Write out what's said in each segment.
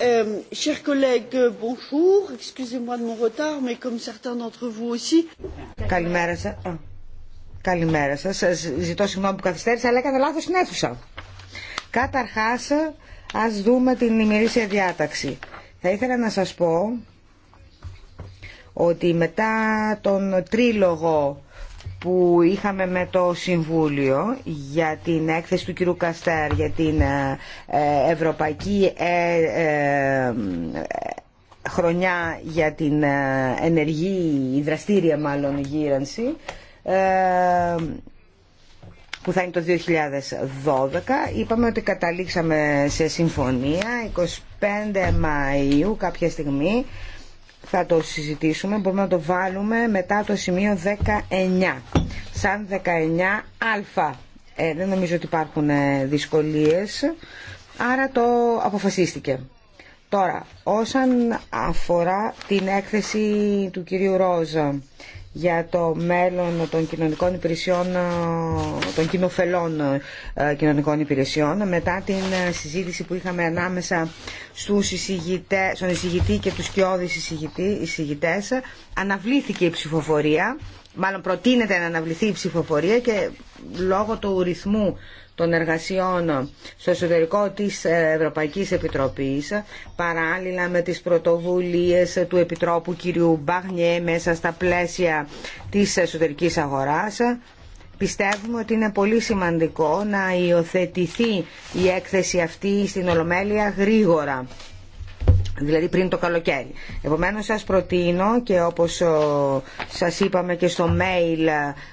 Euh, chers collègues, bonjour. Excusez-moi de mon retard, mais comme certains d'entre vous aussi. Καλημέρα σας. Καλημέρα σας. Σας ζητώ συγγνώμη που καθυστέρησα, αλλά έκανα λάθος στην αίθουσα. Καταρχάς, ας δούμε την ημερήσια διάταξη. Θα ήθελα να σας πω ότι μετά τον τρίλογο που είχαμε με το Συμβούλιο για την έκθεση του κυρίου Καστέρ για την ε, ε, Ευρωπαϊκή ε, Χρονιά για την ενεργή, η δραστήρια μάλλον γύρανση που θα είναι το 2012. Είπαμε ότι καταλήξαμε σε συμφωνία 25 Μαΐου κάποια στιγμή θα το συζητήσουμε, μπορούμε να το βάλουμε μετά το σημείο 19, σαν 19α. Ε, δεν νομίζω ότι υπάρχουν ε, δυσκολίες, άρα το αποφασίστηκε. Τώρα, όσον αφορά την έκθεση του κυρίου Ρόζα, για το μέλλον των κοινωνικών υπηρεσιών, των κοινοφελών ε, κοινωνικών υπηρεσιών μετά την ε, συζήτηση που είχαμε ανάμεσα στους εισηγητέ, στον εισηγητή και τους κοιόδης εισηγητή, εισηγητές αναβλήθηκε η ψηφοφορία μάλλον προτείνεται να αναβληθεί η ψηφοφορία και λόγω του ρυθμού των εργασιών στο εσωτερικό της Ευρωπαϊκής Επιτροπής παράλληλα με τις πρωτοβουλίες του Επιτρόπου κυρίου Μπαγνιέ μέσα στα πλαίσια της εσωτερικής αγοράς πιστεύουμε ότι είναι πολύ σημαντικό να υιοθετηθεί η έκθεση αυτή στην Ολομέλεια γρήγορα δηλαδή πριν το καλοκαίρι. Επομένως σας προτείνω και όπως ε, σας είπαμε και στο mail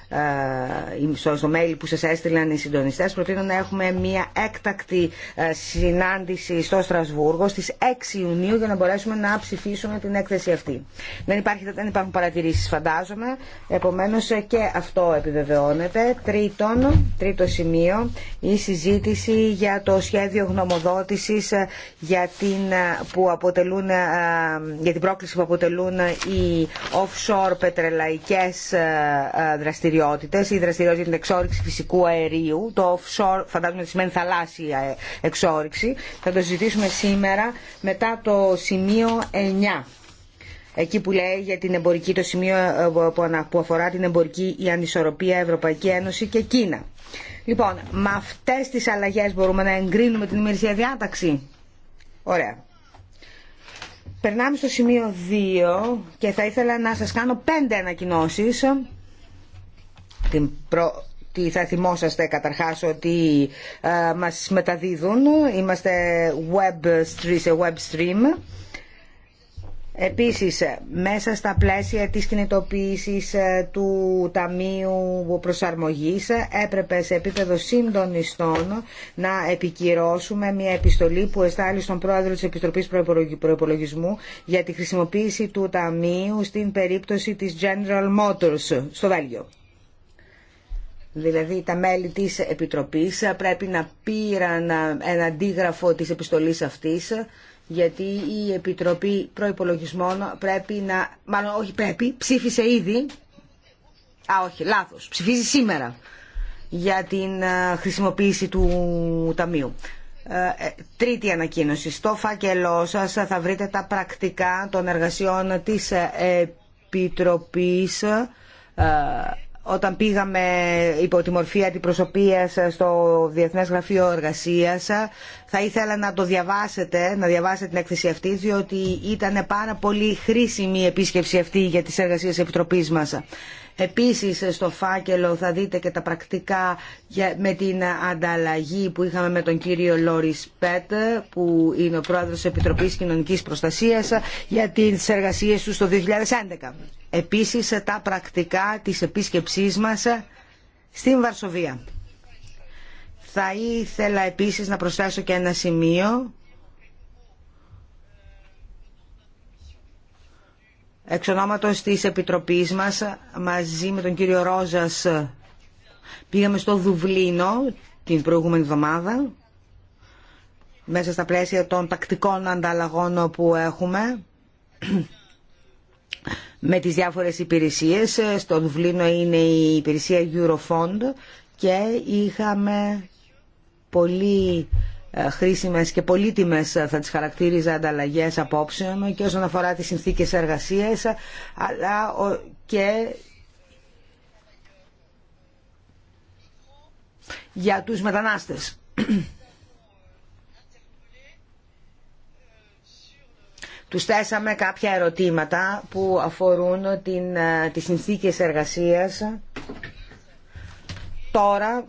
ε, στο mail που σας έστειλαν οι συντονιστές προτείνω να έχουμε μια έκτακτη ε, συνάντηση στο Στρασβούργο στις 6 Ιουνίου για να μπορέσουμε να ψηφίσουμε την έκθεση αυτή. Δεν, υπάρχει, δεν υπάρχουν παρατηρήσεις φαντάζομαι, επομένως ε, και αυτό επιβεβαιώνεται. Τρίτον, τρίτο σημείο, η συζήτηση για το σχέδιο γνωμοδότησης για την, για την πρόκληση που αποτελούν οι offshore πετρελαϊκές δραστηριότητες η δραστηριότητα την εξόριξη φυσικού αερίου, το offshore φαντάζομαι ότι σημαίνει θαλάσσια εξόριξη. Θα το συζητήσουμε σήμερα μετά το σημείο 9 εκεί που λέει για την εμπορική, το σημείο ε, που αφορά την εμπορική η ανισορροπία Ευρωπαϊκή Ένωση και Κίνα. Λοιπόν, με αυτές τις αλλαγέ μπορούμε να εγκρίνουμε την ημερησία διάταξη. Ωραία. Περνάμε στο σημείο 2 και θα ήθελα να σα κάνω πέντε ανακοινώσει την προ... Τι θα θυμόσαστε καταρχάς ότι ε, μας μεταδίδουν, είμαστε web, σε web stream. Επίσης, μέσα στα πλαίσια της κινητοποίησης ε, του Ταμείου Προσαρμογής έπρεπε σε επίπεδο συντονιστών να επικυρώσουμε μια επιστολή που εστάλει στον πρόεδρο της Επιτροπής Προϋπολογισμού για τη χρησιμοποίηση του Ταμείου στην περίπτωση της General Motors στο Βέλγιο. Δηλαδή τα μέλη της Επιτροπής πρέπει να πήραν ένα αντίγραφο της επιστολής αυτής γιατί η Επιτροπή Προϋπολογισμών πρέπει να... Μάλλον όχι πρέπει, ψήφισε ήδη. Α, όχι, λάθος. Ψηφίζει σήμερα για την ε, χρησιμοποίηση του Ταμείου. Ε, ε, τρίτη ανακοίνωση. Στο φάκελό σας θα βρείτε τα πρακτικά των εργασιών της Επιτροπής όταν πήγαμε υπό τη μορφή αντιπροσωπείας στο Διεθνές Γραφείο Εργασίας. Θα ήθελα να το διαβάσετε, να διαβάσετε την έκθεση αυτή, διότι ήταν πάρα πολύ χρήσιμη η επίσκεψη αυτή για τις εργασίες Επιτροπής μας. Επίσης στο φάκελο θα δείτε και τα πρακτικά με την ανταλλαγή που είχαμε με τον κύριο Λόρι Πέτ που είναι ο πρόεδρος της Επιτροπής Κοινωνικής Προστασίας για τις εργασίες του στο 2011. Επίσης τα πρακτικά της επίσκεψής μας στην Βαρσοβία. Θα ήθελα επίσης να προσθέσω και ένα σημείο εξ ονόματος της Επιτροπής μας μαζί με τον κύριο Ρόζας πήγαμε στο Δουβλίνο την προηγούμενη εβδομάδα μέσα στα πλαίσια των τακτικών ανταλλαγών που έχουμε με τις διάφορες υπηρεσίες. Στο Δουβλίνο είναι η υπηρεσία Eurofond και είχαμε πολύ ε, χρήσιμες και πολύτιμες ε, θα τις χαρακτήριζα ανταλλαγές απόψεων και όσον αφορά τις συνθήκες εργασίας αλλά και για τους μετανάστες. Τους θέσαμε κάποια ερωτήματα που αφορούν την, ε, τις συνθήκες εργασίας τώρα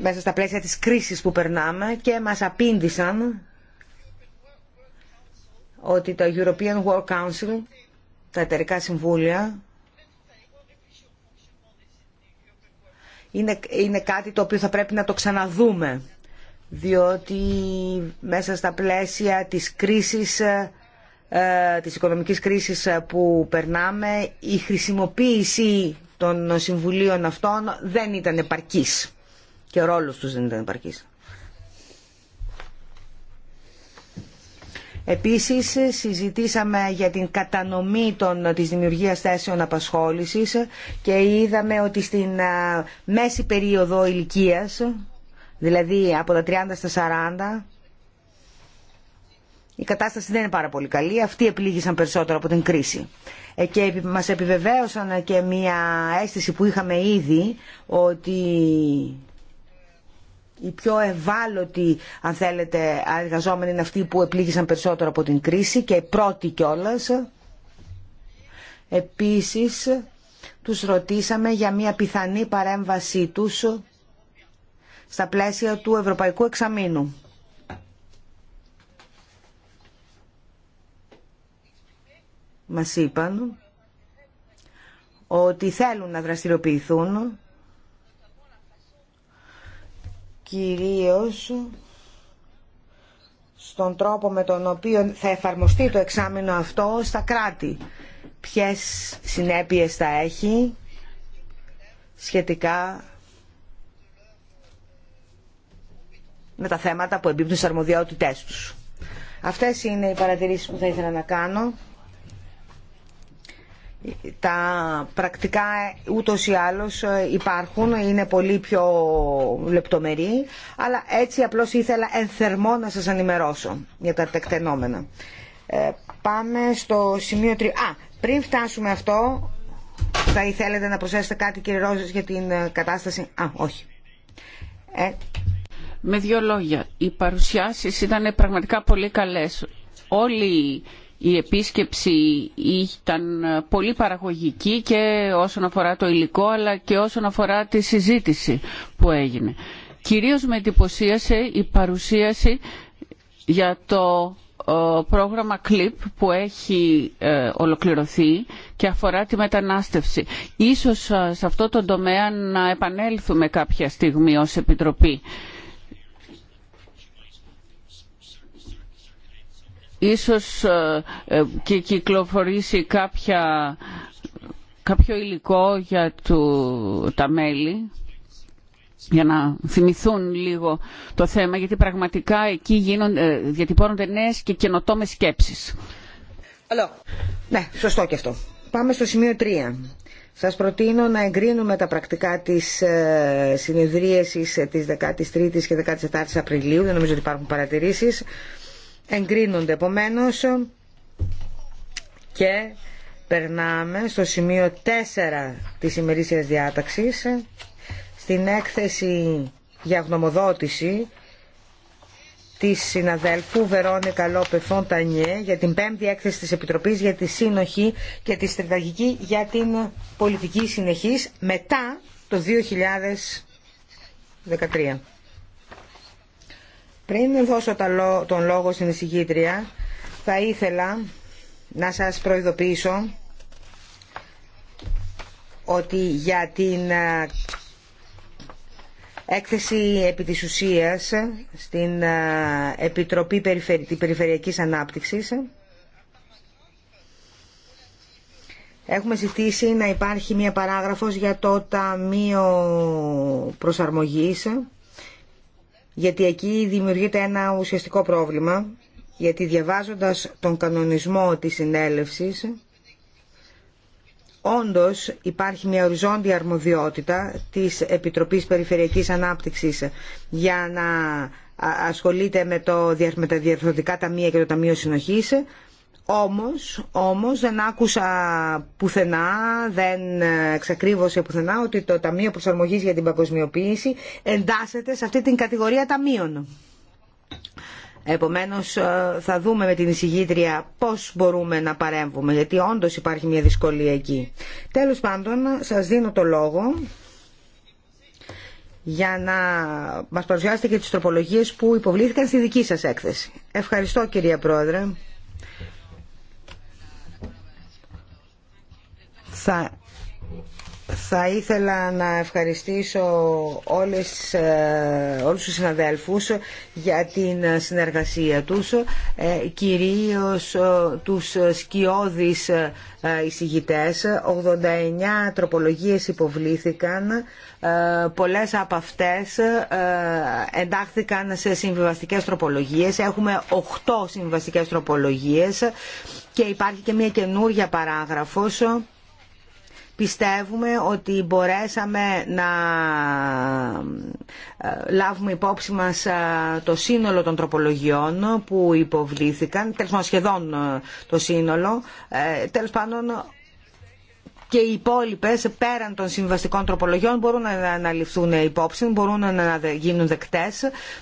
μέσα στα πλαίσια της κρίσης που περνάμε και μας απήντησαν ότι το European War Council, τα εταιρικά συμβούλια, είναι, είναι κάτι το οποίο θα πρέπει να το ξαναδούμε, διότι μέσα στα πλαίσια της κρίσης ε, ε, της οικονομικής κρίσης που περνάμε η χρησιμοποίηση των συμβουλίων αυτών δεν ήταν επαρκής και ο ρόλος τους δεν ήταν επαρκής. Επίσης συζητήσαμε για την κατανομή των, της δημιουργίας θέσεων απασχόλησης και είδαμε ότι στην μέση περίοδο ηλικίας, δηλαδή από τα 30 στα 40, η κατάσταση δεν είναι πάρα πολύ καλή. Αυτοί επλήγησαν περισσότερο από την κρίση. Ε, και μα επιβεβαίωσαν και μια αίσθηση που είχαμε ήδη ότι οι πιο ευάλωτοι, αν θέλετε, εργαζόμενοι είναι αυτοί που επλήγησαν περισσότερο από την κρίση και οι πρώτοι κιόλα. Επίσης, τους ρωτήσαμε για μια πιθανή παρέμβασή τους στα πλαίσια του Ευρωπαϊκού Εξαμήνου μας είπαν ότι θέλουν να δραστηριοποιηθούν κυρίως στον τρόπο με τον οποίο θα εφαρμοστεί το εξάμεινο αυτό στα κράτη. Ποιες συνέπειες θα έχει σχετικά με τα θέματα που εμπίπτουν στις αρμοδιότητές τους. Αυτές είναι οι παρατηρήσεις που θα ήθελα να κάνω τα πρακτικά ούτως ή άλλως υπάρχουν, είναι πολύ πιο λεπτομερή, αλλά έτσι απλώς ήθελα θερμό να σας ενημερώσω για τα τεκτενόμενα. Ε, πάμε στο σημείο 3. Α, πριν φτάσουμε αυτό, θα ήθελετε να προσθέσετε κάτι κύριε Ρόζες για την ε, κατάσταση. Α, όχι. Ε. Με δύο λόγια, οι παρουσιάσεις ήταν πραγματικά πολύ καλές. Όλοι η επίσκεψη ήταν πολύ παραγωγική και όσον αφορά το υλικό αλλά και όσον αφορά τη συζήτηση που έγινε. Κυρίως με εντυπωσίασε η παρουσίαση για το ε, πρόγραμμα CLIP που έχει ε, ολοκληρωθεί και αφορά τη μετανάστευση. Ίσως ε, σε αυτό το τομέα να επανέλθουμε κάποια στιγμή ως Επιτροπή. ίσως ε, ε, και κυκλοφορήσει κάποια, κάποιο υλικό για του, τα μέλη για να θυμηθούν λίγο το θέμα γιατί πραγματικά εκεί γίνονται, ε, διατυπώνονται νέες και καινοτόμες σκέψεις. Ναι, σωστό και αυτό. Πάμε στο σημείο 3. Σας προτείνω να εγκρίνουμε τα πρακτικά της συνεδρίασης της 13ης και 14ης Απριλίου. Δεν νομίζω ότι υπάρχουν παρατηρήσεις εγκρίνονται. επομένω, και περνάμε στο σημείο 4 της ημερήσιας διάταξης στην έκθεση για γνωμοδότηση της συναδέλφου Βερόνικα Λόπε Φοντανιέ για την πέμπτη έκθεση της Επιτροπής για τη Σύνοχη και τη Στρατηγική για την Πολιτική Συνεχής μετά το 2013. Πριν δώσω τον λόγο στην εισηγήτρια, θα ήθελα να σας προειδοποιήσω ότι για την ε, έκθεση επί της ουσίας στην ε, Επιτροπή Περιφερειακής Ανάπτυξης έχουμε ζητήσει να υπάρχει μία παράγραφος για το Ταμείο Προσαρμογής γιατί εκεί δημιουργείται ένα ουσιαστικό πρόβλημα, γιατί διαβάζοντας τον κανονισμό της συνέλευσης, όντως υπάρχει μια οριζόντια αρμοδιότητα της Επιτροπής Περιφερειακής Ανάπτυξης για να ασχολείται με, το, με τα διαφορετικά ταμεία και το Ταμείο Συνοχής όμως, όμως δεν άκουσα πουθενά, δεν ε, εξακρίβωσε πουθενά ότι το Ταμείο Προσαρμογής για την Παγκοσμιοποίηση εντάσσεται σε αυτή την κατηγορία ταμείων. Επομένως ε, θα δούμε με την εισηγήτρια πώς μπορούμε να παρέμβουμε, γιατί όντως υπάρχει μια δυσκολία εκεί. Τέλος πάντων, σας δίνω το λόγο για να μας παρουσιάσετε και τις τροπολογίες που υποβλήθηκαν στη δική σας έκθεση. Ευχαριστώ κυρία Πρόεδρε. Θα, θα ήθελα να ευχαριστήσω όλες, ε, όλους τους συναδέλφους για την συνεργασία τους, ε, κυρίως ε, τους σκιώδεις εισηγητές. 89 τροπολογίες υποβλήθηκαν, πολλές από αυτές εντάχθηκαν σε συμβιβαστικές τροπολογίες. Έχουμε 8 συμβιβαστικές τροπολογίες και υπάρχει και μια καινούργια παράγραφος Πιστεύουμε ότι μπορέσαμε να ε, λάβουμε υπόψη μας ε, το σύνολο των τροπολογιών που υποβλήθηκαν, τέλος πάντων σχεδόν ε, το σύνολο. Τέλος και οι υπόλοιπε πέραν των συμβαστικών τροπολογιών μπορούν να αναλυφθούν υπόψη, μπορούν να γίνουν δεκτέ,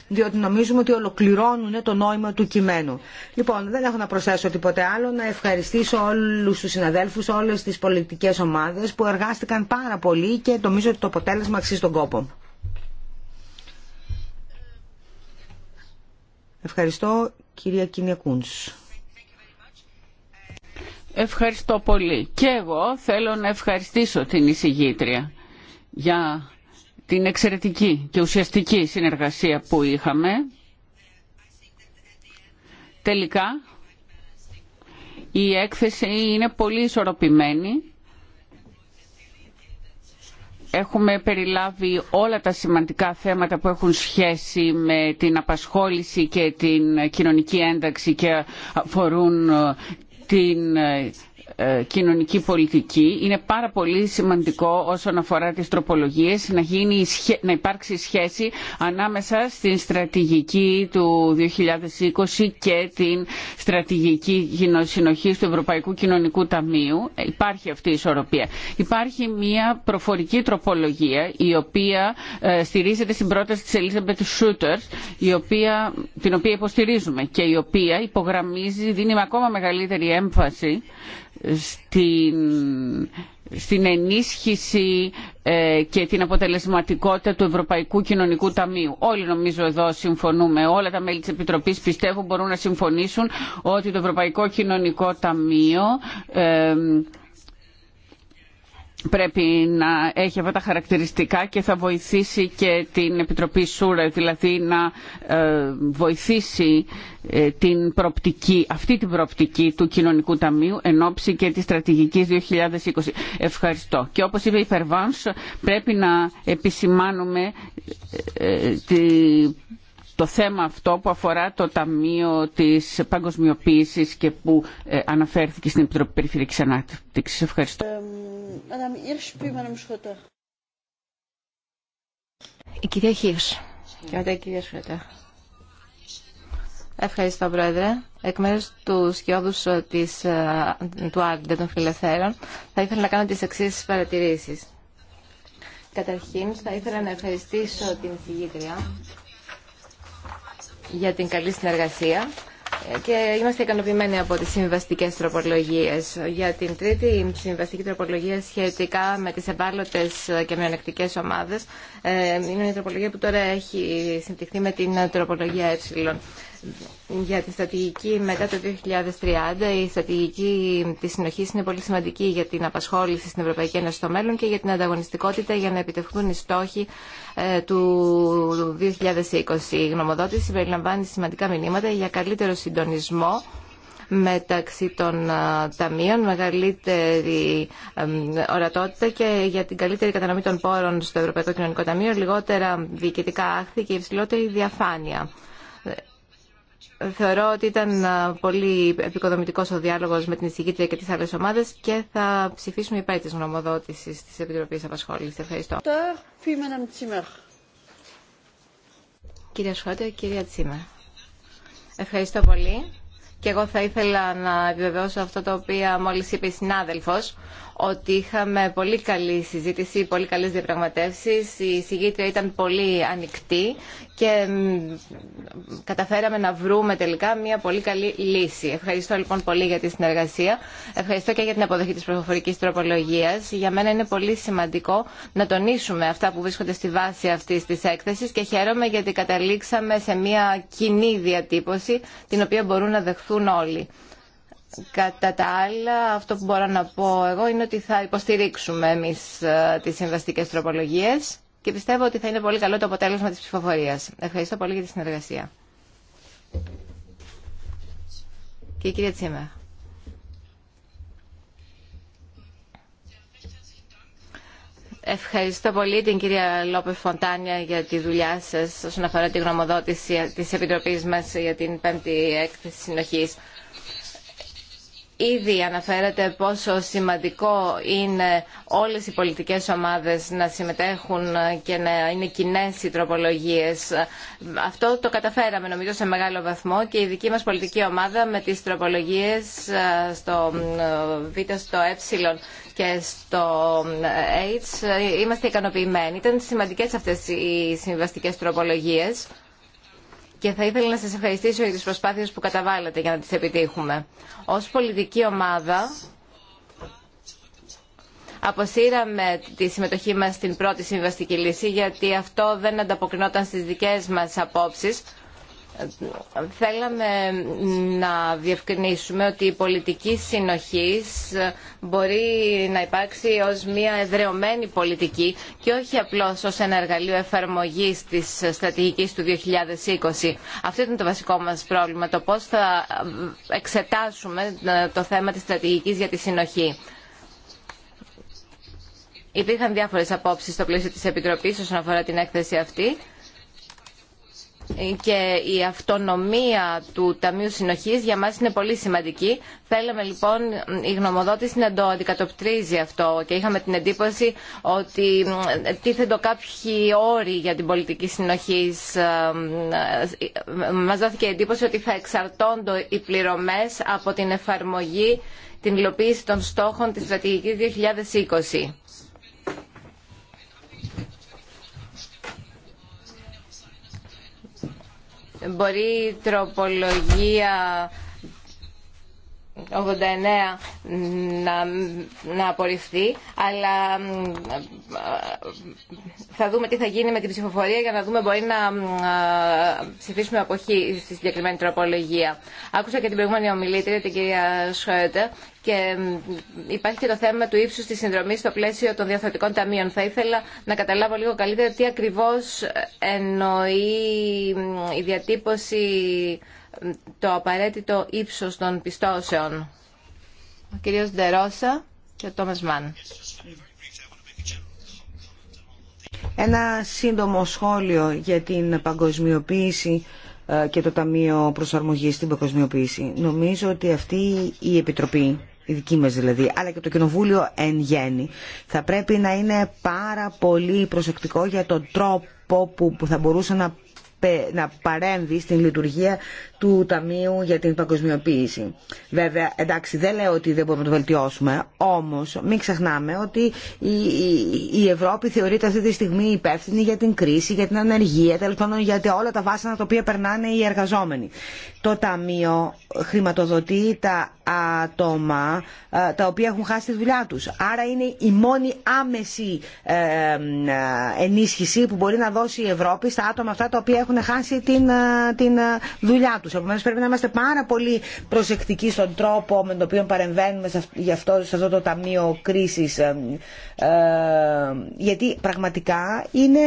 διότι νομίζουμε ότι ολοκληρώνουν το νόημα του κειμένου. Λοιπόν, δεν έχω να προσθέσω τίποτε άλλο. Να ευχαριστήσω όλου του συναδέλφου, όλε τι πολιτικέ ομάδε που εργάστηκαν πάρα πολύ και νομίζω ότι το αποτέλεσμα αξίζει τον κόπο. Ευχαριστώ κυρία Κινιακούντς. Ευχαριστώ πολύ. Και εγώ θέλω να ευχαριστήσω την εισηγήτρια για την εξαιρετική και ουσιαστική συνεργασία που είχαμε. Τελικά, η έκθεση είναι πολύ ισορροπημένη. Έχουμε περιλάβει όλα τα σημαντικά θέματα που έχουν σχέση με την απασχόληση και την κοινωνική ένταξη και αφορούν την ε, ε, κοινωνική πολιτική είναι πάρα πολύ σημαντικό όσον αφορά τις τροπολογίες να, υπάρξει σχέση ανάμεσα στην στρατηγική του 2020 και την στρατηγική συνοχής του Ευρωπαϊκού Κοινωνικού Ταμείου. Υπάρχει αυτή η ισορροπία. Υπάρχει μια προφορική τροπολογία η οποία ε, στηρίζεται στην πρόταση της Elizabeth Shooters, η οποία, την οποία υποστηρίζουμε και η οποία υπογραμμίζει, δίνει ακόμα μεγαλύτερη έμφαση στην, ενίσχυση ε, και την αποτελεσματικότητα του Ευρωπαϊκού Κοινωνικού Ταμείου. Όλοι νομίζω εδώ συμφωνούμε, όλα τα μέλη της Επιτροπής πιστεύω μπορούν να συμφωνήσουν ότι το Ευρωπαϊκό Κοινωνικό Ταμείο ε, πρέπει να έχει αυτά τα χαρακτηριστικά και θα βοηθήσει και την Επιτροπή Σούρα, δηλαδή να ε, βοηθήσει ε, την προπτική, αυτή την προοπτική του Κοινωνικού Ταμείου εν ώψη και της στρατηγικής 2020. Ευχαριστώ. Και όπως είπε η Φερβάνς, πρέπει να επισημάνουμε ε, τη το θέμα αυτό που αφορά το Ταμείο της Παγκοσμιοποίησης και που ε, αναφέρθηκε στην Επιτροπή Περιφερειακής Ανάπτυξης. Ευχαριστώ. Ε, η κυρία Χίρς. κυρία Ευχαριστώ, Πρόεδρε. Εκ μέρους ε, του σκιώδους του Άρντε των Φιλελευθέρων, θα ήθελα να κάνω τις εξής παρατηρήσεις. Καταρχήν, θα ήθελα να ευχαριστήσω την συγγήτρια για την καλή συνεργασία και είμαστε ικανοποιημένοι από τις συμβαστικές τροπολογίες. Για την τρίτη συμβαστική τροπολογία σχετικά με τις ευάλωτες και μειονεκτικές ομάδες ε, είναι η τροπολογία που τώρα έχει συμπτυχθεί με την τροπολογία ε για τη στρατηγική μετά το 2030. Η στρατηγική τη συνοχή είναι πολύ σημαντική για την απασχόληση στην Ευρωπαϊκή Ένωση στο μέλλον και για την ανταγωνιστικότητα για να επιτευχθούν οι στόχοι ε, του 2020. Η γνωμοδότηση περιλαμβάνει σημαντικά μηνύματα για καλύτερο συντονισμό μεταξύ των ε, ταμείων, μεγαλύτερη ορατότητα και για την καλύτερη κατανομή των πόρων στο Ευρωπαϊκό Κοινωνικό Ταμείο, λιγότερα διοικητικά άχθη και υψηλότερη διαφάνεια. Θεωρώ ότι ήταν ε, πολύ επικοδομητικό ο διάλογο με την εισηγήτρια και τι άλλε ομάδε και θα ψηφίσουμε υπέρ τη γνωμοδότηση τη Επιτροπή απασχόληση Ευχαριστώ. κύριε Σχότερ, κυρία Τσίμερ. Ευχαριστώ πολύ. Και εγώ θα ήθελα να επιβεβαιώσω αυτό το οποίο μόλις είπε η συνάδελφος, ότι είχαμε πολύ καλή συζήτηση, πολύ καλές διαπραγματεύσεις. Η συγγήτρια ήταν πολύ ανοιχτή και καταφέραμε να βρούμε τελικά μια πολύ καλή λύση. Ευχαριστώ λοιπόν πολύ για τη συνεργασία. Ευχαριστώ και για την αποδοχή της προφορικής τροπολογίας. Για μένα είναι πολύ σημαντικό να τονίσουμε αυτά που βρίσκονται στη βάση αυτή της έκθεσης και χαίρομαι γιατί καταλήξαμε σε μια κοινή διατύπωση την οποία μπορούν να δεχθούν όλοι. Κατά τα άλλα, αυτό που μπορώ να πω εγώ είναι ότι θα υποστηρίξουμε εμείς ε, τις συμβαστικές τροπολογίες και πιστεύω ότι θα είναι πολύ καλό το αποτέλεσμα της ψηφοφορίας. Ευχαριστώ πολύ για τη συνεργασία. Και η κυρία Τσίμα. Ευχαριστώ πολύ την κυρία Λόπε Φοντάνια για τη δουλειά σας όσον αφορά τη γνωμοδότηση της Επιτροπής μας για την πέμπτη έκθεση συνοχής. Ήδη αναφέρατε πόσο σημαντικό είναι όλες οι πολιτικές ομάδες να συμμετέχουν και να είναι κοινέ οι τροπολογίες. Αυτό το καταφέραμε νομίζω σε μεγάλο βαθμό και η δική μας πολιτική ομάδα με τις τροπολογίες ε, στο ε, Β, στο Ε και στο ε, H είμαστε ικανοποιημένοι. Ήταν σημαντικές αυτές οι συμβαστικές τροπολογίες και θα ήθελα να σας ευχαριστήσω για τις προσπάθειες που καταβάλλατε για να τις επιτύχουμε. Ως πολιτική ομάδα αποσύραμε τη συμμετοχή μας στην πρώτη συμβαστική λύση γιατί αυτό δεν ανταποκρινόταν στις δικές μας απόψεις Θέλαμε να διευκρινίσουμε ότι η πολιτική συνοχής μπορεί να υπάρξει ως μια εδρεωμένη πολιτική και όχι απλώς ως ένα εργαλείο εφαρμογής της στρατηγικής του 2020. Αυτό ήταν το βασικό μας πρόβλημα, το πώς θα εξετάσουμε ε, το θέμα της στρατηγικής για τη συνοχή. Υπήρχαν διάφορες απόψεις στο πλαίσιο της Επιτροπής όσον αφορά την έκθεση αυτή και η αυτονομία του Ταμείου Συνοχής για μας είναι πολύ σημαντική. Θέλαμε λοιπόν η γνωμοδότηση να το αντικατοπτρίζει αυτό και είχαμε την εντύπωση ότι τίθεντο κάποιοι όροι για την πολιτική συνοχής. Μας δόθηκε η εντύπωση ότι θα εξαρτώνται οι πληρωμές από την εφαρμογή, την υλοποίηση των στόχων της στρατηγικής 2020 Μπορεί η τροπολογία 89 να, να απορριφθεί, αλλά θα δούμε τι θα γίνει με την ψηφοφορία για να δούμε μπορεί να ψηφίσουμε αποχή στη συγκεκριμένη τροπολογία. Άκουσα και την προηγούμενη ομιλήτρια, την κυρία Σχόιτε, και υπάρχει και το θέμα του ύψους της συνδρομής στο πλαίσιο των διαθετικών ταμείων. Θα ήθελα να καταλάβω λίγο καλύτερα τι ακριβώς εννοεί η διατύπωση το απαραίτητο ύψος των πιστώσεων. Ο κύριος Ντερόσα και ο Τόμας Μάν. Ένα σύντομο σχόλιο για την παγκοσμιοποίηση ε, και το Ταμείο Προσαρμογής στην Παγκοσμιοποίηση. Νομίζω ότι αυτή η Επιτροπή η δική μας δηλαδή, αλλά και το Κοινοβούλιο εν γέννη. Θα πρέπει να είναι πάρα πολύ προσεκτικό για τον τρόπο που, που θα μπορούσε να να παρέμβει στην λειτουργία του Ταμείου για την Παγκοσμιοποίηση. Βέβαια, εντάξει, δεν λέω ότι δεν μπορούμε να το βελτιώσουμε, όμως μην ξεχνάμε ότι η, Ευρώπη θεωρείται αυτή τη στιγμή υπεύθυνη για την κρίση, για την ανεργία, πάντων για όλα τα βάσανα τα οποία περνάνε οι εργαζόμενοι. Το Ταμείο χρηματοδοτεί τα άτομα ε, τα οποία έχουν χάσει τη δουλειά τους. Άρα είναι η μόνη άμεση ε, ε, ενίσχυση που μπορεί να δώσει η Ευρώπη στα άτομα αυτά τα οποία έχουν χάσει την, την δουλειά τους. Επομένω, πρέπει να είμαστε πάρα πολύ προσεκτικοί στον τρόπο με τον οποίο παρεμβαίνουμε σε αυτό, σε αυτό το Ταμείο Κρίσης γιατί πραγματικά είναι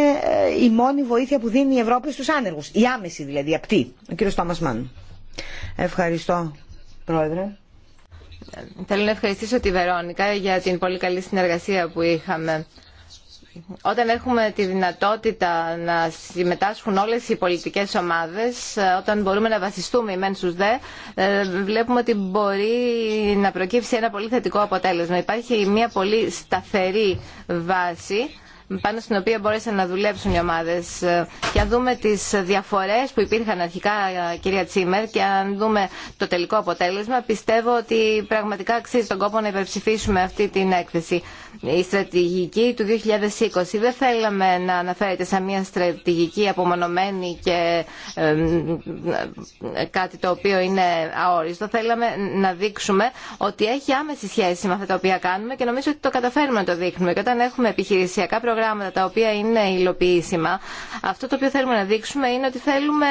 η μόνη βοήθεια που δίνει η Ευρώπη στους άνεργους. Η άμεση δηλαδή, απτή. Ο κύριος Τόμας Μάν. Ευχαριστώ, Πρόεδρε. Θέλω να ευχαριστήσω τη Βερόνικα για την πολύ καλή συνεργασία που είχαμε. Όταν έχουμε τη δυνατότητα να συμμετάσχουν όλες οι πολιτικές ομάδες, ε, όταν μπορούμε να βασιστούμε οι μεν δε, ε, βλέπουμε ότι μπορεί να προκύψει ένα πολύ θετικό αποτέλεσμα. Υπάρχει μια πολύ σταθερή βάση πάνω στην οποία μπόρεσαν να δουλέψουν οι ομάδες. Ε, και αν δούμε τις διαφορές που υπήρχαν αρχικά, ε, κυρία Τσίμερ, και αν δούμε το τελικό αποτέλεσμα, πιστεύω ότι πραγματικά αξίζει τον κόπο να υπερψηφίσουμε αυτή την έκθεση η στρατηγική του 2020 δεν θέλαμε να αναφέρεται σαν μια στρατηγική απομονωμένη και κάτι το οποίο είναι αόριστο. Θέλαμε να δείξουμε ότι έχει άμεση σχέση με αυτά τα οποία κάνουμε και νομίζω ότι το καταφέρουμε να το δείχνουμε. Και όταν έχουμε επιχειρησιακά προγράμματα τα οποία είναι υλοποιήσιμα, αυτό το οποίο θέλουμε να δείξουμε είναι ότι θέλουμε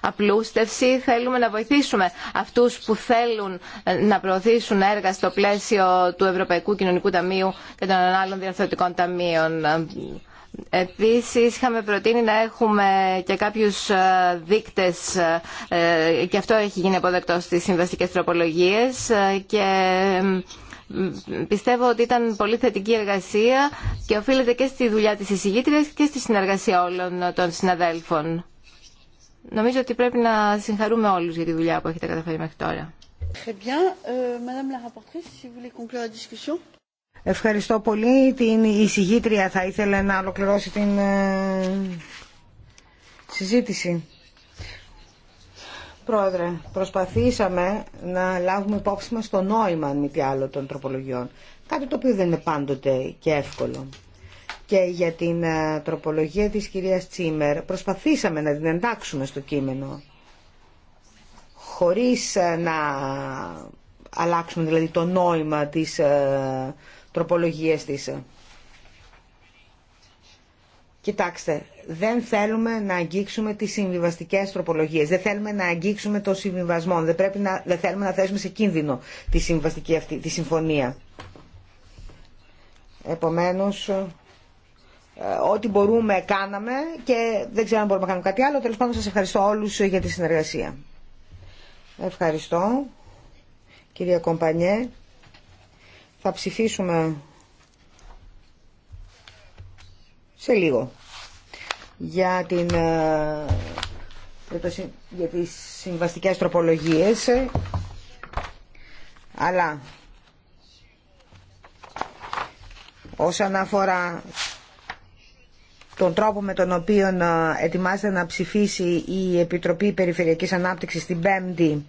απλούστευση, θέλουμε να βοηθήσουμε αυτούς που θέλουν ε, να προωθήσουν έργα στο πλαίσιο του Ευρωπαϊκού Κοινωνικού Κοινωνικού Ταμείου και των άλλων ταμείων. Επίσης είχαμε προτείνει να έχουμε και κάποιους ε, δείκτες ε, και αυτό έχει γίνει αποδεκτό στις συμβαστικές τροπολογίες ε, και πιστεύω ότι ήταν πολύ θετική εργασία και οφείλεται και στη δουλειά της εισηγήτριας και στη συνεργασία όλων των συναδέλφων. Νομίζω ότι πρέπει να συγχαρούμε όλους για τη δουλειά που έχετε καταφέρει μέχρι τώρα. Très bien. Euh, Madame la si vous voulez conclure la discussion. Ευχαριστώ πολύ. Την εισηγήτρια θα ήθελε να ολοκληρώσει την ε, συζήτηση. Πρόεδρε, προσπαθήσαμε να λάβουμε υπόψη μας το νόημα, αν μη τι άλλο, των τροπολογιών. Κάτι το οποίο δεν είναι πάντοτε και εύκολο. Και για την ε, τροπολογία της κυρίας Τσίμερ προσπαθήσαμε να την εντάξουμε στο κείμενο. Χωρίς ε, να αλλάξουμε δηλαδή το νόημα της τροπολογίες της. Κοιτάξτε, δεν θέλουμε να αγγίξουμε τις συμβιβαστικέ τροπολογίες, δεν θέλουμε να αγγίξουμε το συμβιβασμό, δεν, πρέπει να, δεν θέλουμε να θέσουμε σε κίνδυνο τη συμβαστική αυτή, τη συμφωνία. Επομένως, ε, ό,τι μπορούμε κάναμε και δεν ξέρω αν μπορούμε να κάνουμε κάτι άλλο. Τέλος πάντων, σας ευχαριστώ όλους για τη συνεργασία. Ευχαριστώ, κυρία Κομπανιέ. Θα ψηφίσουμε σε λίγο για, την, ε, για τις συμβαστικές τροπολογίες αλλά όσον αφορά τον τρόπο με τον οποίο ε, ετοιμάζεται να ψηφίσει η Επιτροπή Περιφερειακής Ανάπτυξης την Πέμπτη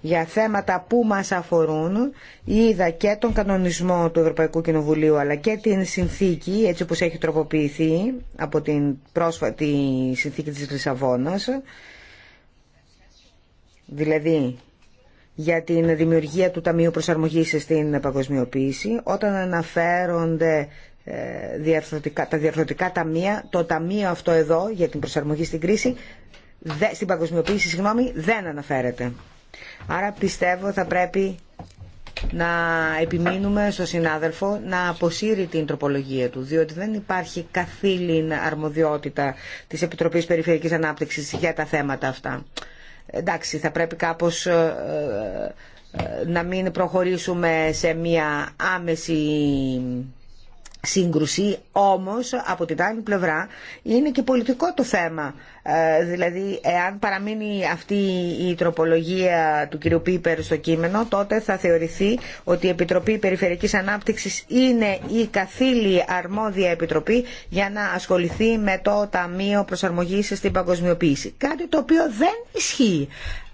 για θέματα που μας αφορούν. Είδα και τον κανονισμό του Ευρωπαϊκού Κοινοβουλίου αλλά και την συνθήκη έτσι όπως έχει τροποποιηθεί από την πρόσφατη συνθήκη της Λισαβόνας. Δηλαδή για την δημιουργία του Ταμείου Προσαρμογής στην Παγκοσμιοποίηση όταν αναφέρονται ε, τα διαρθρωτικά ταμεία, το ταμείο αυτό εδώ για την προσαρμογή στην κρίση, στην παγκοσμιοποίηση, συγγνώμη, δεν αναφέρεται. Άρα πιστεύω θα πρέπει να επιμείνουμε στο συνάδελφο να αποσύρει την τροπολογία του, διότι δεν υπάρχει καθήλυν αρμοδιότητα της Επιτροπής Περιφερειακής Ανάπτυξης για τα θέματα αυτά. Εντάξει, θα πρέπει κάπως ε, ε, να μην προχωρήσουμε σε μια άμεση σύγκρουση, όμως από την άλλη πλευρά είναι και πολιτικό το θέμα. Ε, δηλαδή, εάν παραμείνει αυτή η τροπολογία του κ. Πίπερ στο κείμενο, τότε θα θεωρηθεί ότι η Επιτροπή περιφερειακή Ανάπτυξης είναι η καθήλη αρμόδια επιτροπή για να ασχοληθεί με το Ταμείο Προσαρμογής στην Παγκοσμιοποίηση. Κάτι το οποίο δεν ισχύει.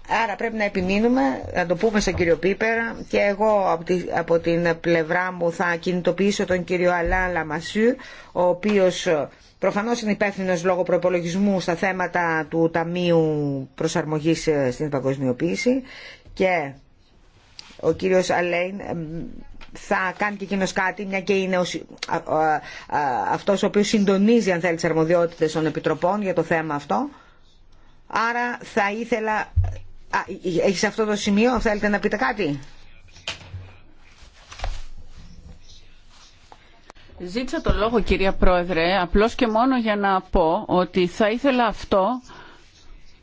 Άρα πρέπει να επιμείνουμε, να το πούμε στον κύριο Πίπερα και εγώ από την πλευρά μου θα κινητοποιήσω τον κύριο Αλάν Λαμασού ο οποίος ε, προφανώς είναι υπεύθυνο λόγω προπολογισμού στα θέματα του Ταμείου Προσαρμογής ε, στην Παγκοσμιοποίηση και ο κύριος Αλέιν ε, θα κάνει και εκείνο κάτι, μια και είναι ο, αυτός ο οποίος συντονίζει αν θέλει τις αρμοδιότητες των επιτροπών για το θέμα αυτό. Άρα θα ήθελα Α, αυτό το σημείο θέλετε να πείτε κάτι. Ζήτησα το λόγο κυρία Πρόεδρε, απλώς και μόνο για να πω ότι θα ήθελα αυτό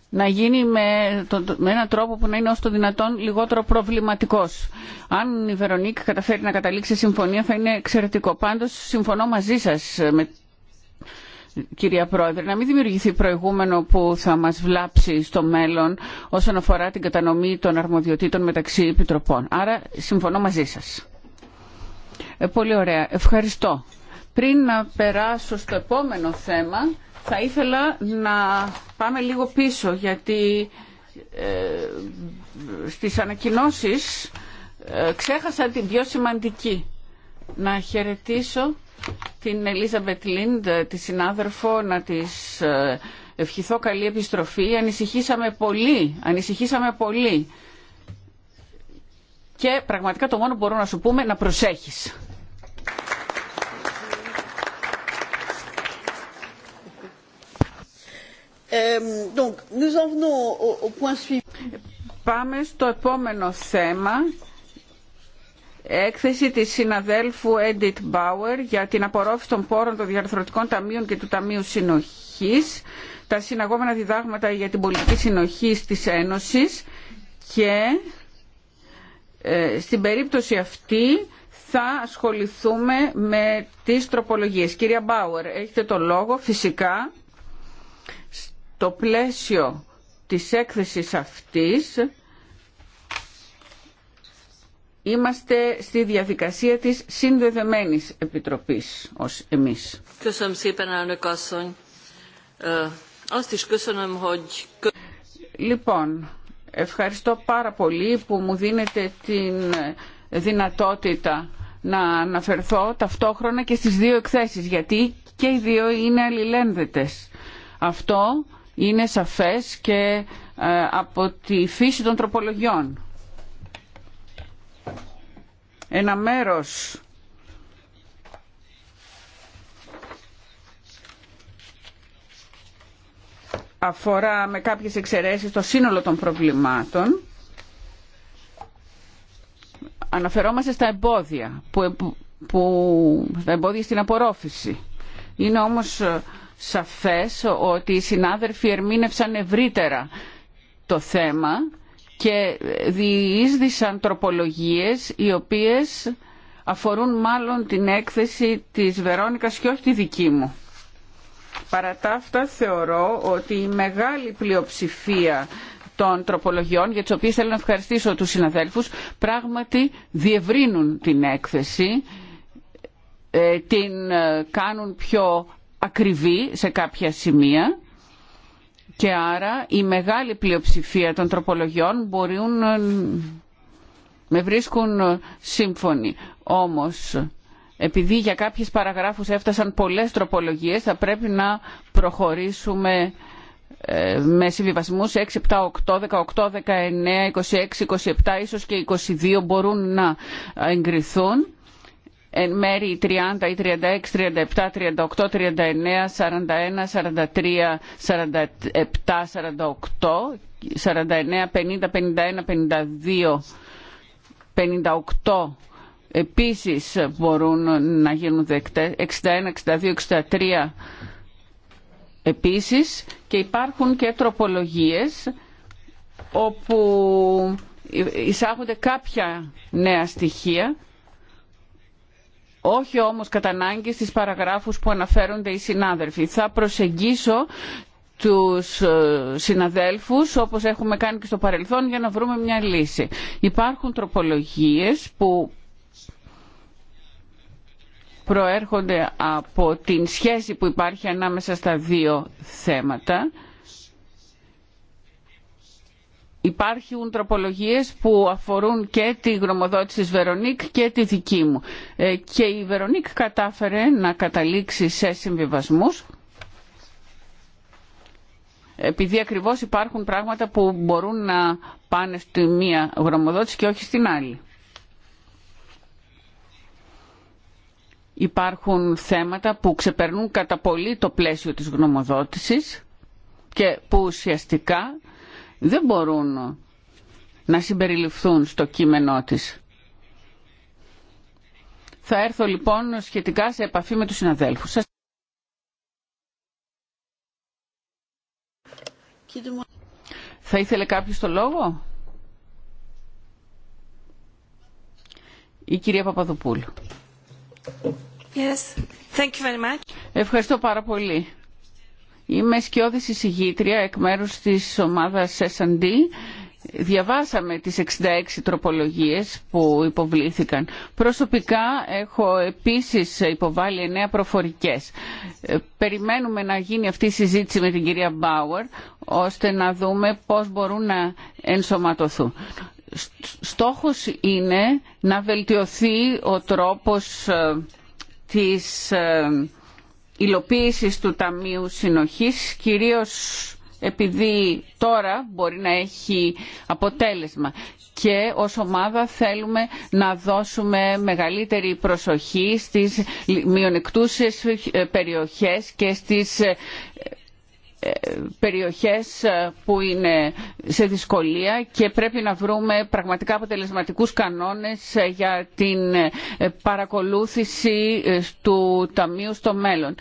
να γίνει με, με έναν τρόπο που να είναι όσο το δυνατόν λιγότερο προβληματικός. Αν η Βερονίκ καταφέρει να καταλήξει συμφωνία θα είναι εξαιρετικό. Πάντως συμφωνώ μαζί σας με κυρία Πρόεδρε, να μην δημιουργηθεί προηγούμενο που θα μας βλάψει στο μέλλον όσον αφορά την κατανομή των αρμοδιοτήτων μεταξύ επιτροπών. Άρα συμφωνώ μαζί σας. Ε, πολύ ωραία. Ευχαριστώ. Πριν να περάσω στο επόμενο θέμα, θα ήθελα να πάμε λίγο πίσω γιατί ε, στις ανακοινώσεις ε, ξέχασα την πιο σημαντική. Να χαιρετήσω την Ελίζα Μπετλίντ, τη συνάδελφο, να της ε, ευχηθώ καλή επιστροφή. Ανησυχήσαμε πολύ, ανησυχήσαμε πολύ. Και πραγματικά το μόνο που μπορώ να σου πούμε, να προσέχεις. Πάμε στο επόμενο θέμα έκθεση της συναδέλφου Edit Bauer για την απορρόφηση των πόρων των διαρθρωτικών ταμείων και του Ταμείου Συνοχής, τα συναγόμενα διδάγματα για την πολιτική συνοχή της Ένωσης και ε, στην περίπτωση αυτή θα ασχοληθούμε με τις τροπολογίες. Κυρία Μπάουερ, έχετε το λόγο φυσικά στο πλαίσιο της έκθεσης αυτής είμαστε στη διαδικασία της συνδεδεμένης επιτροπής ως εμείς. Λοιπόν, ευχαριστώ πάρα πολύ που μου δίνετε την δυνατότητα να αναφερθώ ταυτόχρονα και στις δύο εκθέσεις, γιατί και οι δύο είναι αλληλένδετες. Αυτό είναι σαφές και ε, από τη φύση των τροπολογιών ένα μέρος αφορά με κάποιες εξαιρέσεις το σύνολο των προβλημάτων. Αναφερόμαστε στα εμπόδια, που, που, εμπόδια στην απορρόφηση. Είναι όμως ε, σαφές ότι οι συνάδελφοι ερμήνευσαν ευρύτερα το θέμα και διείσδησαν τροπολογίες οι οποίες αφορούν μάλλον την έκθεση της Βερόνικας και όχι τη δική μου. Παρά τα αυτά θεωρώ ότι η μεγάλη πλειοψηφία των τροπολογιών για τις οποίες θέλω να ευχαριστήσω τους συναδέλφους πράγματι διευρύνουν την έκθεση, ε, την ε, κάνουν πιο ακριβή σε κάποια σημεία και άρα η μεγάλη πλειοψηφία των τροπολογιών μπορούν ε, με βρίσκουν ε, σύμφωνοι. Όμως, επειδή για κάποιες παραγράφους έφτασαν πολλές τροπολογίες, θα πρέπει να προχωρήσουμε ε, με συμβιβασμούς 6, 7, 8, 18, 19, 26, 27, ίσως και 22 μπορούν να εγκριθούν εν μέρη 30 ή 36, 37, 38, 39, 41, 43, 47, 48, 49, 50, 51, 52, 58 επίσης μπορούν να γίνουν δεκτές, 61, 62, 63 επίσης και υπάρχουν και τροπολογίες όπου εισάγονται κάποια νέα στοιχεία όχι όμως κατά ανάγκη στις παραγράφους που αναφέρονται οι συνάδελφοι. Θα προσεγγίσω τους ε, συναδέλφους όπως έχουμε κάνει και στο παρελθόν για να βρούμε μια λύση. Υπάρχουν τροπολογίες που προέρχονται από την σχέση που υπάρχει ανάμεσα στα δύο θέματα Υπάρχουν τροπολογίες που αφορούν και τη γνωμοδότηση της Βερονίκ και τη δική μου. Ε, και η Βερονίκ κατάφερε να καταλήξει σε συμβιβασμούς επειδή ακριβώς υπάρχουν πράγματα που μπορούν να πάνε στη μία γνωμοδότηση και όχι στην άλλη. Υπάρχουν θέματα που ξεπερνούν κατά πολύ το πλαίσιο της γνωμοδότησης και που ουσιαστικά δεν μπορούν να συμπεριληφθούν στο κείμενό της. Θα έρθω λοιπόν σχετικά σε επαφή με τους συναδέλφους σας. Θα ήθελε κάποιος το λόγο? Η κυρία Παπαδοπούλου. Yes. Thank you very much. Ευχαριστώ πάρα πολύ. Είμαι σκιώδης εισηγήτρια εκ μέρους της ομάδας S&D. Διαβάσαμε τις 66 τροπολογίες που υποβλήθηκαν. Προσωπικά έχω επίσης υποβάλει 9 προφορικές. Ε, περιμένουμε να γίνει αυτή η συζήτηση με την κυρία Μπάουερ ώστε να δούμε πώς μπορούν να ενσωματωθούν στόχος είναι να βελτιωθεί ο τρόπος ε, της ε, υλοποίησης του Ταμείου Συνοχής, κυρίως επειδή τώρα μπορεί να έχει αποτέλεσμα και ως ομάδα θέλουμε να δώσουμε μεγαλύτερη προσοχή στις μειονεκτούσες περιοχές και στις περιοχές ε, που είναι σε δυσκολία και πρέπει να βρούμε πραγματικά αποτελεσματικούς κανόνες ε, για την ε, παρακολούθηση του Ταμείου στο μέλλον.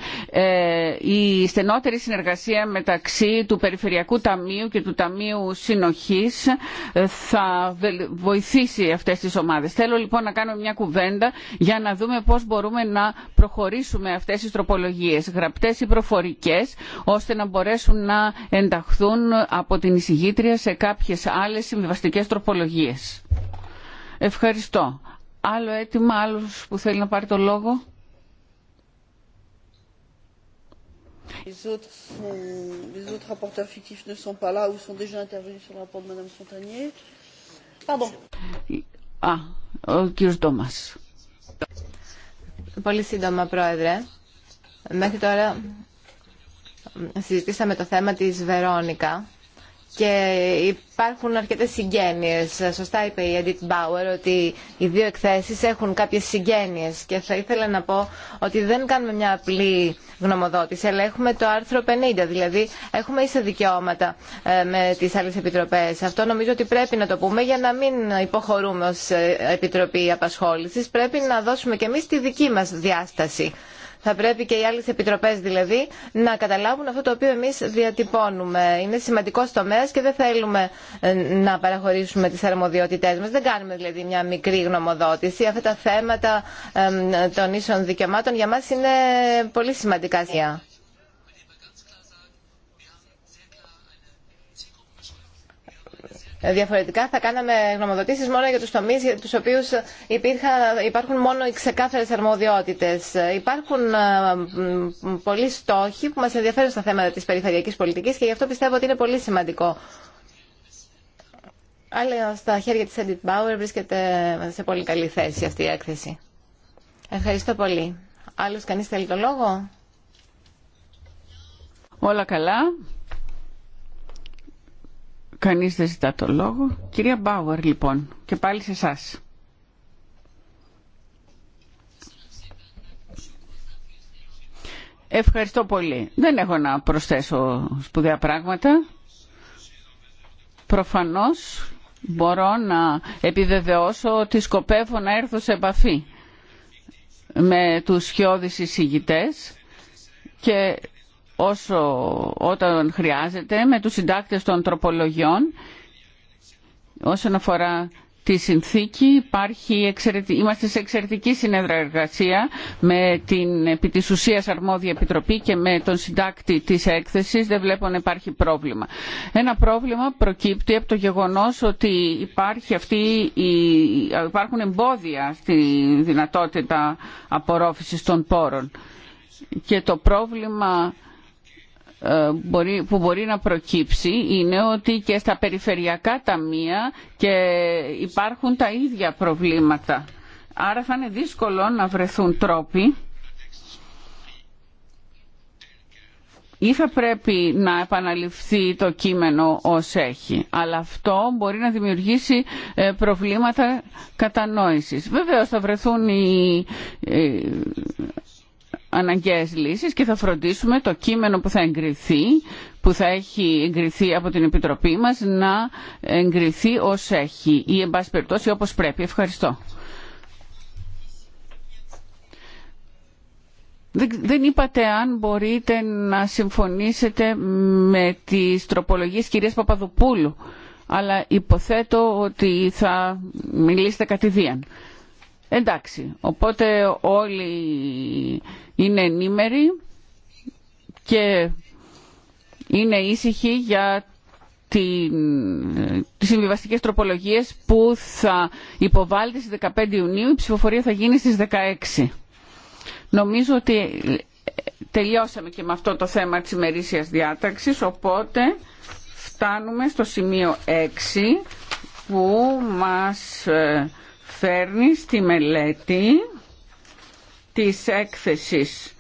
Η στενότερη συνεργασία μεταξύ του Περιφερειακού Ταμείου και του Ταμείου Συνοχής θα βοηθήσει αυτές τις ομάδες. Θέλω λοιπόν να κάνω μια κουβέντα για να δούμε πώς μπορούμε να προχωρήσουμε αυτές τις τροπολογίες, γραπτές ή προφορικές, ώστε να μπορέσουμε μπορέσουν να ενταχθούν από την εισηγήτρια σε κάποιες άλλες συμβιβαστικές τροπολογίες. Ευχαριστώ. Άλλο αίτημα, άλλος που θέλει να πάρει το λόγο. Α, ο κύριος Ντόμας. Πολύ σύντομα, Πρόεδρε. Μέχρι τώρα συζητήσαμε το θέμα της Βερόνικα και υπάρχουν αρκετές συγγένειες. Σωστά είπε η Edith Bauer ότι οι δύο εκθέσεις έχουν κάποιες συγγένειες και θα ήθελα να πω ότι δεν κάνουμε μια απλή γνωμοδότηση αλλά έχουμε το άρθρο 50, δηλαδή έχουμε ίσα δικαιώματα ε, με τις άλλες επιτροπές. Αυτό νομίζω ότι πρέπει να το πούμε για να μην υποχωρούμε ως ε, Επιτροπή Απασχόλησης. Πρέπει να δώσουμε και εμείς τη δική μας διάσταση θα πρέπει και οι άλλε επιτροπέ, δηλαδή να καταλάβουν αυτό το οποίο εμείς διατυπώνουμε. Είναι σημαντικό τομέα και δεν θέλουμε ε, να παραχωρήσουμε τις αρμοδιότητές μας. Δεν κάνουμε δηλαδή μια μικρή γνωμοδότηση. Αυτά τα θέματα των ίσων δικαιωμάτων για μα είναι πολύ σημαντικά. Διαφορετικά θα κάναμε γνωμοδοτήσεις μόνο για τους τομείς για του οποίους υπάρχουν μόνο οι ξεκάθαρε αρμοδιότητε. Υπάρχουν ε, πολλοί στόχοι που μας ενδιαφέρουν στα θέματα της περιφερειακής πολιτικής και γι' αυτό πιστεύω ότι είναι πολύ σημαντικό. Άλλα στα χέρια της Edith Bauer βρίσκεται σε πολύ καλή θέση αυτή η έκθεση. Ευχαριστώ πολύ. Άλλος κανείς θέλει το λόγο. Όλα καλά. Κανείς δεν ζητά το λόγο. Κυρία Μπάουερ λοιπόν και πάλι σε εσά. Ευχαριστώ πολύ. Δεν έχω να προσθέσω σπουδαία πράγματα. Προφανώς μπορώ να επιβεβαιώσω ότι σκοπεύω να έρθω σε επαφή με τους σιώδεις εισηγητές και όσο όταν χρειάζεται με τους συντάκτες των τροπολογιών όσον αφορά τη συνθήκη υπάρχει είμαστε σε εξαιρετική συνεργασία με την επί αρμόδια επιτροπή και με τον συντάκτη της έκθεσης δεν βλέπω να υπάρχει πρόβλημα. Ένα πρόβλημα προκύπτει από το γεγονός ότι υπάρχει υπάρχουν εμπόδια στη δυνατότητα απορρόφησης των πόρων και το πρόβλημα ε, που μπορεί να προκύψει είναι ότι και στα περιφερειακά ταμεία και υπάρχουν τα ίδια προβλήματα. Άρα θα είναι δύσκολο να βρεθούν τρόποι ή θα πρέπει να επαναληφθεί το κείμενο ως έχει. Αλλά αυτό μπορεί να δημιουργήσει ε, προβλήματα κατανόησης. Βεβαίως θα βρεθούν οι ε, αναγκαίες λύσεις και θα φροντίσουμε το κείμενο που θα εγκριθεί, που θα έχει εγκριθεί από την Επιτροπή μας, να εγκριθεί ως έχει ή εν πάση περιπτώσει όπως πρέπει. Ευχαριστώ. Δεν είπατε αν μπορείτε να συμφωνήσετε με τις τροπολογίες κυρίας Παπαδοπούλου, αλλά υποθέτω ότι θα μιλήσετε κατηδίαν. Εντάξει, οπότε όλοι είναι ενήμεροι και είναι ήσυχοι για την, τις συμβιβαστικές τροπολογίες που θα υποβάλλεται στις 15 Ιουνίου. Η ψηφοφορία θα γίνει στις 16. Νομίζω ότι τελειώσαμε και με αυτό το θέμα της ημερήσιας διάταξης, οπότε φτάνουμε στο σημείο 6 που μας ε, φέρνει στη μελέτη της έκθεσης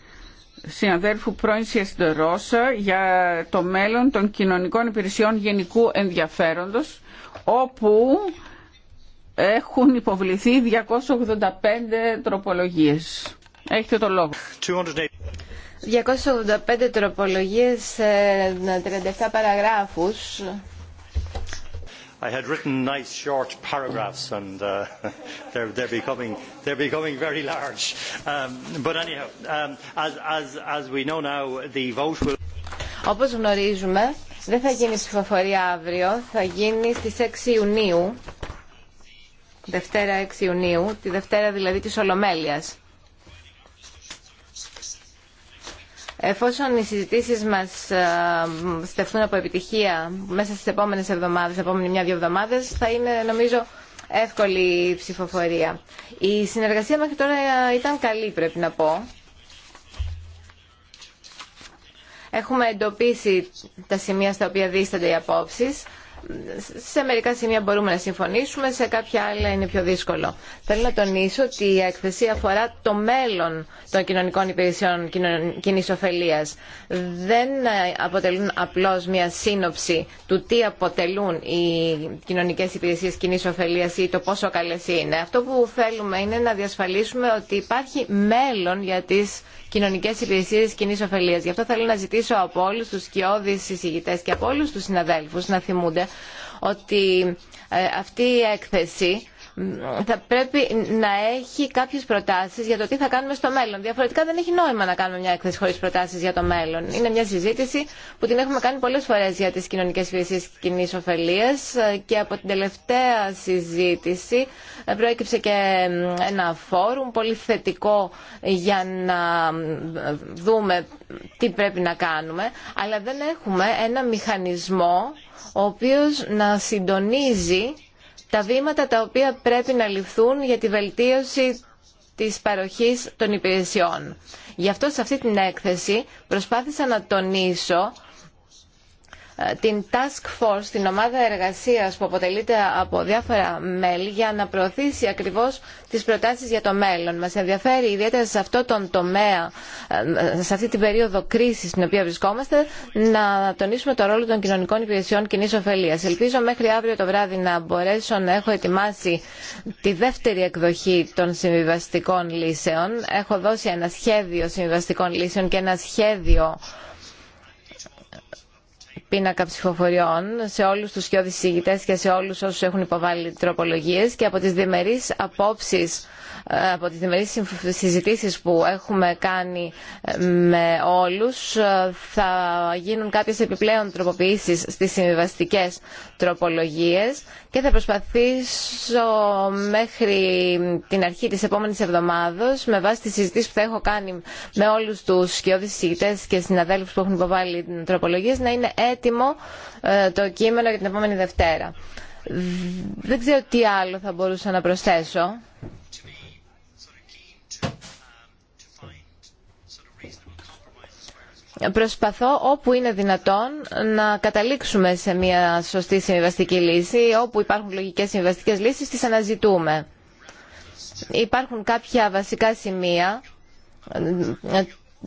συναδέλφου πρώην Σιεστερόσα για το μέλλον των κοινωνικών υπηρεσιών γενικού ενδιαφέροντος όπου έχουν υποβληθεί 285 τροπολογίες. Έχετε το λόγο. 285 τροπολογίες, 37 παραγράφους I had written nice short paragraphs and they're becoming they're becoming very large. But anyhow, as we know now, the vote will. Όπως γνωρίζουμε, δεν θα γίνει ψηφοφορία αύριο, θα γίνει στις 6 Ιουνίου, Δευτέρα 6 Ιουνίου, τη Δευτέρα δηλαδή της Ολομέλειας. Εφόσον οι συζητήσει μα ε, στεφθούν από επιτυχία μέσα στις επόμενες εβδομάδες, επόμενη μια-δύο εβδομάδε, θα είναι νομίζω εύκολη η ψηφοφορία. Η συνεργασία μέχρι τώρα ήταν καλή πρέπει να πω. Έχουμε εντοπίσει τα σημεία στα οποία δίστανται οι απόψεις σε μερικά σημεία μπορούμε να συμφωνήσουμε, σε κάποια άλλα είναι πιο δύσκολο. Θέλω να τονίσω ότι η έκθεση αφορά το μέλλον των κοινωνικών υπηρεσιών κοινή ωφελία. Δεν ε, αποτελούν απλώ μια σύνοψη του τι αποτελούν οι κοινωνικέ υπηρεσίε κοινή ωφελία ή το πόσο καλέ είναι. Αυτό που θέλουμε είναι να διασφαλίσουμε ότι υπάρχει μέλλον για τι κοινωνικέ υπηρεσίε κοινή ωφελία. Γι' αυτό θέλω να ζητήσω από όλου του σκιώδει συζητητέ και από όλου του συναδέλφου να θυμούνται ότι ε, αυτή η έκθεση θα πρέπει να έχει κάποιε προτάσει για το τι θα κάνουμε στο μέλλον. Διαφορετικά δεν έχει νόημα να κάνουμε μια έκθεση χωρί προτάσεις για το μέλλον. Είναι μια συζήτηση που την έχουμε κάνει πολλές φορές για τις κοινωνικές και κοινή ωφελία και από την τελευταία συζήτηση προέκυψε και ένα φόρουμ πολύ θετικό για να δούμε τι πρέπει να κάνουμε, αλλά δεν έχουμε ένα μηχανισμό ο οποίος να συντονίζει τα βήματα τα οποία πρέπει να ληφθούν για τη βελτίωση της παροχής των υπηρεσιών. Γι' αυτό σε αυτή την έκθεση προσπάθησα να τονίσω την Task Force, την ομάδα εργασίας που αποτελείται από διάφορα μέλη για να προωθήσει ακριβώς τις προτάσεις για το μέλλον. Μας ενδιαφέρει ιδιαίτερα σε αυτό τον τομέα, ε, σε αυτή την περίοδο κρίσης στην οποία βρισκόμαστε, να τονίσουμε το ρόλο των κοινωνικών υπηρεσιών κοινή ωφελία. Ελπίζω μέχρι αύριο το βράδυ να μπορέσω να έχω ετοιμάσει τη δεύτερη εκδοχή των συμβιβαστικών λύσεων. Έχω δώσει ένα σχέδιο συμβιβαστικών λύσεων και ένα σχέδιο πίνακα ψηφοφοριών σε όλους τους σκιώδεις συζητητές και σε όλους όσους έχουν υποβάλει τροπολογίες και από τις διμερείς απόψεις από τις διμερείς συζητήσεις που έχουμε κάνει ε, με όλους ε, θα γίνουν κάποιες επιπλέον τροποποιήσεις στις συμβιβαστικές τροπολογίες και θα προσπαθήσω μέχρι την αρχή της επόμενης εβδομάδος με βάση τις συζητήσεις που θα έχω κάνει με όλους τους σκιώδεις συζητητές και συναδέλφους που έχουν υποβάλει τροπολογίες να είναι έτοιμο ε, το κείμενο για την επόμενη Δευτέρα. Δεν ξέρω τι άλλο θα μπορούσα να προσθέσω. προσπαθώ όπου είναι δυνατόν να καταλήξουμε σε μια σωστή συμβιβαστική λύση. Όπου υπάρχουν λογικές συμβιβαστικέ λύσεις τις αναζητούμε. Υπάρχουν κάποια βασικά σημεία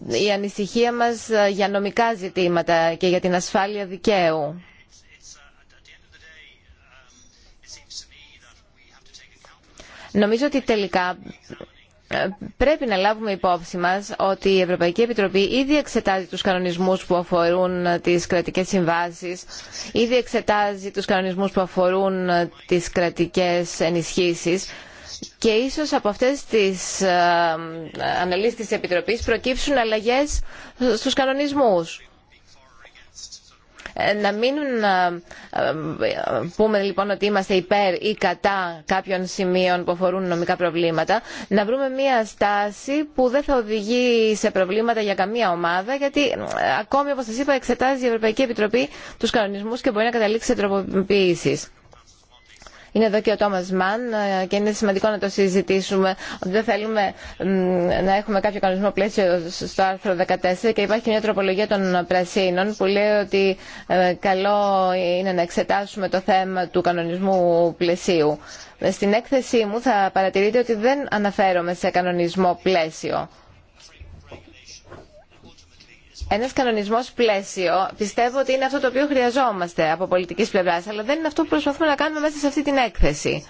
η ανησυχία μας για νομικά ζητήματα και για την ασφάλεια δικαίου. Νομίζω ότι τελικά ε, πρέπει να λάβουμε υπόψη μας ότι η Ευρωπαϊκή Επιτροπή ήδη εξετάζει τους κανονισμούς που αφορούν ε, τις κρατικές συμβάσεις, ήδη εξετάζει τους κανονισμούς που αφορούν ε, τις κρατικές ενισχύσεις και ίσως από αυτές τις αναλύσεις της Επιτροπής προκύψουν αλλαγές στους κανονισμούς. Ε, να μην ε, ε, πούμε λοιπόν ότι είμαστε υπέρ ή κατά κάποιων σημείων που αφορούν νομικά προβλήματα. Να βρούμε μια στάση που δεν θα οδηγεί σε προβλήματα για καμία ομάδα, γιατί ακόμη, όπως σας είπα, εξετάζει η Ευρωπαϊκή Επιτροπή τους κανονισμούς και μπορεί να καταλήξει σε τροποποιήσεις. Είναι εδώ και ο Τόμας Μαν ε, και είναι σημαντικό να το συζητήσουμε ότι δεν θέλουμε να έχουμε κάποιο κανονισμό πλαίσιο στο άρθρο 14 και υπάρχει μια τροπολογία των Πρασίνων που λέει ότι ε, καλό είναι να εξετάσουμε το θέμα του κανονισμού πλαισίου. Στην έκθεσή μου θα παρατηρείτε ότι δεν αναφέρομαι σε κανονισμό πλαίσιο ένας κανονισμός πλαίσιο πιστεύω ότι είναι αυτό το οποίο χρειαζόμαστε από πολιτικής πλευράς, αλλά δεν είναι αυτό που προσπαθούμε να κάνουμε μέσα σε αυτή την έκθεση.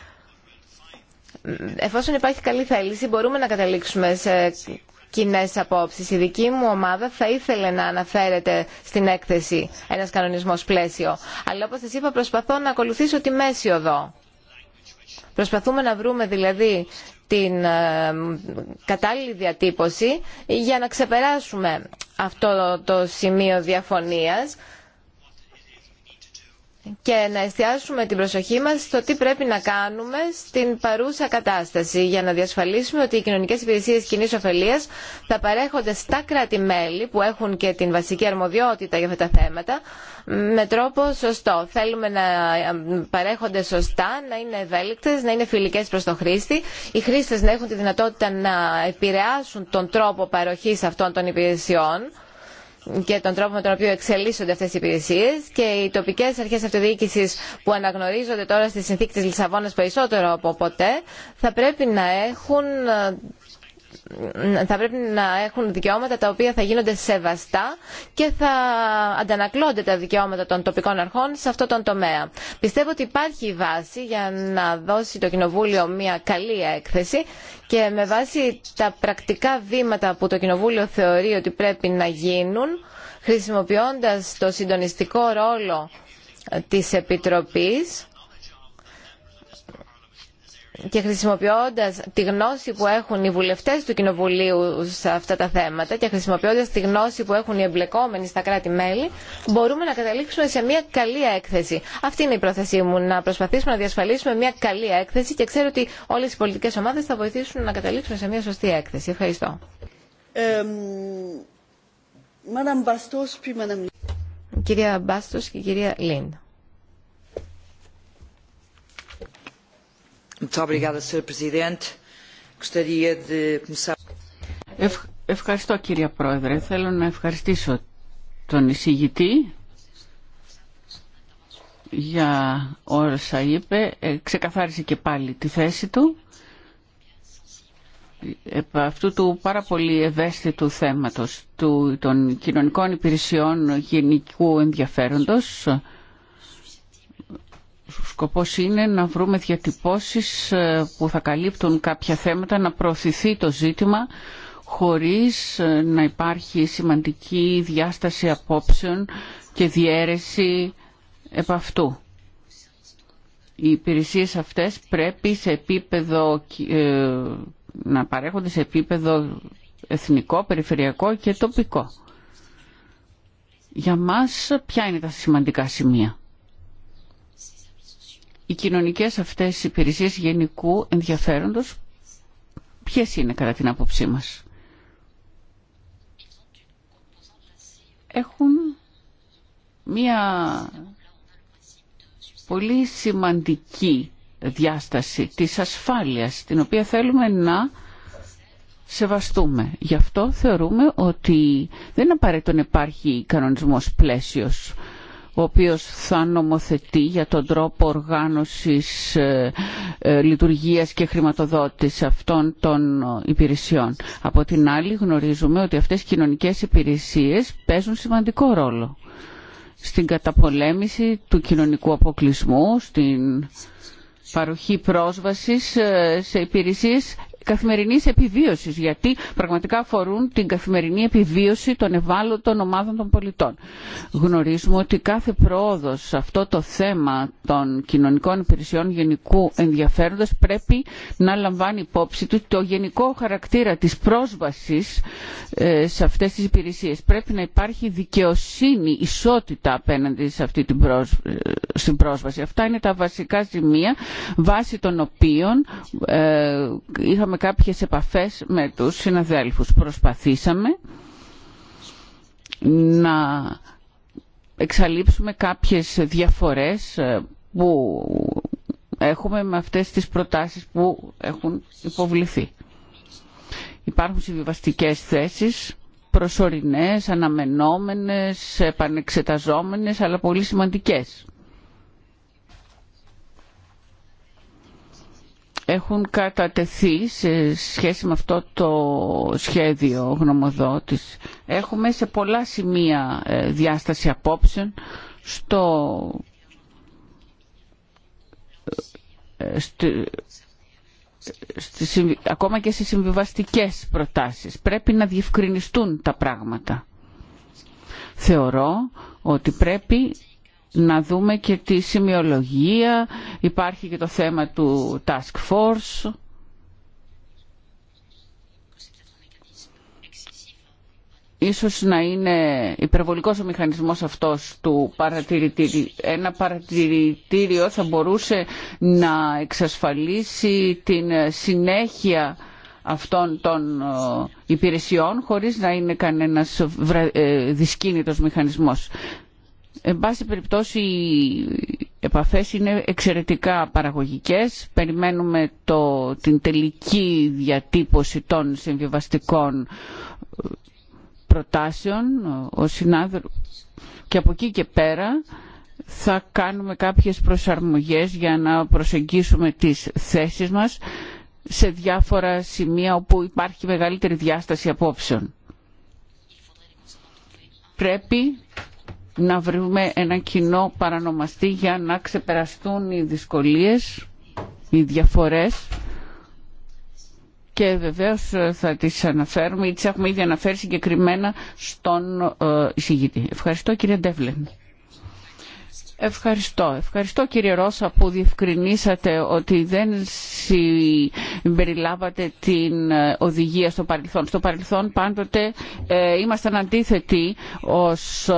Εφόσον υπάρχει καλή θέληση, μπορούμε να καταλήξουμε σε κοινέ απόψει. Η δική μου ομάδα θα ήθελε να αναφέρεται στην έκθεση ένα κανονισμό πλαίσιο. Αλλά όπω σα είπα, προσπαθώ να ακολουθήσω τη μέση οδό. Προσπαθούμε να βρούμε δηλαδή την ε, κατάλληλη διατύπωση για να ξεπεράσουμε αυτό το σημείο διαφωνίας και να εστιάσουμε την προσοχή μας στο τι πρέπει να κάνουμε στην παρούσα κατάσταση για να διασφαλίσουμε ότι οι κοινωνικές υπηρεσίες κοινή ωφελία θα παρέχονται στα κράτη-μέλη που έχουν και την βασική αρμοδιότητα για αυτά τα θέματα με τρόπο σωστό. Θέλουμε να ε, παρέχονται σωστά, να είναι ευέλικτες, να είναι φιλικές προς τον χρήστη. Οι χρήστες να έχουν τη δυνατότητα να επηρεάσουν τον τρόπο παροχής αυτών των υπηρεσιών και τον τρόπο με τον οποίο εξελίσσονται αυτές οι υπηρεσίε και οι τοπικές αρχές αυτοδιοίκησης που αναγνωρίζονται τώρα στη συνθήκη τη Λισαβόνας περισσότερο από ποτέ θα πρέπει να έχουν θα πρέπει να έχουν δικαιώματα τα οποία θα γίνονται σεβαστά και θα αντανακλώνται τα δικαιώματα των τοπικών αρχών σε αυτό τον τομέα. Πιστεύω ότι υπάρχει η βάση για να δώσει το Κοινοβούλιο μια καλή έκθεση και με βάση τα πρακτικά βήματα που το Κοινοβούλιο θεωρεί ότι πρέπει να γίνουν χρησιμοποιώντας το συντονιστικό ρόλο της Επιτροπής και χρησιμοποιώντας τη γνώση που έχουν οι βουλευτές του Κοινοβουλίου σε αυτά τα θέματα και χρησιμοποιώντας τη γνώση που έχουν οι εμπλεκόμενοι στα κράτη-μέλη μπορούμε να καταλήξουμε σε μια καλή έκθεση. Αυτή είναι η πρόθεσή μου, να προσπαθήσουμε να διασφαλίσουμε μια καλή έκθεση και ξέρω ότι όλες οι πολιτικές ομάδες θα βοηθήσουν να καταλήξουμε σε μια σωστή έκθεση. Ευχαριστώ. Κυρία Μπάστος και κυρία Λίντ. Ευχαριστώ κύριε Πρόεδρε. Θέλω να ευχαριστήσω τον εισηγητή για όσα είπε. Ε, ξεκαθάρισε και πάλι τη θέση του επ' αυτού του πάρα πολύ ευαίσθητου θέματος των κοινωνικών υπηρεσιών γενικού ενδιαφέροντος σκοπός είναι να βρούμε διατυπώσεις ε, που θα καλύπτουν κάποια θέματα, να προωθηθεί το ζήτημα χωρίς ε, να υπάρχει σημαντική διάσταση απόψεων και διαίρεση επ' αυτού. Οι υπηρεσίες αυτές πρέπει σε επίπεδο, ε, να παρέχονται σε επίπεδο εθνικό, περιφερειακό και τοπικό. Για μας ποια είναι τα σημαντικά σημεία οι κοινωνικές αυτές υπηρεσίες γενικού ενδιαφέροντος ποιες είναι κατά την άποψή μας. Έχουν μία πολύ σημαντική διάσταση της ασφάλειας την οποία θέλουμε να σεβαστούμε. Γι' αυτό θεωρούμε ότι δεν είναι απαραίτητο να υπάρχει κανονισμός πλαίσιος ο οποίος θα νομοθετεί για τον τρόπο οργάνωσης ε, ε, λειτουργίας και χρηματοδότησης αυτών των υπηρεσιών. Από την άλλη γνωρίζουμε ότι αυτές οι κοινωνικές υπηρεσίες παίζουν σημαντικό ρόλο στην καταπολέμηση του κοινωνικού αποκλεισμού, στην παροχή πρόσβασης ε, σε υπηρεσίες καθημερινής επιβίωσης, γιατί πραγματικά αφορούν την καθημερινή επιβίωση των ευάλωτων ομάδων των πολιτών. Γνωρίζουμε ότι κάθε πρόοδο σε αυτό το θέμα των κοινωνικών υπηρεσιών γενικού ενδιαφέροντος πρέπει να λαμβάνει υπόψη του το γενικό χαρακτήρα της πρόσβασης ε, σε αυτές τις υπηρεσίες. Πρέπει να υπάρχει δικαιοσύνη, ισότητα απέναντι σε αυτή την ε, στην πρόσβαση. Αυτά είναι τα βασικά σημεία βάσει των οποίων ε, είχαμε είχαμε κάποιες επαφές με τους συναδέλφους. Προσπαθήσαμε να εξαλείψουμε κάποιες διαφορές ε, που έχουμε με αυτές τις προτάσεις που έχουν υποβληθεί. Υπάρχουν συμβιβαστικές θέσεις, προσωρινές, αναμενόμενες, επανεξεταζόμενες, αλλά πολύ σημαντικές. έχουν κατατεθεί σε σχέση με αυτό το σχέδιο γνωμοδότης. Έχουμε σε πολλά σημεία ε, διάσταση απόψεων στο ε, Στη, ακόμα και σε συμβιβαστικές προτάσεις. Πρέπει να διευκρινιστούν τα πράγματα. Θεωρώ ότι πρέπει να δούμε και τη σημειολογία, υπάρχει και το θέμα του task force. Ίσως να είναι υπερβολικός ο μηχανισμός αυτός του παρατηρητήριου. Ένα παρατηρητήριο θα μπορούσε να εξασφαλίσει την συνέχεια αυτών των ε, υπηρεσιών χωρίς να είναι κανένας ε, δυσκίνητος μηχανισμός. Εν πάση περιπτώσει οι επαφές είναι εξαιρετικά παραγωγικές. Περιμένουμε το, την τελική διατύπωση των συμβιβαστικών ε, προτάσεων ο συνάδελ... και από εκεί και πέρα θα κάνουμε κάποιες προσαρμογές για να προσεγγίσουμε τις θέσεις μας σε διάφορα σημεία όπου υπάρχει μεγαλύτερη διάσταση απόψεων. Πρέπει να βρούμε ένα κοινό παρανομαστή για να ξεπεραστούν οι δυσκολίες, οι διαφορές και βεβαίως ε, θα τις αναφέρουμε ή τις έχουμε ήδη αναφέρει συγκεκριμένα στον ε, εισηγητή. Ευχαριστώ κύριε Ντεύλεν. Ευχαριστώ. Ευχαριστώ κύριε Ρώσα που διευκρινίσατε ότι δεν συμπεριλάβατε την ε, οδηγία στο παρελθόν. Στο παρελθόν πάντοτε ε, ήμασταν αντίθετοι ως ε,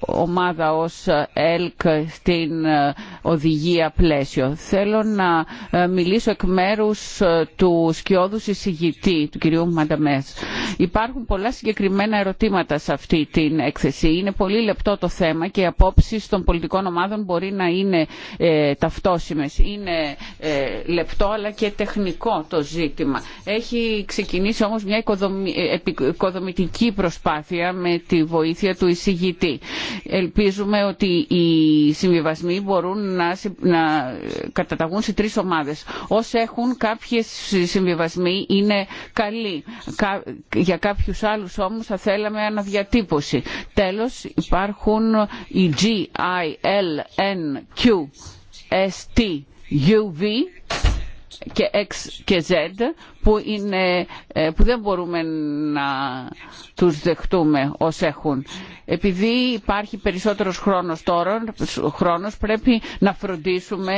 ομάδα, ως ΕΛΚ στην οδηγία πλαίσιο. Θέλω να μιλήσω εκ μέρους του σκιώδους εισηγητή, του κυρίου Μανταμές. Υπάρχουν πολλά συγκεκριμένα ερωτήματα σε αυτή την έκθεση. Είναι πολύ λεπτό το θέμα και οι απόψεις των πολιτικών ομάδων μπορεί να είναι ε, ταυτόσιμες. Είναι ε, λεπτό αλλά και τεχνικό το ζήτημα. Έχει ξεκινήσει όμως μια οικοδομητική ε, προσπάθεια με τη βοήθεια του εισηγητή. Ελπίζουμε ότι οι συμβιβασμοί μπορούν να, να καταταγούν σε τρεις ομάδες. Όσοι έχουν κάποιες συμβιβασμοί είναι καλοί. Για κάποιους άλλους όμως θα θέλαμε αναδιατύπωση. Τέλος υπάρχουν οι T U V και X και Z που, είναι, ε, που δεν μπορούμε να τους δεχτούμε ως έχουν. Επειδή υπάρχει περισσότερος χρόνος τώρα, χρόνος πρέπει να φροντίσουμε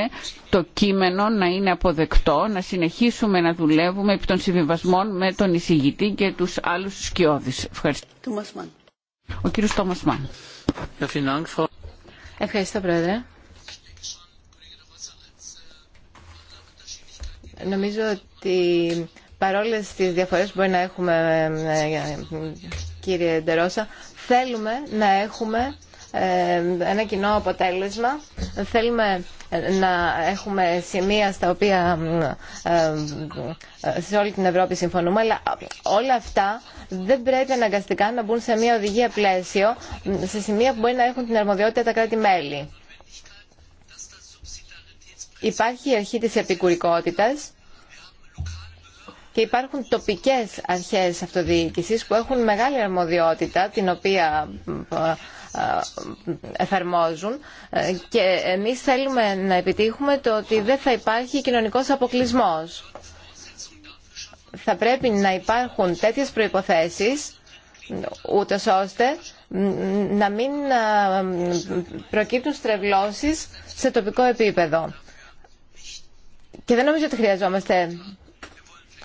το κείμενο να είναι αποδεκτό, να συνεχίσουμε να δουλεύουμε επί των συμβιβασμών με τον εισηγητή και τους άλλους σκιώδεις. Ευχαριστώ. Ο κύριος Τόμας Μάν. Ευχαριστώ, Πρόεδρε. Νομίζω ότι παρόλες τις διαφορές που μπορεί να έχουμε, ε, ε, κύριε Ντερόσα, θέλουμε να έχουμε ένα κοινό αποτέλεσμα. Θέλουμε ε, να έχουμε σημεία στα οποία σε όλη την Ευρώπη συμφωνούμε, αλλά ε, όλα αυτά δεν πρέπει αναγκαστικά να μπουν σε μια οδηγία πλαίσιο, σε σημεία που μπορεί να έχουν την αρμοδιότητα τα κράτη-μέλη. Υπάρχει η αρχή της επικουρικότητας και υπάρχουν τοπικές αρχές αυτοδιοίκησης που έχουν μεγάλη αρμοδιότητα, την οποία ε, εφαρμόζουν ε, και εμείς θέλουμε να επιτύχουμε το ότι δεν θα υπάρχει κοινωνικός αποκλεισμός. Θα πρέπει να υπάρχουν τέτοιες προϋποθέσεις ούτε ώστε να μην ε, προκύπτουν στρεβλώσεις σε τοπικό επίπεδο. Και δεν νομίζω ότι χρειαζόμαστε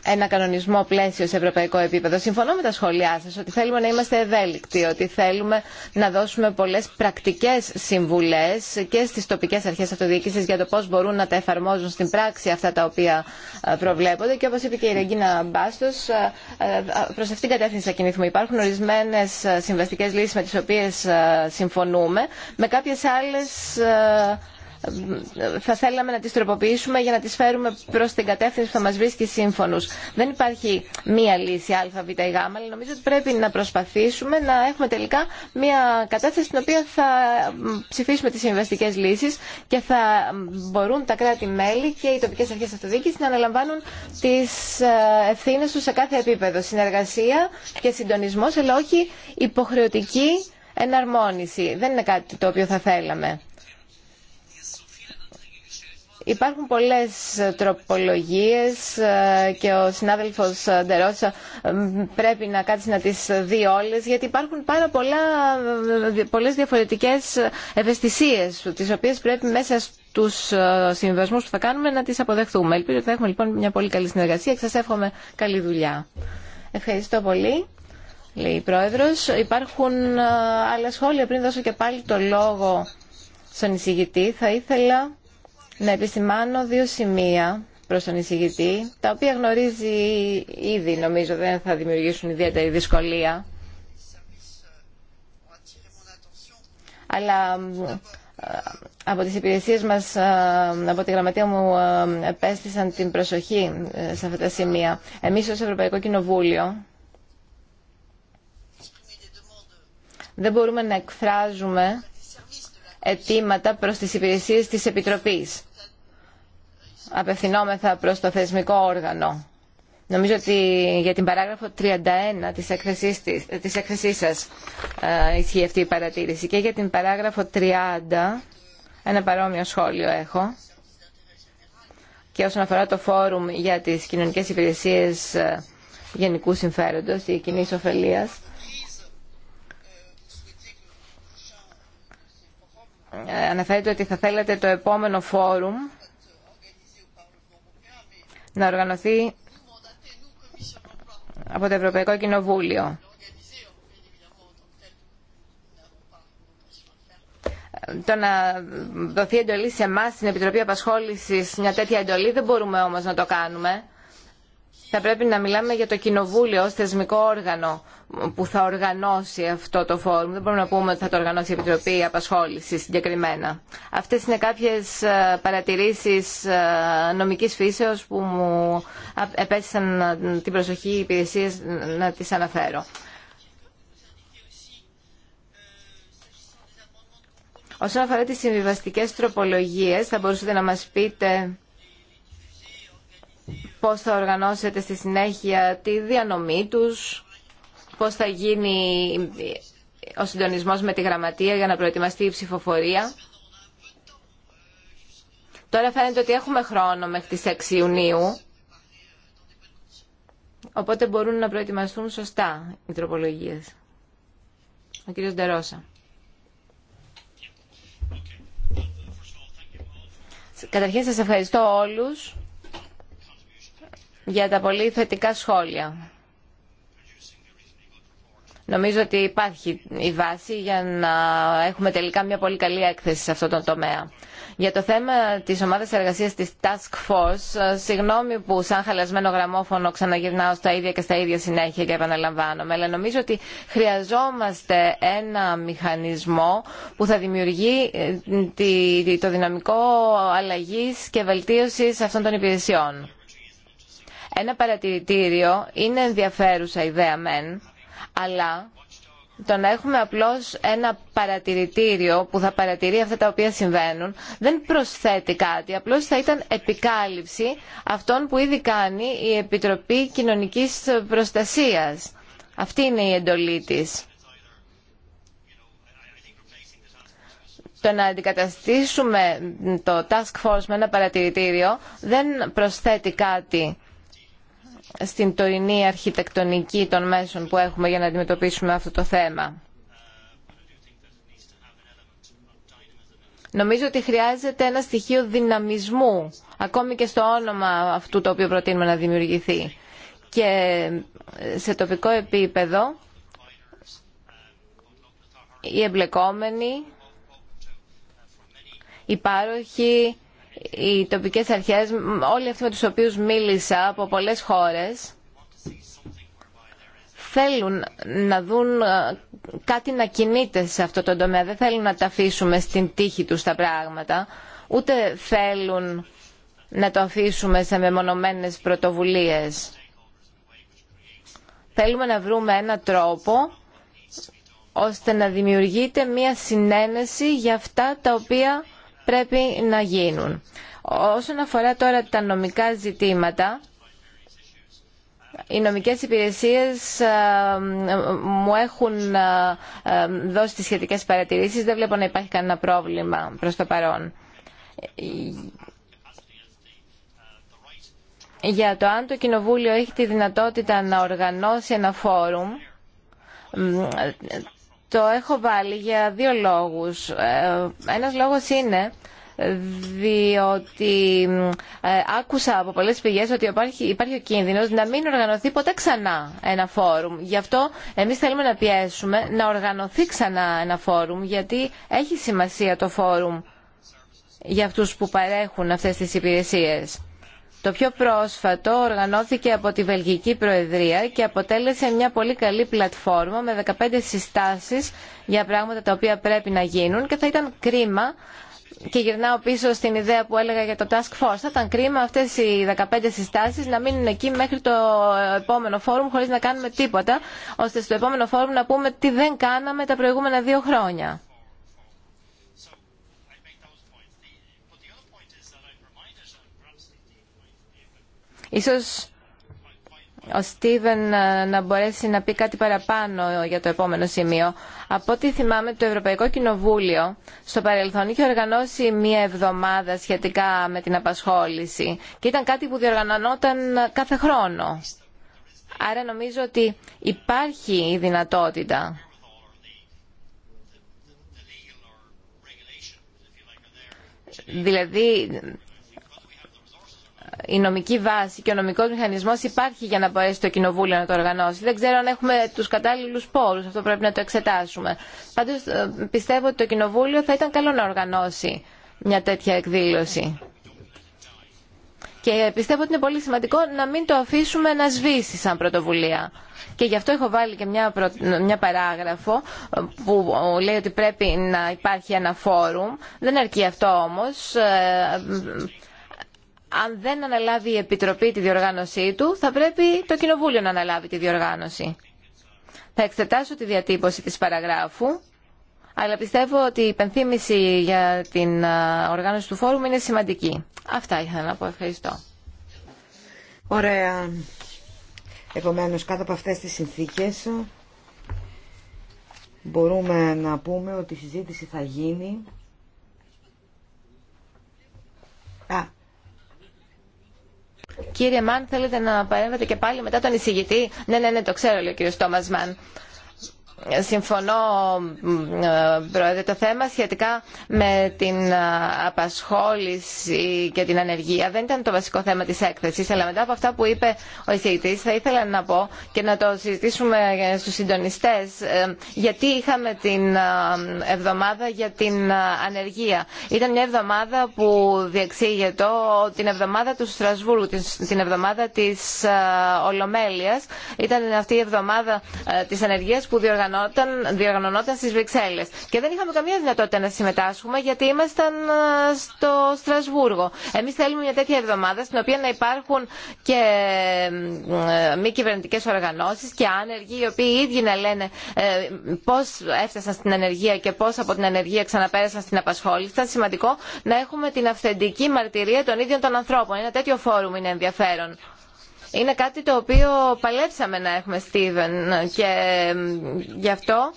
ένα κανονισμό πλαίσιο σε ευρωπαϊκό επίπεδο. Συμφωνώ με τα σχόλιά σα ότι θέλουμε να είμαστε ευέλικτοι, ότι θέλουμε να δώσουμε πολλέ πρακτικέ συμβουλέ και στι τοπικέ αρχέ αυτοδιοίκηση για το πώ μπορούν να τα εφαρμόζουν στην πράξη αυτά τα οποία ε, προβλέπονται. Και όπω είπε και η Ρεγκίνα Μπάστο, ε, ε, προ αυτήν την κατεύθυνση θα κινηθούμε. Υπάρχουν ορισμένε συμβαστικέ λύσει με τι οποίε συμφωνούμε. Με κάποιε άλλε θα θέλαμε να τις τροποποιήσουμε για να τις φέρουμε προς την κατεύθυνση που θα μας βρίσκει σύμφωνους. Δεν υπάρχει μία λύση α, β, γ, αλλά νομίζω ότι πρέπει να προσπαθήσουμε να έχουμε τελικά μία κατάσταση στην οποία θα ψηφίσουμε τις συμβαστικέ λύσεις και θα μπορούν τα κράτη-μέλη και οι τοπικές αρχές αυτοδιοίκησης να αναλαμβάνουν τις ε, ευθύνες τους σε κάθε επίπεδο. Συνεργασία και συντονισμός, αλλά όχι υποχρεωτική εναρμόνιση. Δεν είναι κάτι το οποίο θα θέλαμε. Υπάρχουν πολλές τροπολογίες ε, και ο συνάδελφος Ντερόσα ε, πρέπει να κάτσει να τις δει όλες γιατί υπάρχουν πάρα πολλά, ε, πολλές διαφορετικές ευαισθησίες τις οποίες πρέπει μέσα στους συμβιβασμούς που θα κάνουμε να τις αποδεχθούμε. Ελπίζω ότι θα έχουμε λοιπόν μια πολύ καλή συνεργασία και σας εύχομαι καλή δουλειά. Ευχαριστώ πολύ. Λέει η Πρόεδρος, υπάρχουν άλλα σχόλια πριν δώσω και πάλι το λόγο στον εισηγητή. Θα ήθελα να επισημάνω δύο σημεία προς τον εισηγητή, τα οποία γνωρίζει ήδη, νομίζω δεν θα δημιουργήσουν ιδιαίτερη δυσκολία. Αλλά ε, από τις υπηρεσίες μας, ε, από τη γραμματεία μου, ε, επέστησαν την προσοχή σε αυτά τα σημεία. Εμείς ως Ευρωπαϊκό Κοινοβούλιο δεν μπορούμε να εκφράζουμε αιτήματα προς τις υπηρεσίες της Επιτροπής. Απευθυνόμεθα προς το θεσμικό όργανο. Νομίζω ότι για την παράγραφο 31 της έκθεσής, της, της σας ε, ισχύει αυτή η παρατήρηση. Και για την παράγραφο 30 ένα παρόμοιο σχόλιο έχω. Και όσον αφορά το φόρουμ για τις κοινωνικές υπηρεσίες ε, γενικού συμφέροντος ή κοινή Ε, αναφέρετε ότι θα θέλατε το επόμενο φόρουμ να οργανωθεί από το Ευρωπαϊκό Κοινοβούλιο. Το να δοθεί εντολή σε εμά στην Επιτροπή Απασχόλησης μια τέτοια εντολή δεν μπορούμε όμως να το κάνουμε θα πρέπει να μιλάμε για το κοινοβούλιο ως θεσμικό όργανο που θα οργανώσει αυτό το φόρουμ. Δεν μπορούμε να πούμε ότι θα το οργανώσει η Επιτροπή Απασχόλησης συγκεκριμένα. Αυτές είναι κάποιες ε, παρατηρήσεις ε, νομικής φύσεως που μου επέστησαν ε, την προσοχή οι να τις αναφέρω. Όσον αφορά τις συμβιβαστικές τροπολογίες, θα μπορούσατε να μας πείτε πώς θα οργανώσετε στη συνέχεια τη διανομή τους, πώς θα γίνει ο συντονισμός με τη γραμματεία για να προετοιμαστεί η ψηφοφορία. Τώρα φαίνεται ότι έχουμε χρόνο μέχρι τις 6 Ιουνίου, οπότε μπορούν να προετοιμαστούν σωστά οι τροπολογίες. Ο κύριος Ντερόσα. Καταρχήν σας ευχαριστώ όλους για τα πολύ θετικά σχόλια. Νομίζω ότι υπάρχει η βάση για να έχουμε τελικά μια πολύ καλή έκθεση σε αυτό τον τομέα. Για το θέμα της ομάδας εργασίας της Task Force, συγγνώμη που σαν χαλασμένο γραμμόφωνο ξαναγυρνάω στα ίδια και στα ίδια συνέχεια και επαναλαμβάνομαι, αλλά νομίζω ότι χρειαζόμαστε ένα μηχανισμό που θα δημιουργεί ε, το δυναμικό αλλαγής και βελτίωσης αυτών των υπηρεσιών. Ένα παρατηρητήριο είναι ενδιαφέρουσα ιδέα μεν, αλλά το να έχουμε απλώς ένα παρατηρητήριο που θα παρατηρεί αυτά τα οποία συμβαίνουν δεν προσθέτει κάτι, απλώς θα ήταν επικάλυψη αυτών που ήδη κάνει η Επιτροπή Κοινωνικής Προστασίας. Αυτή είναι η εντολή της. το να αντικαταστήσουμε το task force με ένα παρατηρητήριο δεν προσθέτει κάτι στην τωρινή αρχιτεκτονική των μέσων που έχουμε για να αντιμετωπίσουμε αυτό το θέμα. Νομίζω ότι χρειάζεται ένα στοιχείο δυναμισμού, ακόμη και στο όνομα αυτού το οποίο προτείνουμε να δημιουργηθεί. Και ε, σε τοπικό επίπεδο, οι εμπλεκόμενοι, οι πάροχοι, οι τοπικές αρχές, όλοι αυτοί με τους οποίους μίλησα από πολλές χώρες, θέλουν να δουν ε, κάτι να κινείται σε αυτό το τομέα. Δεν θέλουν να τα αφήσουμε στην τύχη τους τα πράγματα, ούτε θέλουν να το αφήσουμε σε μεμονωμένες πρωτοβουλίες. Θέλουμε να βρούμε ένα τρόπο ώστε να δημιουργείται μία συνένεση για αυτά τα οποία πρέπει να γίνουν. Όσον αφορά τώρα τα νομικά ζητήματα, οι νομικές υπηρεσίες ε, μου έχουν ε, ε, δώσει τις σχετικές παρατηρήσεις. Δεν βλέπω να υπάρχει κανένα πρόβλημα προς το παρόν. Για το αν το Κοινοβούλιο έχει τη δυνατότητα να οργανώσει ένα φόρουμ, το έχω βάλει για δύο λόγους. Ε, ένας λόγος είναι διότι ε, άκουσα από πολλές πηγές ότι υπάρχει, ο κίνδυνος να μην οργανωθεί ποτέ ξανά ένα φόρουμ. Γι' αυτό εμείς θέλουμε να πιέσουμε να οργανωθεί ξανά ένα φόρουμ γιατί έχει σημασία το φόρουμ για αυτούς που παρέχουν αυτές τις υπηρεσίες. Το πιο πρόσφατο οργανώθηκε από τη Βελγική Προεδρία και αποτέλεσε μια πολύ καλή πλατφόρμα με 15 συστάσεις για πράγματα τα οποία πρέπει να γίνουν και θα ήταν κρίμα και γυρνάω πίσω στην ιδέα που έλεγα για το Task Force. Θα ήταν κρίμα αυτέ οι 15 συστάσει να μείνουν εκεί μέχρι το επόμενο φόρουμ χωρί να κάνουμε τίποτα, ώστε στο επόμενο φόρουμ να πούμε τι δεν κάναμε τα προηγούμενα δύο χρόνια. Ίσως ο Στίβεν ε, να μπορέσει να πει κάτι παραπάνω για το επόμενο σημείο. Από ό,τι θυμάμαι, το Ευρωπαϊκό Κοινοβούλιο στο παρελθόν είχε οργανώσει μία εβδομάδα σχετικά με την απασχόληση και ήταν κάτι που διοργανωνόταν ε, κάθε χρόνο. Άρα νομίζω ότι υπάρχει η δυνατότητα. Δηλαδή, η νομική βάση και ο νομικό μηχανισμό υπάρχει για να μπορέσει το Κοινοβούλιο να το οργανώσει. Δεν ξέρω αν έχουμε του κατάλληλου πόρου, αυτό πρέπει να το εξετάσουμε. Πάντως ε, πιστεύω ότι το Κοινοβούλιο θα ήταν καλό να οργανώσει μια τέτοια εκδήλωση. Και πιστεύω ότι είναι πολύ σημαντικό να μην το αφήσουμε να σβήσει σαν πρωτοβουλία. Και γι' αυτό έχω βάλει και μια, μια παράγραφο ε, που λέει ότι πρέπει να υπάρχει ένα φόρουμ. Δεν αρκεί αυτό όμως. Ε, αν δεν αναλάβει η Επιτροπή τη διοργάνωσή του, θα πρέπει το Κοινοβούλιο να αναλάβει τη διοργάνωση. Θα εξετάσω τη διατύπωση της παραγράφου, αλλά πιστεύω ότι η υπενθύμηση για την οργάνωση του φόρουμ είναι σημαντική. Αυτά ήθελα να πω. Ευχαριστώ. Ωραία. Επομένως, κάτω από αυτές τις συνθήκες μπορούμε να πούμε ότι η συζήτηση θα γίνει Κύριε Μαν, θέλετε να παρέμβετε και πάλι μετά τον εισηγητή. Ναι, ναι, ναι, το ξέρω, λέει ο κύριο Τόμα Μαν συμφωνώ πρόεδρε το θέμα σχετικά με την απασχόληση και την ανεργία δεν ήταν το βασικό θέμα της έκθεσης αλλά μετά από αυτά που είπε ο εισηγητής θα ήθελα να πω και να το συζητήσουμε στους συντονιστές ε, γιατί είχαμε την ε, εβδομάδα για την ανεργία ήταν μια εβδομάδα που διεξήγεται την εβδομάδα του Στρασβούργου την εβδομάδα της ε, Ολομέλειας ήταν αυτή η εβδομάδα της ανεργίας που διοργανώθηκε διοργανωνόταν στι Βρυξέλλες. Και δεν είχαμε καμία δυνατότητα να συμμετάσχουμε γιατί ήμασταν στο Στρασβούργο. Εμεί θέλουμε μια τέτοια εβδομάδα στην οποία να υπάρχουν και ε, μη κυβερνητικέ οργανώσει και άνεργοι οι οποίοι ίδιοι να λένε ε, πώ έφτασαν στην ενεργεία και πώ από την ενεργία ξαναπέρασαν στην απασχόληση. Ήταν σημαντικό να έχουμε την αυθεντική μαρτυρία των ίδιων των ανθρώπων. Ένα τέτοιο φόρουμ είναι ενδιαφέρον. Είναι κάτι το οποίο παλέψαμε να έχουμε, Στίβεν, και γι' αυτό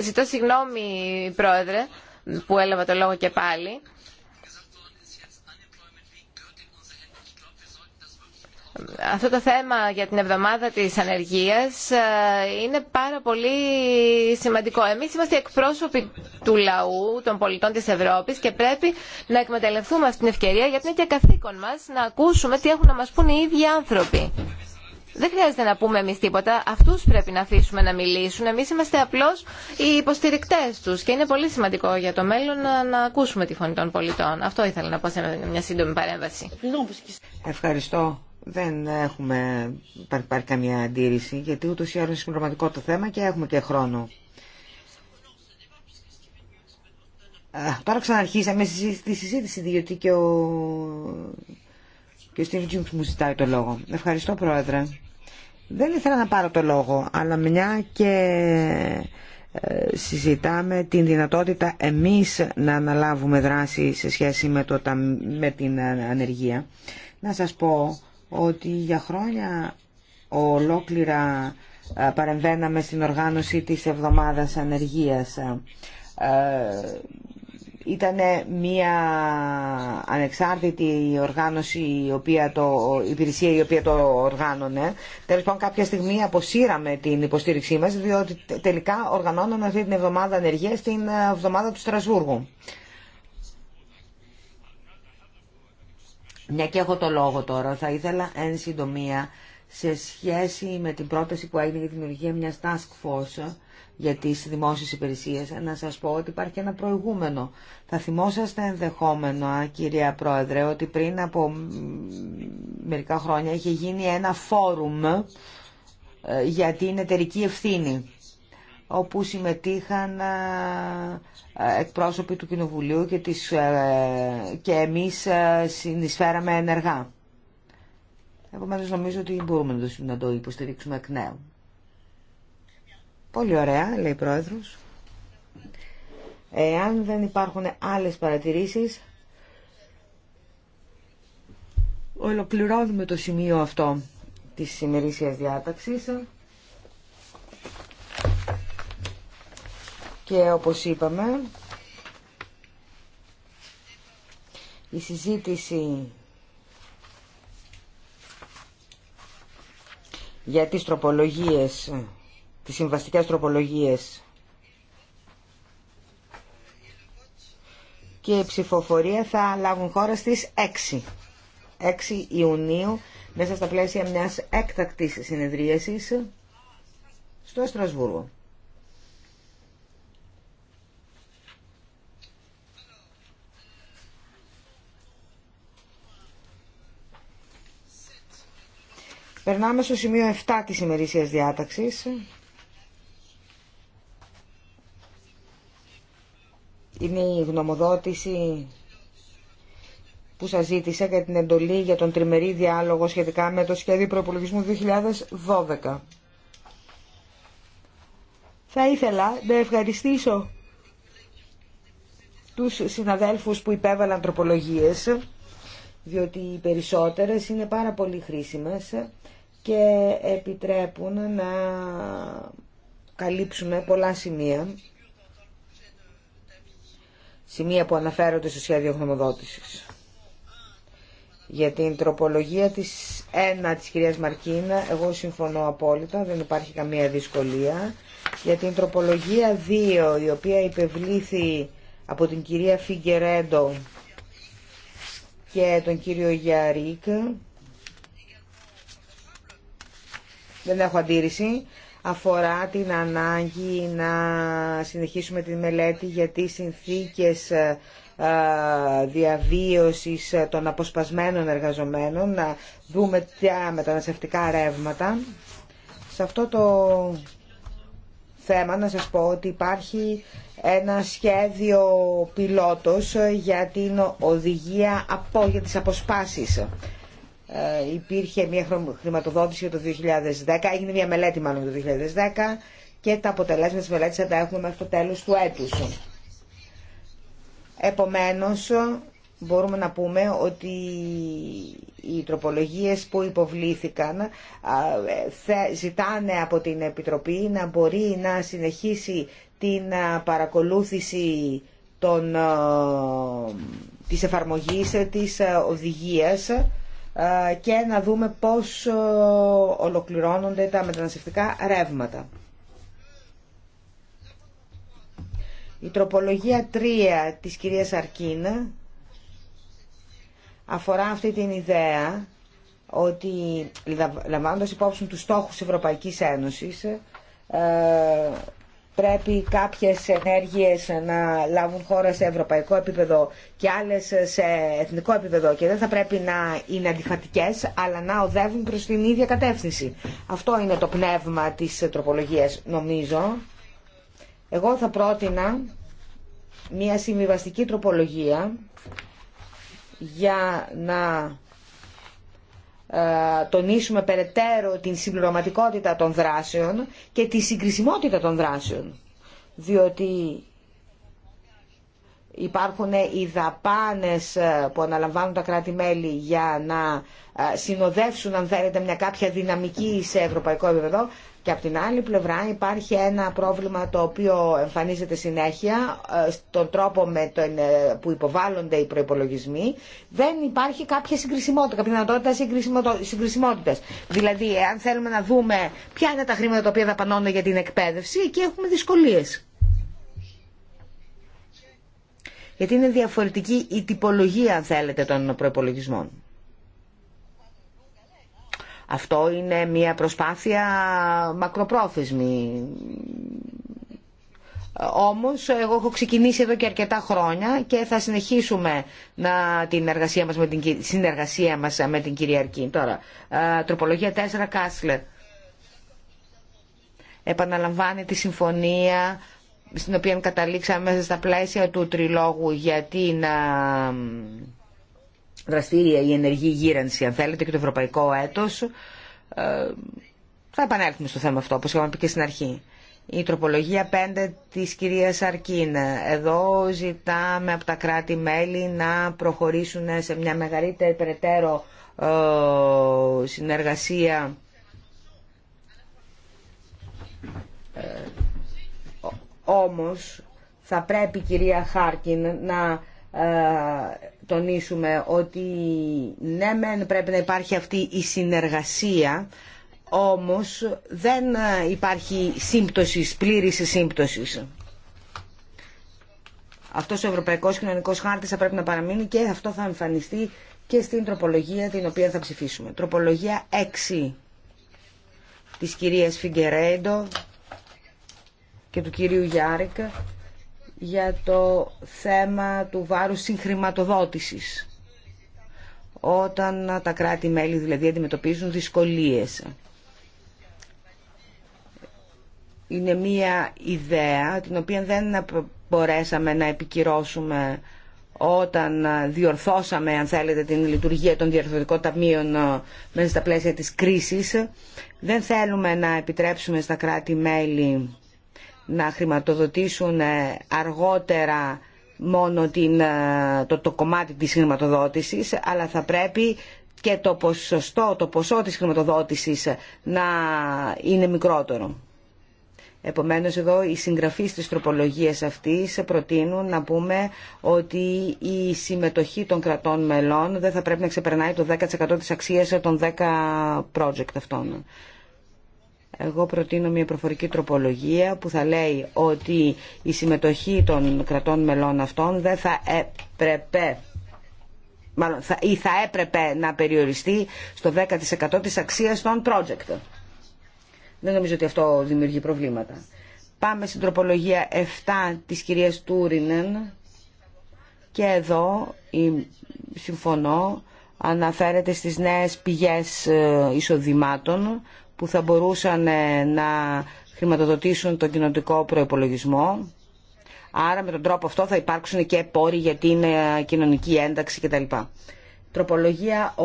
ζητώ συγγνώμη, Πρόεδρε, που έλαβα το λόγο και πάλι. αυτό το θέμα για την εβδομάδα της ανεργίας ε, είναι πάρα πολύ σημαντικό. Εμείς είμαστε εκπρόσωποι του λαού, των πολιτών της Ευρώπης και πρέπει να εκμεταλλευτούμε αυτή την ευκαιρία γιατί είναι και καθήκον μας να ακούσουμε τι έχουν να μας πούν οι ίδιοι άνθρωποι. Δεν χρειάζεται να πούμε εμεί τίποτα. Αυτού πρέπει να αφήσουμε να μιλήσουν. Εμεί είμαστε απλώ οι υποστηρικτέ του. Και είναι πολύ σημαντικό για το μέλλον να, να ακούσουμε τη φωνή των πολιτών. Αυτό ήθελα να πω σε μια σύντομη παρέμβαση. Ευχαριστώ δεν έχουμε πάρει καμία αντίρρηση, γιατί ούτως ή άλλως είναι συμπληρωματικό το θέμα και έχουμε και χρόνο. Α, τώρα ξαναρχίσαμε στη συζήτηση, διότι και ο, και ο Steve μου ζητάει το λόγο. Ευχαριστώ, Πρόεδρε. Δεν ήθελα να πάρω το λόγο, αλλά μια και ε, συζητάμε την δυνατότητα εμείς να αναλάβουμε δράση σε σχέση με, το, με την ανεργία. Να σας πω ότι για χρόνια ολόκληρα ε, παρεμβαίναμε στην οργάνωση της εβδομάδας ανεργίας. Ε, Ήταν μια ανεξάρτητη οργάνωση, η, οποία το, η υπηρεσία η οποία το οργάνωνε. Τέλος πάντων κάποια στιγμή αποσύραμε την υποστήριξή μας, διότι τελικά οργανώναμε αυτή την εβδομάδα ανεργία στην ε, εβδομάδα του Στρασβούργου. Μια και έχω το λόγο τώρα, θα ήθελα εν συντομία σε σχέση με την πρόταση που έγινε για τη δημιουργία μιας task force για τις δημόσιες υπηρεσίες, να σας πω ότι υπάρχει ένα προηγούμενο. Θα θυμόσαστε ενδεχόμενο, κυρία Πρόεδρε, ότι πριν από μερικά χρόνια είχε γίνει ένα φόρουμ ε, για την εταιρική ευθύνη όπου συμμετείχαν ε, εκπρόσωποι του Κοινοβουλίου και, τις, ε, και εμείς ε, συνεισφέραμε ενεργά. Επομένως νομίζω ότι μπορούμε να το υποστηρίξουμε εκ νέου. Πολύ ωραία, λέει η Πρόεδρος. Εάν δεν υπάρχουν άλλες παρατηρήσεις, ολοκληρώνουμε το σημείο αυτό της σημερίσιας διάταξης. Και όπως είπαμε, η συζήτηση για τις τροπολογίες, τις συμβαστικές τροπολογίες και η ψηφοφορία θα λάβουν χώρα στις 6, 6 Ιουνίου μέσα στα πλαίσια μιας έκτακτης συνεδρίασης στο Στρασβούργο. Περνάμε στο σημείο 7 της ημερήσιας διάταξης. Είναι η γνωμοδότηση που σας ζήτησα για την εντολή για τον τριμερή διάλογο σχετικά με το σχέδιο προπολογισμού 2012. Θα ήθελα να ευχαριστήσω τους συναδέλφους που υπέβαλαν τροπολογίες διότι οι περισσότερες είναι πάρα πολύ χρήσιμες και επιτρέπουν να καλύψουμε πολλά σημεία σημεία που αναφέρονται στο σχέδιο γνωμοδότησης. Για την τροπολογία της 1 της κυρίας Μαρκίνα, εγώ συμφωνώ απόλυτα, δεν υπάρχει καμία δυσκολία. Για την τροπολογία 2, η οποία υπευλήθη από την κυρία Φιγκερέντο, και τον κύριο Γιαρίκ. Δεν έχω αντίρρηση. Αφορά την ανάγκη να συνεχίσουμε τη μελέτη για τις συνθήκες ε, διαβίωσης των αποσπασμένων εργαζομένων, να δούμε τα μεταναστευτικά ρεύματα. Σε αυτό το θέμα να σας πω ότι υπάρχει ένα σχέδιο πιλότος για την οδηγία από, για τις αποσπάσεις. Ε, υπήρχε μια χρηματοδότηση για το 2010, έγινε μια μελέτη μάλλον το 2010 και τα αποτελέσματα της μελέτης θα τα έχουμε μέχρι το τέλος του έτους. Επομένως, μπορούμε να πούμε ότι οι τροπολογίες που υποβλήθηκαν ε, ζητάνε από την Επιτροπή να μπορεί να συνεχίσει την παρακολούθηση των, της εφαρμογής της οδηγίας και να δούμε πώς ολοκληρώνονται τα μεταναστευτικά ρεύματα. Η τροπολογία 3 της κυρίας Αρκίνα αφορά αυτή την ιδέα ότι λαμβάνοντα υπόψη τους στόχους Ευρωπαϊκής Ένωσης ε, πρέπει κάποιες ενέργειες να λάβουν χώρα σε ευρωπαϊκό επίπεδο και άλλες σε εθνικό επίπεδο και δεν θα πρέπει να είναι αντιφατικές αλλά να οδεύουν προς την ίδια κατεύθυνση. Αυτό είναι το πνεύμα της τροπολογίας νομίζω. Εγώ θα πρότεινα μια συμβιβαστική τροπολογία για να ε, τονίσουμε περαιτέρω την συμπληρωματικότητα των δράσεων και τη συγκρισιμότητα των δράσεων. Διότι υπάρχουν οι δαπάνες ε, που αναλαμβάνουν τα κράτη-μέλη για να ε, συνοδεύσουν αν θέλετε μια κάποια δυναμική σε ευρωπαϊκό επίπεδο και από την άλλη πλευρά υπάρχει ένα πρόβλημα το οποίο εμφανίζεται συνέχεια ε, στον τρόπο με τον ε, που υποβάλλονται οι προπολογισμοί. Δεν υπάρχει κάποια συγκρισιμότητα, κάποια δυνατότητα συγκρισιμότητα. Δηλαδή, αν θέλουμε να δούμε ποια είναι τα χρήματα τα οποία δαπανώνται για την εκπαίδευση, εκεί έχουμε δυσκολίε. Γιατί είναι διαφορετική η τυπολογία, αν θέλετε, των προπολογισμών. Αυτό είναι μια προσπάθεια μακροπρόθεσμη. Όμως εγώ έχω ξεκινήσει εδώ και αρκετά χρόνια και θα συνεχίσουμε να, την εργασία μας με την, συνεργασία μας με την κυριαρχή. Τώρα, ε, τροπολογία 4 Κάσλερ. Επαναλαμβάνει τη συμφωνία στην οποία καταλήξαμε μέσα στα πλαίσια του τριλόγου για την ε, δραστήρια η ενεργή γύρανση αν θέλετε και το ευρωπαϊκό έτος ε, θα επανέλθουμε στο θέμα αυτό όπω είχαμε πει και στην αρχή. Η τροπολογία 5 της κυρίας Αρκίν. Εδώ ζητάμε από τα κράτη-μέλη να προχωρήσουν σε μια μεγαλύτερη περαιτέρω ε, συνεργασία ε, όμως θα πρέπει κυρία Χάρκιν να τονίσουμε ότι ναι μεν πρέπει να υπάρχει αυτή η συνεργασία όμως δεν υπάρχει σύμπτωση, πλήρης σύμπτωση. Αυτός ο Ευρωπαϊκός Κοινωνικός Χάρτης θα πρέπει να παραμείνει και αυτό θα εμφανιστεί και στην τροπολογία την οποία θα ψηφίσουμε. Τροπολογία 6 της κυρίας Φιγκερέντο και του κυρίου Γιάρικ για το θέμα του βάρου συγχρηματοδότησης όταν τα κράτη-μέλη δηλαδή αντιμετωπίζουν δυσκολίες. Είναι μία ιδέα την οποία δεν μπορέσαμε να επικυρώσουμε όταν διορθώσαμε, αν θέλετε, την λειτουργία των διορθωτικών ταμείων ε, μέσα στα πλαίσια της κρίσης. Δεν θέλουμε να επιτρέψουμε στα κράτη-μέλη να χρηματοδοτήσουν ε, αργότερα μόνο την, ε, το, το κομμάτι της χρηματοδότησης, αλλά θα πρέπει και το ποσοστό, το ποσό της χρηματοδότησης να είναι μικρότερο. Επομένως εδώ οι συγγραφείς της τροπολογίας αυτής προτείνουν να πούμε ότι η συμμετοχή των κρατών μελών δεν θα πρέπει να ξεπερνάει το 10% της αξίας των 10 project αυτών. Εγώ προτείνω μια προφορική τροπολογία που θα λέει ότι η συμμετοχή των κρατών μελών αυτών δεν θα έπρεπε μάλλον θα, ή θα έπρεπε να περιοριστεί στο 10% της αξίας των project. Δεν νομίζω ότι αυτό δημιουργεί προβλήματα. Πάμε στην τροπολογία 7 της κυρίας Τούρινεν και εδώ συμφωνώ αναφέρεται στις νέες πηγές ε, εισοδημάτων που θα μπορούσαν ε, να χρηματοδοτήσουν τον κοινωνικό προϋπολογισμό. Άρα με τον τρόπο αυτό θα υπάρξουν και πόροι για την κοινωνική ένταξη κτλ. Τροπολογία 8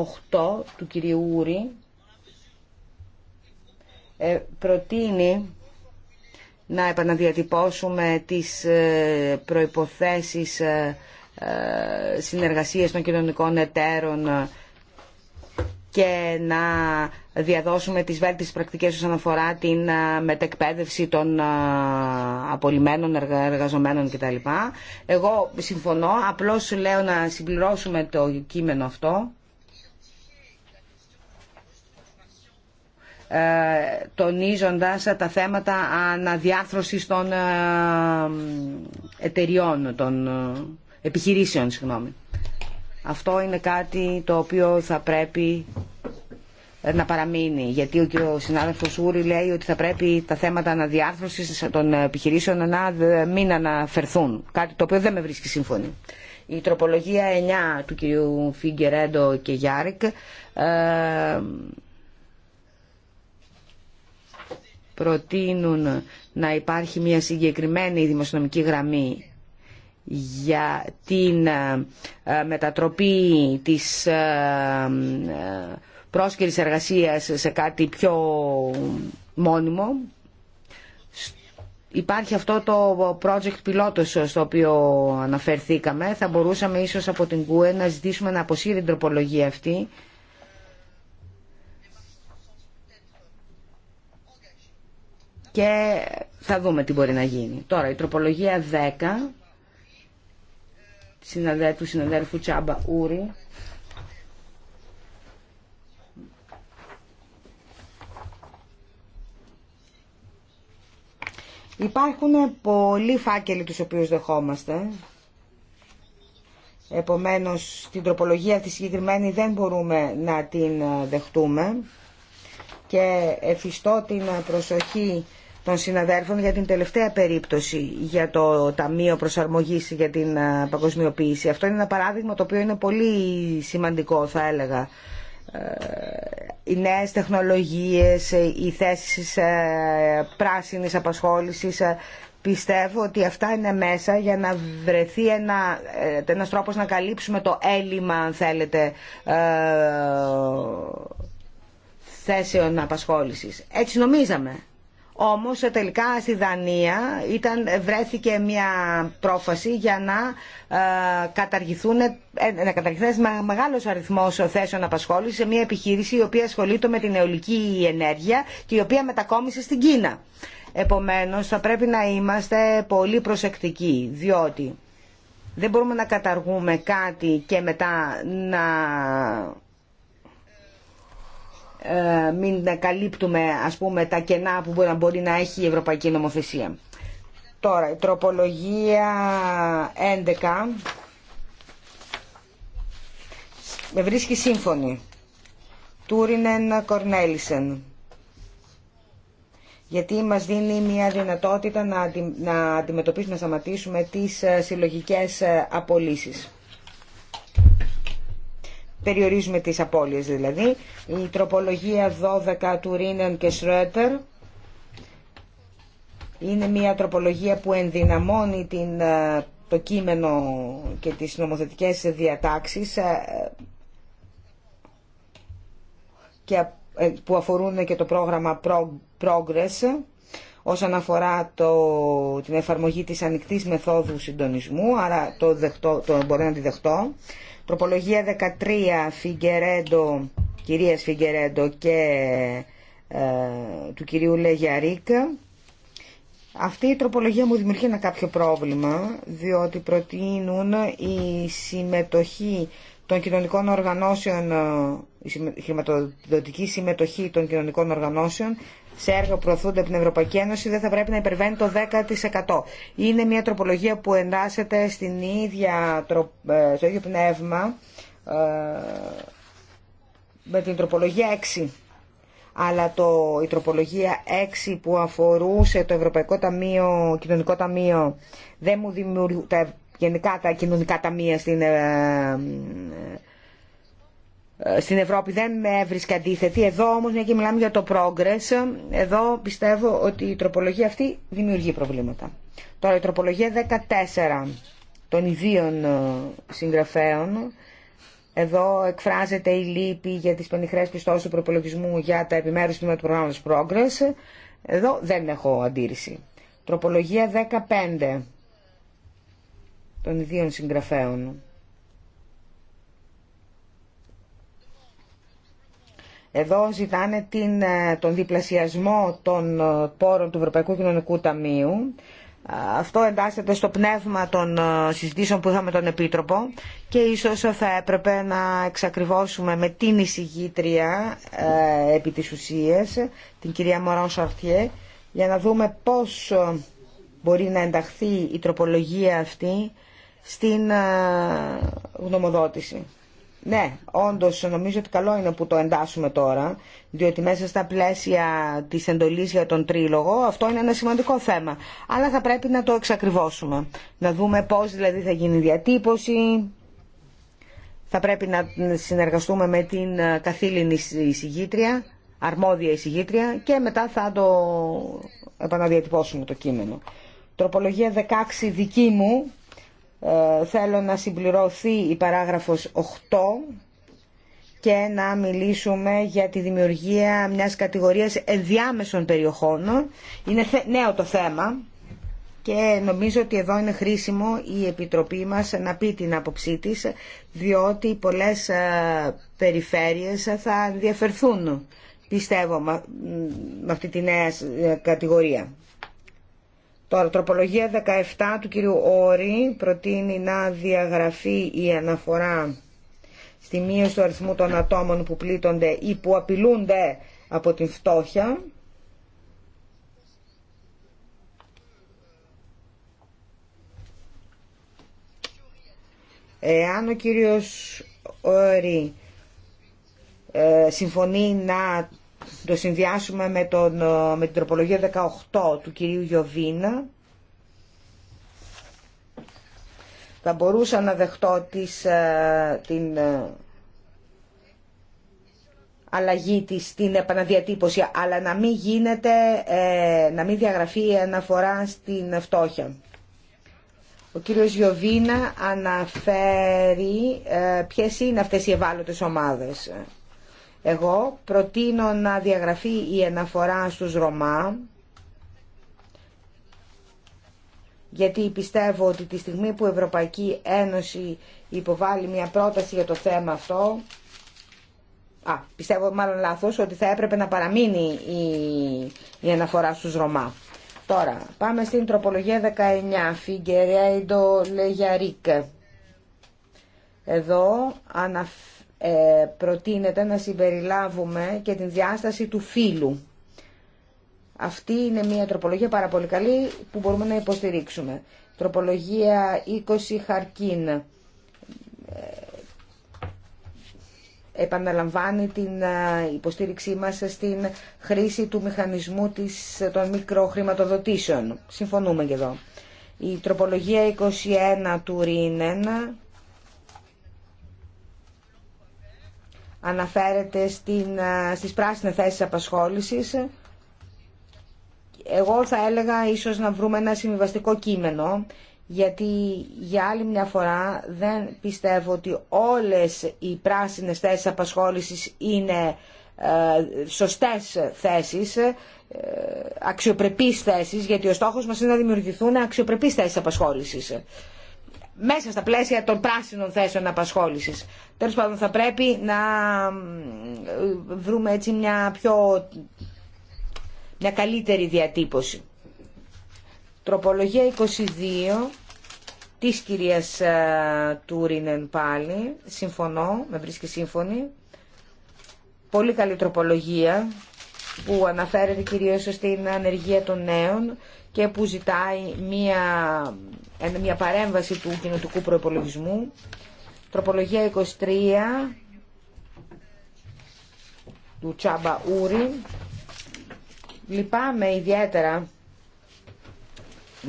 του κυρίου Ούρη ε, προτείνει να επαναδιατυπώσουμε τις ε, προϋποθέσεις συνεργασίας των κοινωνικών εταίρων και να διαδώσουμε τις βέλτιστες πρακτικές όσον αφορά την μετεκπαίδευση των απολυμένων εργαζομένων κτλ. Εγώ συμφωνώ, απλώς σου λέω να συμπληρώσουμε το κείμενο αυτό. Ε, τονίζοντας τα θέματα αναδιάρθρωσης των εταιριών, των επιχειρήσεων. Συγγνώμη. Αυτό είναι κάτι το οποίο θα πρέπει να παραμείνει. Γιατί ο, κύριο Συνάδελφο Ούρη λέει ότι θα πρέπει τα θέματα αναδιάρθρωσης των επιχειρήσεων να μην αναφερθούν. Κάτι το οποίο δεν με βρίσκει σύμφωνη. Η τροπολογία 9 του κυρίου Φιγκερέντο και Γιάρικ ε, προτείνουν να υπάρχει μια συγκεκριμένη δημοσιονομική γραμμή για την ε, μετατροπή της ε, πρόσκαιρης εργασίας σε κάτι πιο μόνιμο. Υπάρχει αυτό το project pilotos στο οποίο αναφερθήκαμε. Θα μπορούσαμε ίσως από την ΚΟΕ να ζητήσουμε να αποσύρει την τροπολογία αυτή. Και θα δούμε τι μπορεί να γίνει. Τώρα, η τροπολογία 10 του συναδέλφου Τσάμπα Ούρη Υπάρχουν πολλοί φάκελοι τους οποίους δεχόμαστε. Επομένως, την τροπολογία αυτή συγκεκριμένη δεν μπορούμε να την ε, δεχτούμε. Και εφιστώ την προσοχή των συναδέρφων για την τελευταία περίπτωση για το Ταμείο Προσαρμογής για την ε, Παγκοσμιοποίηση. Αυτό είναι ένα παράδειγμα το οποίο είναι πολύ σημαντικό θα έλεγα ε, οι νέες τεχνολογίες, ε, οι θέσεις ε, πράσινης απασχόλησης. Πιστεύω ότι αυτά είναι μέσα για να βρεθεί ένα, ένας τρόπος να καλύψουμε το έλλειμμα, αν θέλετε, θέσεων απασχόλησης. Έτσι νομίζαμε. Όμως τελικά στη Δανία ήταν, βρέθηκε μια πρόφαση για να ε, καταργηθούν, ε, μεγάλος αριθμός θέσεων απασχόλησης σε μια επιχείρηση η οποία ασχολείται με την αιωλική ενέργεια και η οποία μετακόμισε στην Κίνα. Επομένως θα πρέπει να είμαστε πολύ προσεκτικοί διότι δεν μπορούμε να καταργούμε κάτι και μετά να ε, μην καλύπτουμε ας πούμε τα κενά που μπορεί να, μπορεί να έχει η Ευρωπαϊκή Νομοθεσία. Τώρα, η τροπολογία 11 με βρίσκει σύμφωνη. Τούρινεν Κορνέλισεν. Γιατί μας δίνει μια δυνατότητα να, να αντιμετωπίσουμε, να σταματήσουμε τις ε, συλλογικές ε, απολύσεις περιορίζουμε τις απώλειες δηλαδή. Η τροπολογία 12 του Ρίνεν και Σρέτερ είναι μια τροπολογία που ενδυναμώνει την, ε, το κείμενο και τις νομοθετικές διατάξεις ε, και ε, που αφορούν και το πρόγραμμα Progress όσον αφορά το, την εφαρμογή της ανοιχτής μεθόδου συντονισμού, άρα το, δεχτώ, το μπορώ να τη δεχτώ. Τροπολογία 13 Φιγκερέντο, κυρίας Φιγκερέντο και ε, του κυρίου Λεγιαρίκ. Αυτή η τροπολογία μου δημιουργεί ένα κάποιο πρόβλημα, διότι προτείνουν η συμμετοχή των κοινωνικών οργανώσεων, ε, η χρηματοδοτική συμμετοχή των κοινωνικών οργανώσεων σε έργα που προωθούνται από την Ευρωπαϊκή Ένωση δεν θα πρέπει να υπερβαίνει το 10%. Είναι μια τροπολογία που εντάσσεται στην ίδια, ε, στο ίδιο πνεύμα ε, με την τροπολογία 6 αλλά το, η τροπολογία 6 που αφορούσε το Ευρωπαϊκό Ταμείο, Κοινωνικό Ταμείο δεν μου δημιουργού, τα, γενικά τα κοινωνικά ταμεία στην, ε, στην Ευρώπη δεν με έβρισκε αντίθετη. Εδώ όμως, μια και μιλάμε για το progress, εδώ πιστεύω ότι η τροπολογία αυτή δημιουργεί προβλήματα. Τώρα η τροπολογία 14 των ιδίων ε, συγγραφέων, εδώ εκφράζεται η λύπη για τις πενιχρές πιστώσεις του προπολογισμού για τα επιμέρους τμήματα του προγράμματος Progress. Εδώ δεν έχω αντίρρηση. Τροπολογία 15 των ιδίων συγγραφέων. Εδώ ζητάνε την, ε, τον διπλασιασμό των ε, πόρων του Ευρωπαϊκού Κοινωνικού Ταμείου. Ε, αυτό εντάσσεται στο πνεύμα των συζητήσεων που είχαμε τον Επίτροπο και ίσως θα έπρεπε να εξακριβώσουμε με την εισηγήτρια επί της ουσίας, την κυρία Μωράν Σαρτιέ, για να δούμε πώς μπορεί να ενταχθεί η τροπολογία αυτή στην γνωμοδότηση. Ναι, όντως νομίζω ότι καλό είναι που το εντάσσουμε τώρα, διότι μέσα στα πλαίσια της εντολής για τον τρίλογο αυτό είναι ένα σημαντικό θέμα. Αλλά θα πρέπει να το εξακριβώσουμε, να δούμε πώς δηλαδή θα γίνει η διατύπωση, θα πρέπει να συνεργαστούμε με την ε, καθήλυνη εισηγήτρια, αρμόδια εισηγήτρια και μετά θα το επαναδιατυπώσουμε το κείμενο. Τροπολογία 16 δική μου, ε, θέλω να συμπληρωθεί η παράγραφος 8 και να μιλήσουμε για τη δημιουργία μιας κατηγορίας ενδιάμεσων περιοχών. Είναι νέο το θέμα και νομίζω ότι εδώ είναι χρήσιμο η Επιτροπή μας να πει την άποψή της, διότι πολλές ε, περιφέρειες θα ενδιαφερθούν, πιστεύω, με αυτή τη νέα ε, κατηγορία. Τώρα, τροπολογία 17 του κυρίου Όρη προτείνει να διαγραφεί η αναφορά στη μείωση του αριθμού των ατόμων που πλήττονται ή που απειλούνται από την φτώχεια. Εάν ο κύριος Όρη ε, συμφωνεί να το συνδυάσουμε με, τον, ε, με την τροπολογία 18 του κυρίου Γιοβίνα. Θα μπορούσα να δεχτώ τις, ε, την ε, αλλαγή της στην επαναδιατύπωση, αλλά να μην γίνεται, να μην διαγραφεί η αναφορά στην φτώχεια. Ο κύριος Γιοβίνα αναφέρει ποιες είναι αυτές οι ευάλωτες ομάδες. Εγώ προτείνω να διαγραφεί η αναφορά στους Ρωμά, γιατί πιστεύω ότι τη στιγμή που η Ευρωπαϊκή Ένωση υποβάλλει μια πρόταση για το θέμα αυτό, α, πιστεύω μάλλον λάθος, ότι θα έπρεπε να παραμείνει η, η αναφορά στους Ρωμά. Τώρα, πάμε στην τροπολογία 19, Φιγκερέιντο Λεγιαρίκ. Εδώ αναφέρεται ε, προτείνεται να συμπεριλάβουμε και την διάσταση του φύλου. Αυτή είναι μια τροπολογία πάρα πολύ καλή που μπορούμε να υποστηρίξουμε. Τροπολογία 20 Χαρκίν ε, επαναλαμβάνει την ε, υποστήριξή μας στην χρήση του μηχανισμού της, των μικροχρηματοδοτήσεων. Συμφωνούμε και εδώ. Η τροπολογία 21 του Ρίνεν αναφέρεται στην, στις πράσινες θέσεις απασχόλησης. Εγώ θα έλεγα ίσως να βρούμε ένα συμβιβαστικό κείμενο, γιατί για άλλη μια φορά δεν πιστεύω ότι όλες οι πράσινες θέσεις απασχόλησης είναι ε, σωστές θέσεις, ε, αξιοπρεπείς θέσεις, γιατί ο στόχος μας είναι να δημιουργηθούν αξιοπρεπείς θέσεις απασχόλησης μέσα στα πλαίσια των πράσινων θέσεων απασχόληση. Τέλο πάντων θα πρέπει να βρούμε έτσι μια πιο μια καλύτερη διατύπωση. Τροπολογία 22 της κυρίας ε, Τούρινεν πάλι, συμφωνώ, με βρίσκει σύμφωνη. Πολύ καλή τροπολογία που αναφέρεται κυρίως στην ανεργία των νέων και που ζητάει μια μια παρέμβαση του κοινοτικού προϋπολογισμού. Τροπολογία 23 του Τσάμπα Ούρη. Λυπάμαι ιδιαίτερα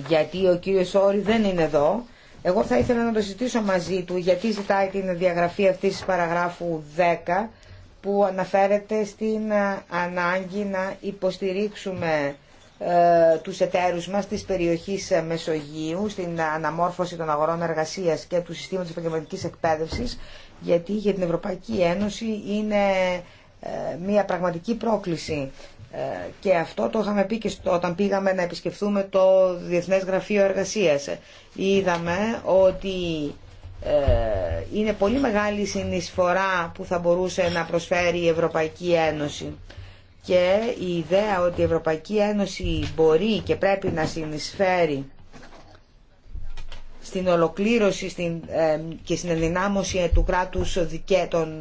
γιατί ο κύριος Όρη δεν είναι εδώ. Εγώ θα ήθελα να το συζητήσω μαζί του γιατί ζητάει την διαγραφή αυτής της παραγράφου 10 που αναφέρεται στην ε, ανάγκη να υποστηρίξουμε ε, τους εταίρους μας της περιοχής Μεσογείου στην αναμόρφωση των αγορών εργασίας και του συστήματος επαγγελματικής εκπαίδευσης γιατί για την Ευρωπαϊκή Ένωση είναι ε, μια πραγματική πρόκληση ε, και αυτό το είχαμε πει και όταν πήγαμε να επισκεφθούμε το Διεθνές Γραφείο Εργασίας. Είδαμε ότι είναι πολύ μεγάλη συνεισφορά που θα μπορούσε να προσφέρει η Ευρωπαϊκή Ένωση και η ιδέα ότι η Ευρωπαϊκή Ένωση μπορεί και πρέπει να συνεισφέρει στην ολοκλήρωση στην, και στην ενδυνάμωση του κράτους,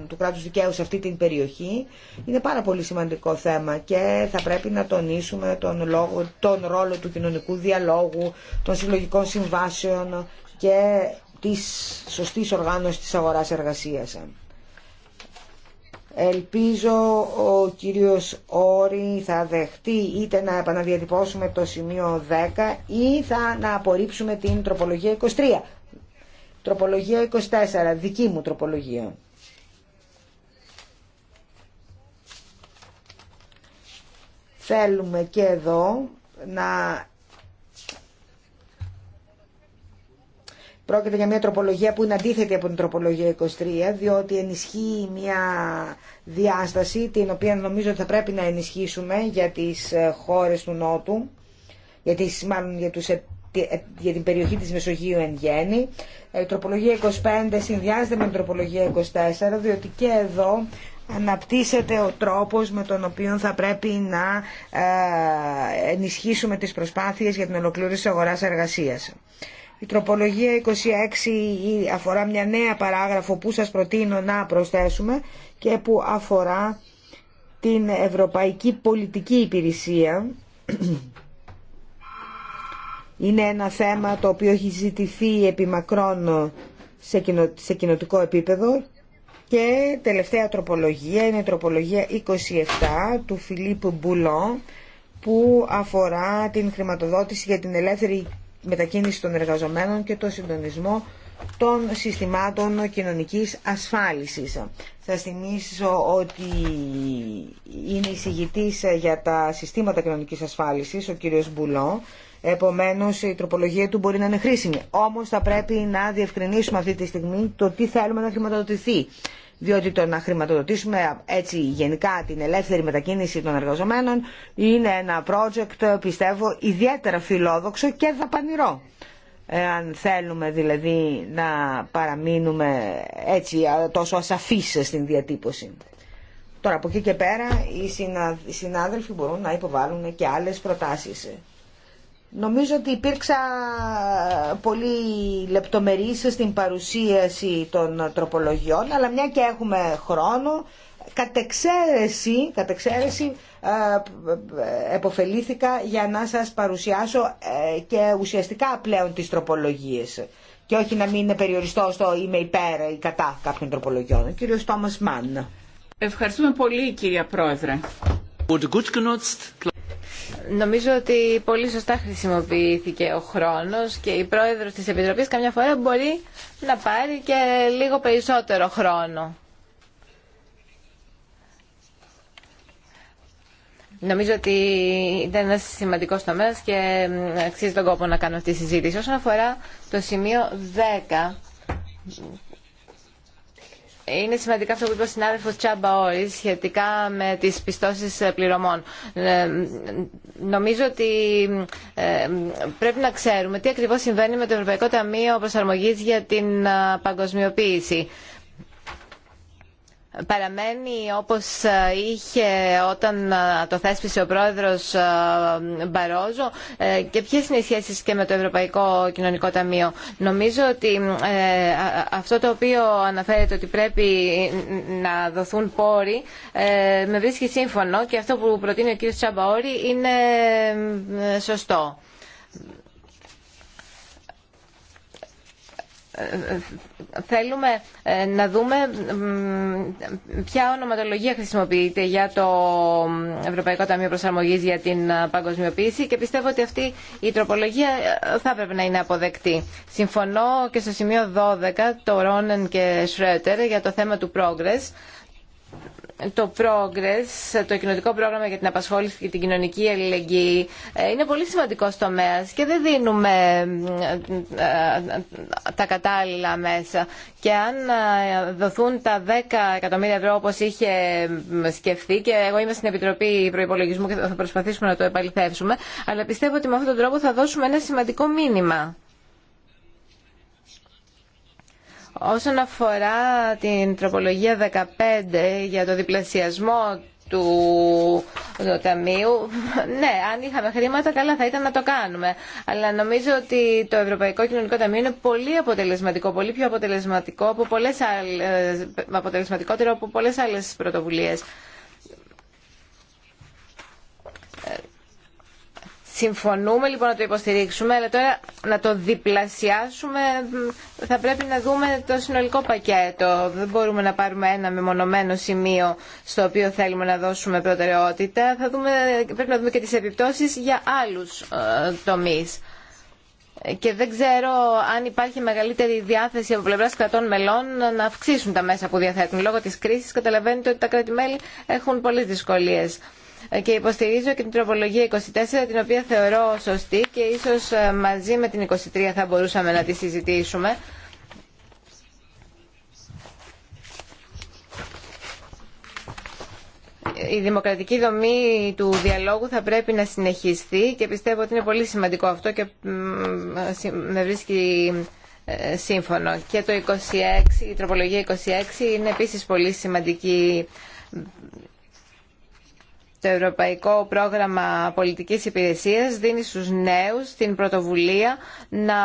του κράτους δικαίου σε αυτή την περιοχή είναι πάρα πολύ σημαντικό θέμα και θα πρέπει να τονίσουμε τον, λόγο, τον ρόλο του κοινωνικού διαλόγου, των συλλογικών συμβάσεων και της σωστής οργάνωσης της αγοράς εργασίας. Ελπίζω ο κύριος Όρη θα δεχτεί είτε να επαναδιατυπώσουμε το σημείο 10 ή θα να απορρίψουμε την τροπολογία 23. Τροπολογία 24, δική μου τροπολογία. Θέλουμε και εδώ να Πρόκειται για μια τροπολογία που είναι αντίθετη από την τροπολογία 23, διότι ενισχύει μια διάσταση την οποία νομίζω ότι θα πρέπει να ενισχύσουμε για τις ε, χώρες του Νότου, για, τις, μάλλον για, τους, ε, ε, για την περιοχή της Μεσογείου εν γέννη. Η τροπολογία 25 συνδυάζεται με την τροπολογία 24, διότι και εδώ αναπτύσσεται ο τρόπος με τον οποίο θα πρέπει να ενισχύσουμε τις προσπάθειες για την ολοκλήρωση αγοράς εργασίας. Η τροπολογία 26 αφορά μια νέα παράγραφο που σας προτείνω να προσθέσουμε και που αφορά την Ευρωπαϊκή Πολιτική Υπηρεσία. Είναι ένα θέμα το οποίο έχει ζητηθεί επί μακρόν σε, κοινοτικό επίπεδο και τελευταία τροπολογία είναι η τροπολογία 27 του Φιλίππου Μπουλό που αφορά την χρηματοδότηση για την ελεύθερη μετακίνηση των εργαζομένων και το συντονισμό των συστημάτων κοινωνικής ασφάλισης. Θα θυμίσω ότι είναι εισηγητής για τα συστήματα κοινωνικής ασφάλισης ο κύριος Μπουλό, επομένως η τροπολογία του μπορεί να είναι χρήσιμη. Όμως θα πρέπει να διευκρινίσουμε αυτή τη στιγμή το τι θέλουμε να χρηματοδοτηθεί διότι το να χρηματοδοτήσουμε έτσι γενικά την ελεύθερη μετακίνηση των εργαζομένων είναι ένα project πιστεύω ιδιαίτερα φιλόδοξο και δαπανηρό. Αν θέλουμε δηλαδή να παραμείνουμε έτσι τόσο ασαφείς στην διατύπωση. Τώρα από εκεί και πέρα οι συνάδελφοι μπορούν να υποβάλουν και άλλες προτάσεις. Νομίζω ότι υπήρξα ε, πολύ λεπτομερής στην παρουσίαση των τροπολογιών, αλλά μια και έχουμε χρόνο, κατ' εξαίρεση, εποφελήθηκα για να σας παρουσιάσω ε, και ουσιαστικά πλέον τις τροπολογίες και όχι να μην περιοριστώ στο είμαι υπέρ ή κατά κάποιων τροπολογιών. κύριος Τόμας Μάν. Ευχαριστούμε πολύ κυρία Πρόεδρε. Νομίζω ότι πολύ σωστά χρησιμοποιήθηκε ο χρόνος και η πρόεδρος της Επιτροπής καμιά φορά μπορεί να πάρει και λίγο περισσότερο χρόνο. Νομίζω ότι ήταν ένα σημαντικό τομέα και αξίζει τον κόπο να κάνω αυτή τη συζήτηση. Όσον αφορά το σημείο 10 είναι σημαντικά αυτό που είπε ο συνάδελφο Τσάμπα Όρη σχετικά με τι πιστώσει ε, πληρωμών. Ε, νομίζω ότι ε, πρέπει να ξέρουμε τι ακριβώ συμβαίνει με το Ευρωπαϊκό Ταμείο Προσαρμογή για την Παγκοσμιοποίηση παραμένει όπως ε, είχε όταν ε, το θέσπισε ο πρόεδρος ε, Μπαρόζο και ποιες είναι οι σχέσεις και με το Ευρωπαϊκό Κοινωνικό Ταμείο. Νομίζω ότι αυτό το οποίο αναφέρεται ότι πρέπει να δοθούν πόροι με βρίσκει σύμφωνο και αυτό που προτείνει ο κ. Τσαμπαόρη είναι σωστό. θέλουμε ε, να δούμε ποια ονοματολογία χρησιμοποιείται για το Ευρωπαϊκό Ταμείο Προσαρμογής για την ε, παγκοσμιοποίηση και πιστεύω ότι αυτή η τροπολογία ε, θα έπρεπε να είναι αποδεκτή. Συμφωνώ και στο σημείο 12 το Ρόνεν και Σρέτερ για το θέμα του Progress το Progress, το κοινωνικό πρόγραμμα για την απασχόληση και την κοινωνική αλληλεγγύη, ε, είναι πολύ σημαντικό τομέα και δεν δίνουμε ε, τα κατάλληλα μέσα. Και αν ε, δοθούν τα 10 εκατομμύρια ευρώ όπω είχε σκεφτεί, και εγώ είμαι στην Επιτροπή Προπολογισμού και θα προσπαθήσουμε να το επαληθεύσουμε, αλλά πιστεύω ότι με αυτόν τον τρόπο θα δώσουμε ένα σημαντικό μήνυμα. Όσον αφορά την τροπολογία 15 για το διπλασιασμό του Ταμείου. Ναι, αν είχαμε χρήματα, καλά θα ήταν να το κάνουμε. Αλλά νομίζω ότι το Ευρωπαϊκό Κοινωνικό Ταμείο είναι πολύ αποτελεσματικό, πολύ πιο αποτελεσματικό από πολλές άλλες, αποτελεσματικότερο από πολλές άλλες πρωτοβουλίες. Συμφωνούμε λοιπόν να το υποστηρίξουμε, αλλά τώρα να το διπλασιάσουμε θα πρέπει να δούμε το συνολικό πακέτο. Δεν μπορούμε να πάρουμε ένα μεμονωμένο σημείο στο οποίο θέλουμε να δώσουμε προτεραιότητα. Θα δούμε, πρέπει να δούμε και τις επιπτώσεις για άλλους ε, τομείς. Και δεν ξέρω αν υπάρχει μεγαλύτερη διάθεση από πλευρά κρατών μελών να αυξήσουν τα μέσα που διαθέτουν. Λόγω της κρίσης καταλαβαίνετε ότι τα κράτη-μέλη έχουν πολλές δυσκολίες. Ε, και υποστηρίζω και την τροπολογία 24 την οποία θεωρώ σωστή και ίσως ε, μαζί με την 23 θα μπορούσαμε να τη συζητήσουμε. η δημοκρατική δομή του διαλόγου θα πρέπει να συνεχιστεί και πιστεύω ότι είναι πολύ σημαντικό αυτό και με βρίσκει ε, σύμφωνο. Και το 26, η τροπολογία 26 είναι επίσης πολύ σημαντική το Ευρωπαϊκό Πρόγραμμα Πολιτικής Υπηρεσίας δίνει στους νέους την πρωτοβουλία να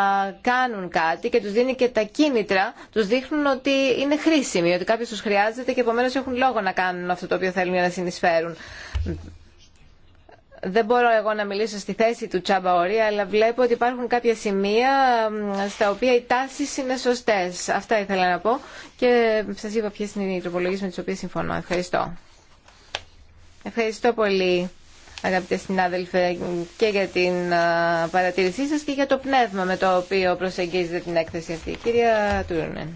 κάνουν κάτι και τους δίνει και τα κίνητρα, τους δείχνουν ότι είναι χρήσιμοι, ότι κάποιος τους χρειάζεται και επομένως έχουν λόγο να κάνουν αυτό το οποίο θέλουν για να συνεισφέρουν. Δεν μπορώ εγώ να μιλήσω στη θέση του Τσάμπα Ορή, αλλά βλέπω ότι υπάρχουν κάποια σημεία στα οποία οι τάσει είναι σωστέ. Αυτά ήθελα να πω και σα είπα ποιε είναι οι τροπολογίε με τι οποίε συμφωνώ. Ευχαριστώ. Ευχαριστώ πολύ αγαπητέ συνάδελφε και για την παρατήρησή σας και για το πνεύμα με το οποίο προσεγγίζετε την έκθεση αυτή. Κυρία Τούρνεν.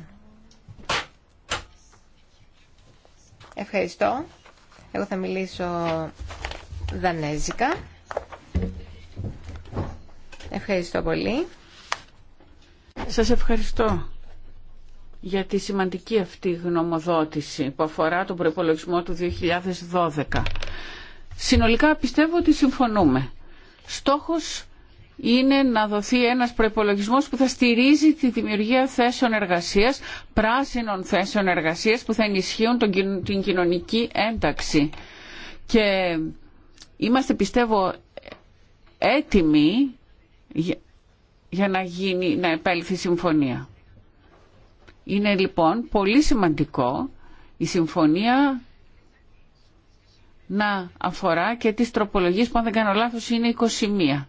Ευχαριστώ. Εγώ θα μιλήσω δανέζικα. Ευχαριστώ πολύ. Σας ευχαριστώ για τη σημαντική αυτή γνωμοδότηση που αφορά τον προπολογισμό του 2012. Συνολικά πιστεύω ότι συμφωνούμε. Στόχος είναι να δοθεί ένας προϋπολογισμός που θα στηρίζει τη δημιουργία θέσεων εργασίας, πράσινων θέσεων εργασίας που θα ενισχύουν τον, την κοινωνική ένταξη. Και είμαστε πιστεύω έτοιμοι για, να, γίνει, να επέλθει συμφωνία. Είναι λοιπόν πολύ σημαντικό η συμφωνία να αφορά και τις τροπολογίες που αν δεν κάνω λάθος είναι 21.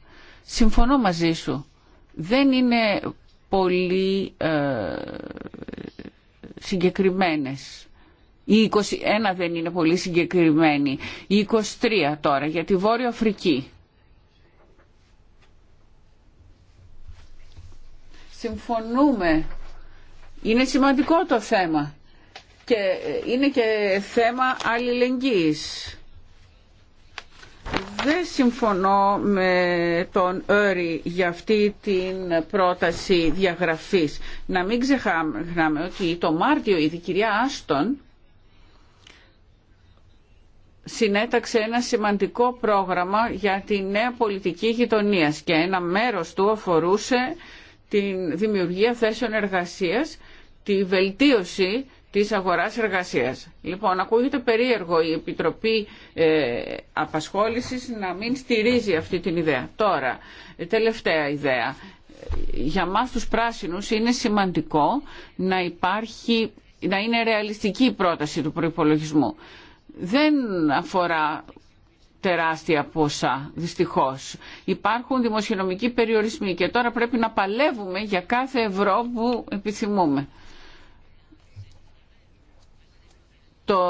Συμφωνώ μαζί σου. Δεν είναι πολύ ε, συγκεκριμένες. Η 21 δεν είναι πολύ συγκεκριμένη. Η 23 τώρα για τη Βόρεια Αφρική. Συμφωνούμε είναι σημαντικό το θέμα και είναι και θέμα αλληλεγγύης. Δεν συμφωνώ με τον Örη για αυτή την πρόταση διαγραφής. Να μην ξεχνάμε ότι το Μάρτιο η κυρία Άστον συνέταξε ένα σημαντικό πρόγραμμα για τη νέα πολιτική γειτονία και ένα μέρος του αφορούσε την δημιουργία θέσεων εργασίας τη βελτίωση της αγοράς εργασίας. Λοιπόν, ακούγεται περίεργο η Επιτροπή ε, Απασχόλησης να μην στηρίζει αυτή την ιδέα. Τώρα, τελευταία ιδέα. Για μας τους πράσινους είναι σημαντικό να υπάρχει, να είναι ρεαλιστική η πρόταση του προϋπολογισμού. Δεν αφορά τεράστια ποσά, δυστυχώς. Υπάρχουν δημοσιονομικοί περιορισμοί και τώρα πρέπει να παλεύουμε για κάθε ευρώ που επιθυμούμε. το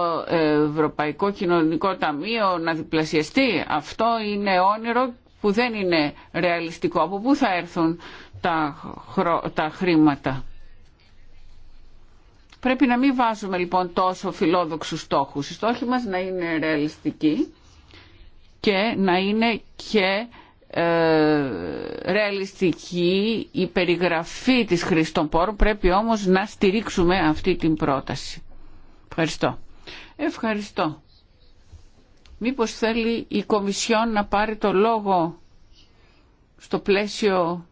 Ευρωπαϊκό Κοινωνικό Ταμείο να διπλασιαστεί. Αυτό είναι όνειρο που δεν είναι ρεαλιστικό. Από πού θα έρθουν τα, τα χρήματα. Πρέπει να μην βάζουμε λοιπόν τόσο φιλόδοξους στόχους. Οι στόχοι μας να είναι ρεαλιστικοί και να είναι και ε, ρεαλιστική η περιγραφή της των πόρων. Πρέπει όμως να στηρίξουμε αυτή την πρόταση. Ευχαριστώ. Ευχαριστώ. Μήπως θέλει η Κομισιόν να πάρει το λόγο στο πλαίσιο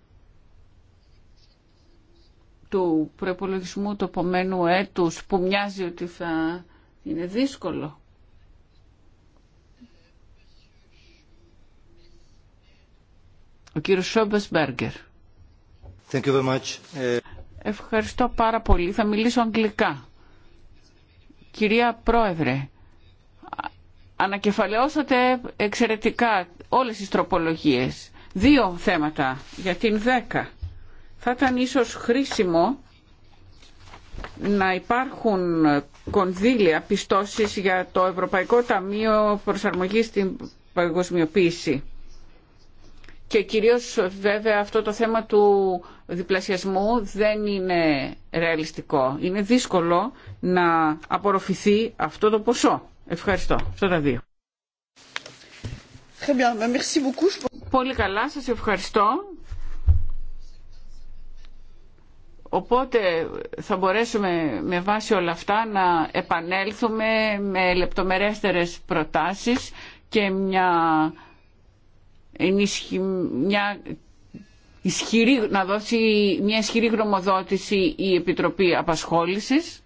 του προπολογισμού του επομένου έτους που μοιάζει ότι θα είναι δύσκολο. Ο κύριος Σόμπες Μπέργκερ. Ε, Ευχαριστώ πάρα πολύ. Θα μιλήσω αγγλικά. Κυρία Πρόεδρε, ανακεφαλαιώσατε εξαιρετικά όλες τις τροπολογίες. Δύο θέματα για την 10. Θα ήταν ίσως χρήσιμο να υπάρχουν κονδύλια πιστώσεις για το Ευρωπαϊκό Ταμείο Προσαρμογής στην Παγκοσμιοποίηση και κυρίως βέβαια αυτό το θέμα του διπλασιασμού δεν είναι ρεαλιστικό. Είναι δύσκολο να απορροφηθεί αυτό το ποσό. Ευχαριστώ. Αυτά τα δύο. Πολύ καλά, σας ευχαριστώ. Οπότε θα μπορέσουμε με βάση όλα αυτά να επανέλθουμε με λεπτομερέστερες προτάσεις και μια ενισχυ... μια ισχυρή, να δώσει μια ισχυρή γνωμοδότηση η Επιτροπή Απασχόλησης.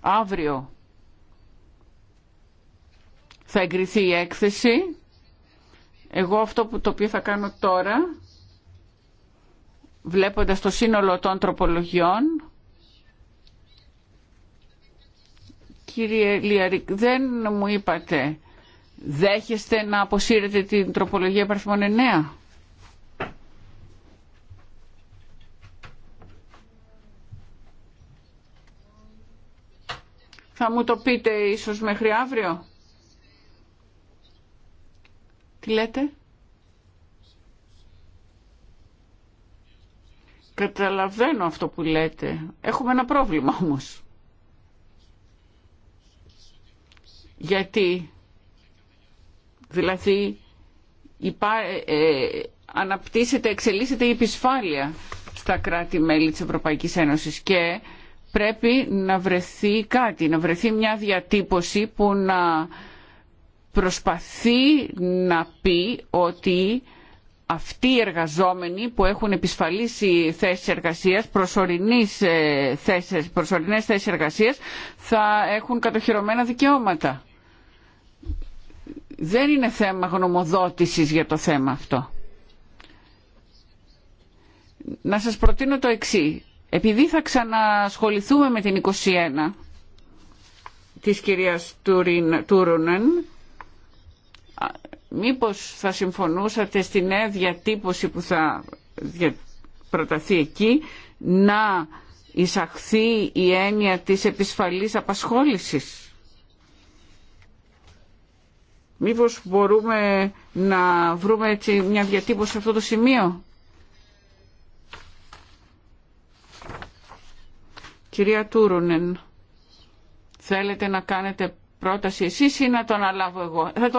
Αύριο θα εγκριθεί η έκθεση. Εγώ αυτό που το οποίο θα κάνω τώρα, βλέποντας το σύνολο των τροπολογιών, κύριε Λιαρικ, δεν μου είπατε Δέχεστε να αποσύρετε την τροπολογία παρθμών 9. Θα μου το πείτε ίσως μέχρι αύριο. Τι λέτε. Καταλαβαίνω αυτό που λέτε. Έχουμε ένα πρόβλημα όμως. Γιατί Δηλαδή υπά, ε, ε, αναπτύσσεται, εξελίσσεται η επισφάλεια στα κράτη-μέλη της Ευρωπαϊκής Ένωσης και πρέπει να βρεθεί κάτι, να βρεθεί μια διατύπωση που να προσπαθεί να πει ότι αυτοί οι εργαζόμενοι που έχουν επισφαλίσει θέσεις εργασίας, προσωρινές ε, θέσεις, προσωρινές θέσεις εργασίας, θα έχουν κατοχυρωμένα δικαιώματα δεν είναι θέμα γνωμοδότησης για το θέμα αυτό. Να σας προτείνω το εξή. Επειδή θα ξανασχοληθούμε με την 21 της κυρίας Τούρουνεν, μήπως θα συμφωνούσατε στην νέα διατύπωση που θα προταθεί εκεί να εισαχθεί η έννοια της επισφαλής απασχόλησης. Μήπως μπορούμε να βρούμε έτσι μια διατύπωση σε αυτό το σημείο. Κυρία Τούρουνεν, θέλετε να κάνετε πρόταση εσείς ή να το αναλάβω εγώ. Θα το,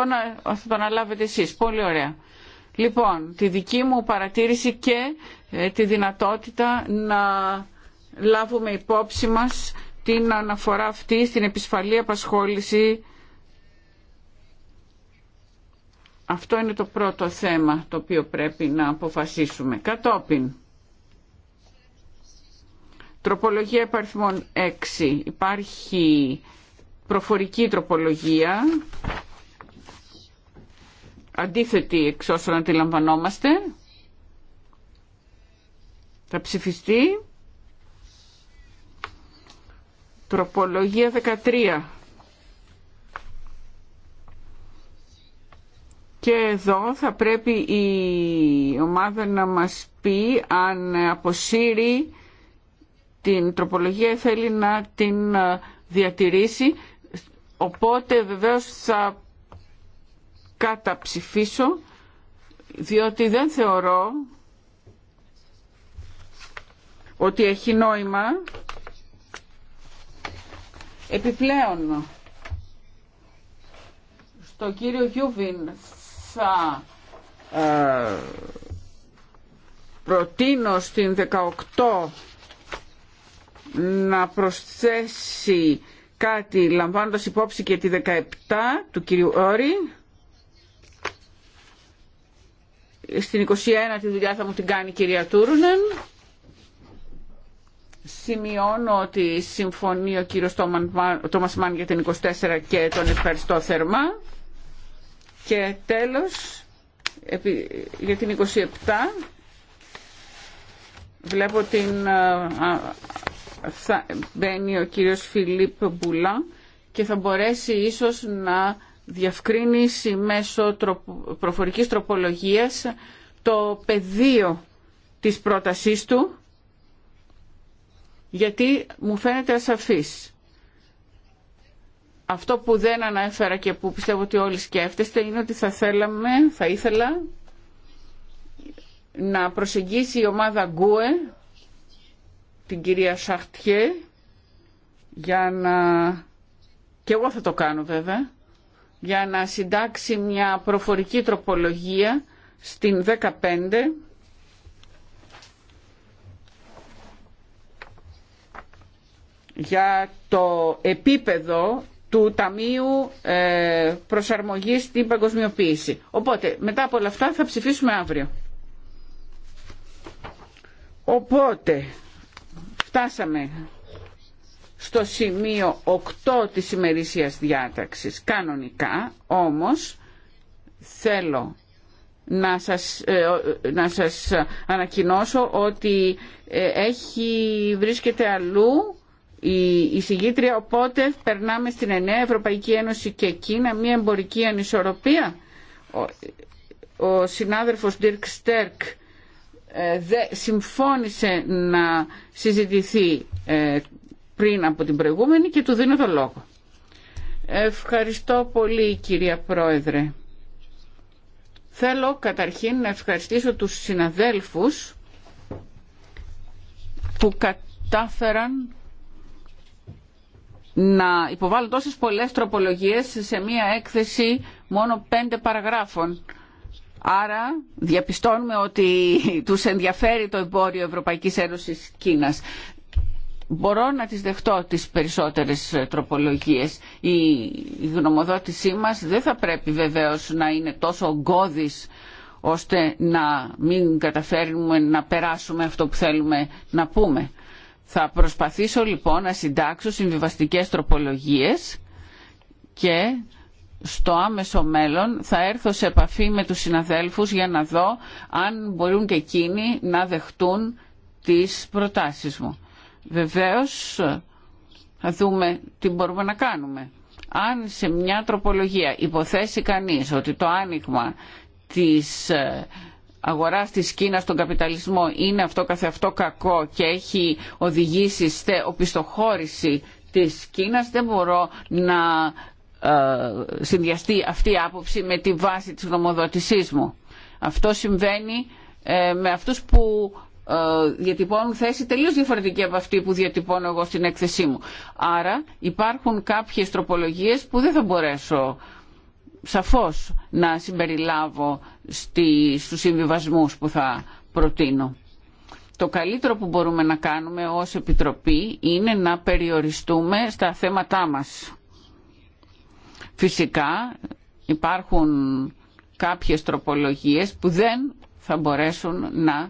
θα το αναλάβετε εσείς. Πολύ ωραία. Λοιπόν, τη δική μου παρατήρηση και ε, τη δυνατότητα να λάβουμε υπόψη μας την αναφορά αυτή στην επισφαλή απασχόληση Αυτό είναι το πρώτο θέμα το οποίο πρέπει να αποφασίσουμε. Κατόπιν, τροπολογία υπαριθμών 6. Υπάρχει προφορική τροπολογία, αντίθετη εξ όσων αντιλαμβανόμαστε. Θα ψηφιστεί. Τροπολογία 13 Και εδώ θα πρέπει η ομάδα να μας πει αν αποσύρει την τροπολογία θέλει να την ε, διατηρήσει. Οπότε βεβαίως θα καταψηφίσω διότι δεν θεωρώ ότι έχει νόημα επιπλέον στο κύριο Γιούβιν θα ε, προτείνω στην 18 να προσθέσει κάτι λαμβάνοντας υπόψη και τη 17 του κυρίου Όρη στην 21 τη δουλειά θα μου την κάνει η κυρία Τούρουνεν σημειώνω ότι συμφωνεί ο κύριος Τόμας Μάν για την 24 και τον ευχαριστώ θερμά και τέλος, για την 27, βλέπω την... Θα μπαίνει ο κύριος Φιλίπ Μπουλά και θα μπορέσει ίσως να διαυκρίνει μέσω προφορικής τροπολογίας το πεδίο της πρότασής του γιατί μου φαίνεται ασαφής. Αυτό που δεν αναφέρα και που πιστεύω ότι όλοι σκέφτεστε είναι ότι θα θέλαμε, θα ήθελα να προσεγγίσει η ομάδα Γκούε την κυρία Σαρτιέ για να και εγώ θα το κάνω βέβαια για να συντάξει μια προφορική τροπολογία στην 15 για το επίπεδο του Ταμείου ε, Προσαρμογής στην Παγκοσμιοποίηση. Οπότε, μετά από όλα αυτά θα ψηφίσουμε αύριο. Οπότε, φτάσαμε στο σημείο 8 της ημερήσιας διάταξης κανονικά, όμως θέλω να σας, ε, να σας ανακοινώσω ότι ε, έχει, βρίσκεται αλλού η εισηγήτρια, οπότε περνάμε στην ενέα Ευρωπαϊκή Ένωση και Κίνα, μια εμπορική ανισορροπία. Ο, ο συνάδελφος Dirk Στέρκ ε, δε, συμφώνησε να συζητηθεί ε, πριν από την προηγούμενη και του δίνω το λόγο. Ευχαριστώ πολύ κυρία Πρόεδρε. Θέλω καταρχήν να ευχαριστήσω τους συναδέλφους που κατάφεραν να υποβάλω τόσες πολλές τροπολογίες σε μία έκθεση μόνο πέντε παραγράφων. Άρα διαπιστώνουμε ότι τους ενδιαφέρει το εμπόριο Ευρωπαϊκής Ένωσης Κίνας. Μπορώ να τις δεχτώ τις περισσότερες τροπολογίες. Η γνωμοδότησή μας δεν θα πρέπει βεβαίως να είναι τόσο ογκώδης ώστε να μην καταφέρνουμε να περάσουμε αυτό που θέλουμε να πούμε. Θα προσπαθήσω λοιπόν να συντάξω συμβιβαστικές τροπολογίες και στο άμεσο μέλλον θα έρθω σε επαφή με τους συναδέλφους για να δω αν μπορούν και εκείνοι να δεχτούν τις προτάσεις μου. Βεβαίως θα δούμε τι μπορούμε να κάνουμε. Αν σε μια τροπολογία υποθέσει κανείς ότι το άνοιγμα της ε, Αγορά της Κίνας στον καπιταλισμό είναι αυτό καθεαυτό κακό και έχει οδηγήσει σε οπισθοχώρηση της Κίνας δεν μπορώ να ε, συνδυαστεί αυτή η άποψη με τη βάση τη γνωμοδότησή μου. Αυτό συμβαίνει ε, με αυτούς που ε, διατυπώνουν θέση τελείως διαφορετική από αυτή που διατυπώνω εγώ στην έκθεσή μου. Άρα υπάρχουν κάποιες τροπολογίε που δεν θα μπορέσω σαφώς να συμπεριλάβω στη, στους συμβιβασμούς που θα προτείνω. Το καλύτερο που μπορούμε να κάνουμε ως Επιτροπή είναι να περιοριστούμε στα θέματά μας. Φυσικά υπάρχουν κάποιες τροπολογίες που δεν θα μπορέσουν να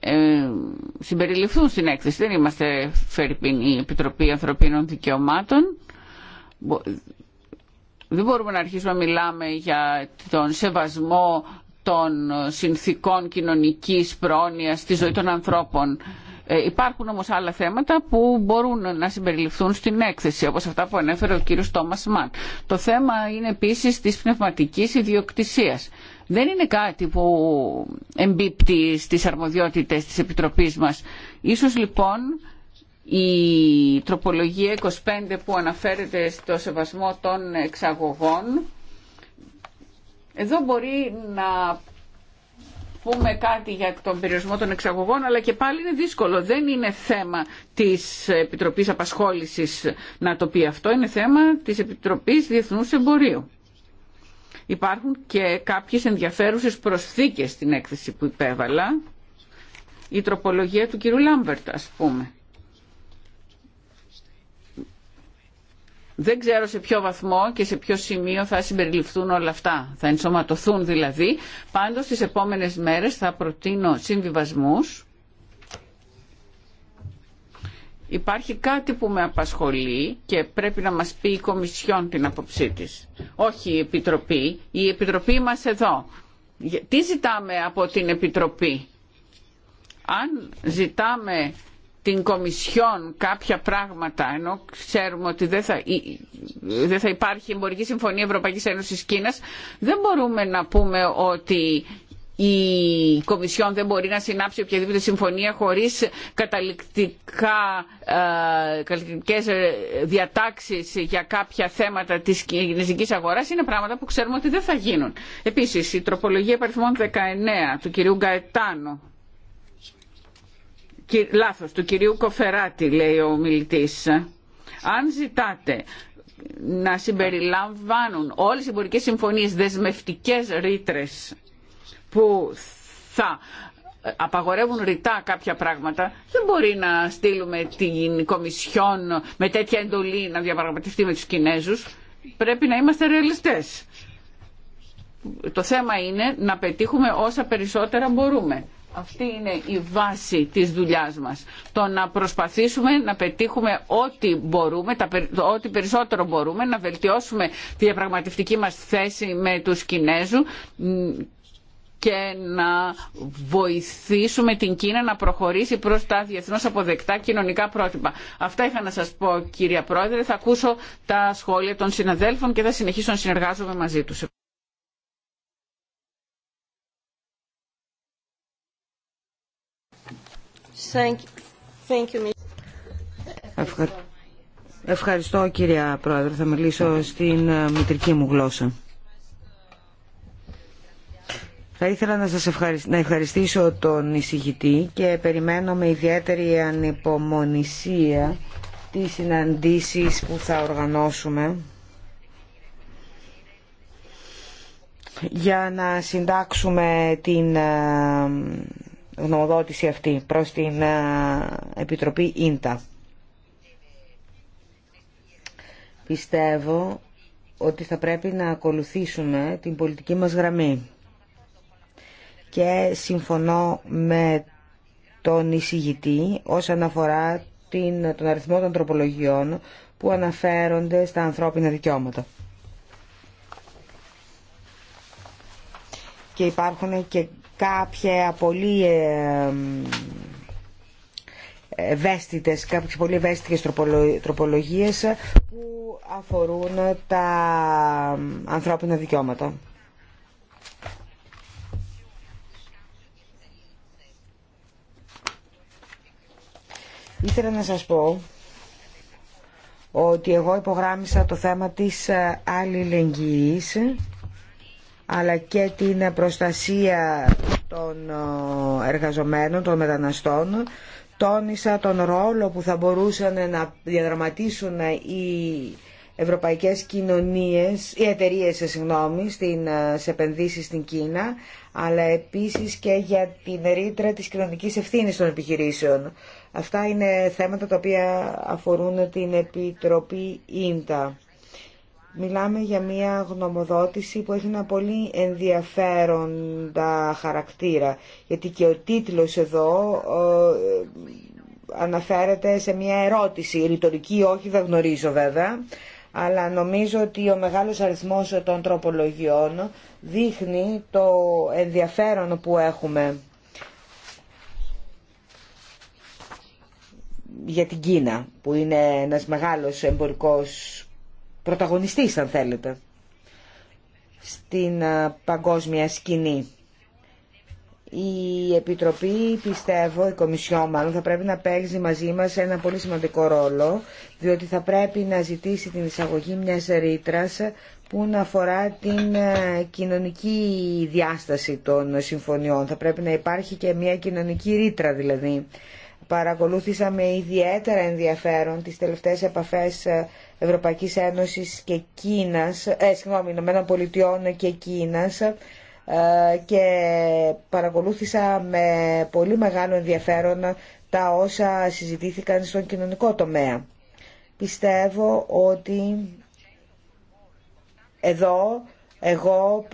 ε, συμπεριληφθούν στην έκθεση. Δεν είμαστε φερρυπίν η Επιτροπή Ανθρωπίνων Δικαιωμάτων. Δεν μπορούμε να αρχίσουμε να μιλάμε για τον σεβασμό των συνθήκων κοινωνικής πρόνοιας στη ζωή των ανθρώπων. Ε, υπάρχουν όμως άλλα θέματα που μπορούν να συμπεριληφθούν στην έκθεση, όπως αυτά που ανέφερε ο κύριος Τόμας Μαν. Το θέμα είναι επίσης της πνευματικής ιδιοκτησίας. Δεν είναι κάτι που εμπίπτει στις αρμοδιότητες της Επιτροπής μας. Ίσως λοιπόν η τροπολογία 25 που αναφέρεται στο σεβασμό των εξαγωγών. Εδώ μπορεί να πούμε κάτι για τον περιορισμό των εξαγωγών, αλλά και πάλι είναι δύσκολο. Δεν είναι θέμα της Επιτροπής Απασχόλησης να το πει αυτό, είναι θέμα της Επιτροπής Διεθνούς Εμπορίου. Υπάρχουν και κάποιες ενδιαφέρουσες προσθήκες στην έκθεση που υπέβαλα, η τροπολογία του κ. Λάμπερτ ας πούμε Δεν ξέρω σε ποιο βαθμό και σε ποιο σημείο θα συμπεριληφθούν όλα αυτά. Θα ενσωματωθούν δηλαδή. Πάντως τις επόμενες μέρες θα προτείνω συμβιβασμούς. Υπάρχει κάτι που με απασχολεί και πρέπει να μας πει η Κομισιόν την απόψή της. Όχι η Επιτροπή. Η Επιτροπή μας εδώ. Τι ζητάμε από την Επιτροπή. Αν ζητάμε την Κομισιόν κάποια πράγματα, ενώ ξέρουμε ότι δεν θα, δεν θα υπάρχει εμπορική συμφωνία Ευρωπαϊκής Ένωσης Κίνας, δεν μπορούμε να πούμε ότι η Κομισιόν δεν μπορεί να συνάψει οποιαδήποτε συμφωνία χωρίς καταληκτικά ε, καταληκτικές ε, διατάξεις για κάποια θέματα της κινέζικης αγοράς είναι πράγματα που ξέρουμε ότι δεν θα γίνουν. Επίσης, η τροπολογία υπαριθμών 19 του κυρίου Γκαετάνου λάθος, του κυρίου Κοφεράτη λέει ο μιλητής. Αν ζητάτε να συμπεριλαμβάνουν όλες οι εμπορικές συμφωνίες δεσμευτικές ρήτρε που θα απαγορεύουν ρητά κάποια πράγματα, δεν μπορεί να στείλουμε την Κομισιόν με τέτοια εντολή να διαπραγματευτεί με τους Κινέζους. Πρέπει να είμαστε ρεαλιστές. Το θέμα είναι να πετύχουμε όσα περισσότερα μπορούμε. Αυτή είναι η βάση της δουλειάς μας. Το να προσπαθήσουμε να πετύχουμε ό,τι μπορούμε, τα, ό,τι περισσότερο μπορούμε, να βελτιώσουμε τη διαπραγματευτική μας θέση με τους Κινέζου και να βοηθήσουμε την Κίνα να προχωρήσει προς τα διεθνώς αποδεκτά κοινωνικά πρότυπα. Αυτά είχα να σας πω κυρία Πρόεδρε. Θα ακούσω τα σχόλια των συναδέλφων και θα συνεχίσω να συνεργάζομαι μαζί τους. Ευχαριστώ κυρία Πρόεδρε. Θα μιλήσω στην ε, μητρική μου γλώσσα. Θα ήθελα να σας ευχαριστήσω τον εισηγητή και περιμένω με ιδιαίτερη ανυπομονησία τις συναντήσεις που θα οργανώσουμε για να συντάξουμε την ε, γνωμοδότηση αυτή προς την Επιτροπή Ίντα. Πιστεύω ότι θα πρέπει να ακολουθήσουμε την πολιτική μας γραμμή και συμφωνώ με τον εισηγητή όσον αφορά την, τον αριθμό των τροπολογιών που αναφέρονται στα ανθρώπινα δικαιώματα. Και υπάρχουν και κάποια πολύ ευαίσθητες, κάποιες πολύ ευαίσθητες τροπολογίες που αφορούν τα ανθρώπινα δικαιώματα. Ήθελα να σας πω ότι εγώ υπογράμμισα το θέμα της αλληλεγγύης αλλά και την προστασία των ε, εργαζομένων, των μεταναστών. Τόνισα τον ρόλο που θα μπορούσαν να διαδραματίσουν οι ευρωπαϊκές κοινωνίες, οι εταιρείες συγγνώμη, στην, ε, σε επενδύσει στην Κίνα, αλλά επίσης και για την ρήτρα της κοινωνικής ευθύνης των επιχειρήσεων. Αυτά είναι θέματα τα οποία αφορούν την Επιτροπή Ίντα. Μιλάμε για μια γνωμοδότηση που έχει ένα πολύ ενδιαφέροντα χαρακτήρα, γιατί και ο τίτλος εδώ ε, αναφέρεται σε μια ερώτηση, ρητορική όχι δεν γνωρίζω βέβαια, αλλά νομίζω ότι ο μεγάλος αριθμός των τροπολογιών δείχνει το ενδιαφέρον που έχουμε για την Κίνα, που είναι ένας μεγάλος εμπορικός πρωταγωνιστής αν θέλετε στην παγκόσμια σκηνή. Η Επιτροπή, πιστεύω, η Κομισιό μάλλον, θα πρέπει να παίξει μαζί μας ένα πολύ σημαντικό ρόλο, διότι θα πρέπει να ζητήσει την εισαγωγή μιας ρήτρα που να αφορά την κοινωνική διάσταση των συμφωνιών. Θα πρέπει να υπάρχει και μια κοινωνική ρήτρα δηλαδή με ιδιαίτερα ενδιαφέρον τις τελευταίες επαφές ε, Ευρωπαϊκής Ένωσης και Κίνας, ε, συγγνώμη, Ηνωμένων Πολιτειών και Κίνας ε, και παρακολούθησα με πολύ μεγάλο ενδιαφέρον τα όσα συζητήθηκαν στον κοινωνικό τομέα. Πιστεύω ότι εδώ εγώ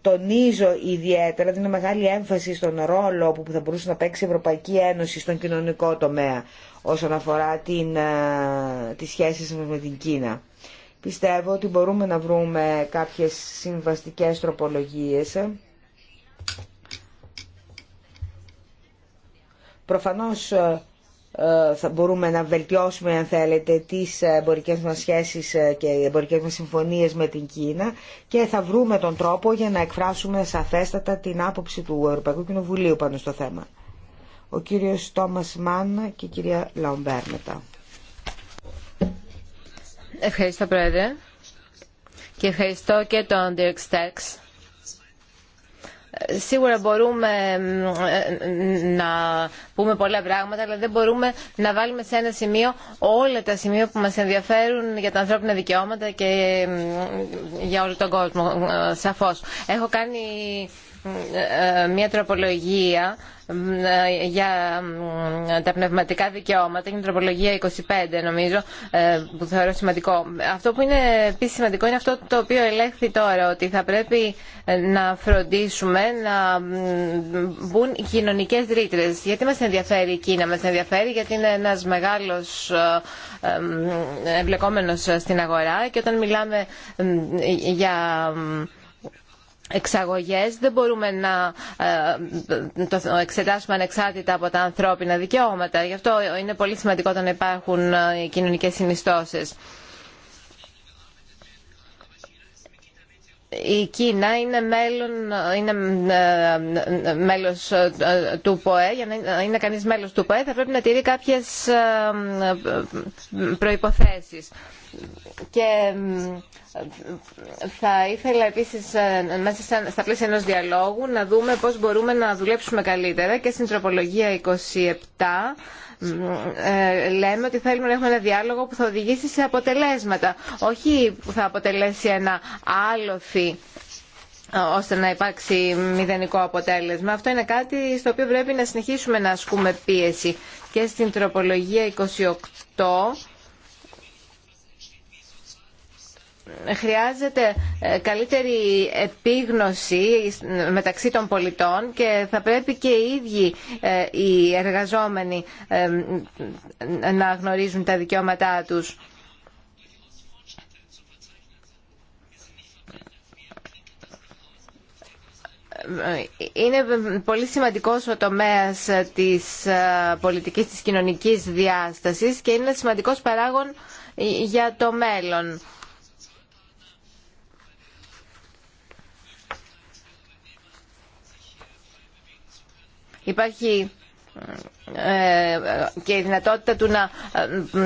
τονίζω ιδιαίτερα την μεγάλη έμφαση στον ρόλο που θα μπορούσε να παίξει η Ευρωπαϊκή Ένωση στον κοινωνικό τομέα όσον αφορά την, ε, τις σχέσεις μας με την Κίνα. Πιστεύω ότι μπορούμε να βρούμε κάποιες συμβαστικές τροπολογίες. Προφανώς ε, θα μπορούμε να βελτιώσουμε αν θέλετε τις εμπορικές μας σχέσεις ε, και οι εμπορικές μας συμφωνίες με την Κίνα και θα βρούμε τον τρόπο για να εκφράσουμε σαφέστατα την άποψη του Ευρωπαϊκού Κοινοβουλίου πάνω στο θέμα. Ο κύριος Τόμας Μάν και η κυρία Λαουμπέρ μετά. Ευχαριστώ Πρόεδρε και ευχαριστώ και τον Dirk Stacks σίγουρα μπορούμε ε, να πούμε πολλά πράγματα, αλλά δεν μπορούμε να βάλουμε σε ένα σημείο όλα τα σημεία που μας ενδιαφέρουν για τα ανθρώπινα δικαιώματα και για όλο τον κόσμο, ε, σαφώς. Έχω κάνει ε, μια τροπολογία για τα πνευματικά δικαιώματα, είναι η τροπολογία 25 νομίζω, ε, που θεωρώ σημαντικό. Αυτό που είναι επίση σημαντικό είναι αυτό το οποίο ελέγχθη τώρα, ότι θα πρέπει ε, να φροντίσουμε να μπουν οι κοινωνικές ρήτρες. Γιατί μας ενδιαφέρει η Κίνα, μας ενδιαφέρει γιατί είναι ένας μεγάλος ε, εμπλεκόμενος στην αγορά και όταν μιλάμε για εξαγωγές δεν μπορούμε να ε, το εξετάσουμε ανεξάρτητα από τα ανθρώπινα δικαιώματα. Γι' αυτό είναι πολύ σημαντικό το να υπάρχουν ε, οι κοινωνικές συνιστώσεις. η Κίνα είναι, ε, ε, μέλος, μέλος ε, του ΠΟΕ, για να είναι κανείς μέλος του ΠΟΕ θα πρέπει να τηρεί κάποιες προϋποθέσεις. Και θα ήθελα επίσης μέσα στα πλαίσια ενός διαλόγου να δούμε πώς μπορούμε να δουλέψουμε καλύτερα και στην τροπολογία 27 ε, λέμε ότι θέλουμε να έχουμε ένα διάλογο που θα οδηγήσει σε αποτελέσματα, όχι που θα αποτελέσει ένα άλοθη ε, ώστε να υπάρξει μηδενικό αποτέλεσμα. Αυτό είναι κάτι στο οποίο πρέπει να συνεχίσουμε να ασκούμε πίεση. Και στην τροπολογία 28 χρειάζεται ε, καλύτερη επίγνωση μεταξύ των πολιτών και θα πρέπει και οι ίδιοι ε, οι εργαζόμενοι ε, να γνωρίζουν τα δικαιώματά τους. είναι πολύ σημαντικός ο τομέας της πολιτικής της κοινωνικής διάστασης και είναι σημαντικός παράγον για το μέλλον. Υπάρχει ε, ε, και η δυνατότητα του να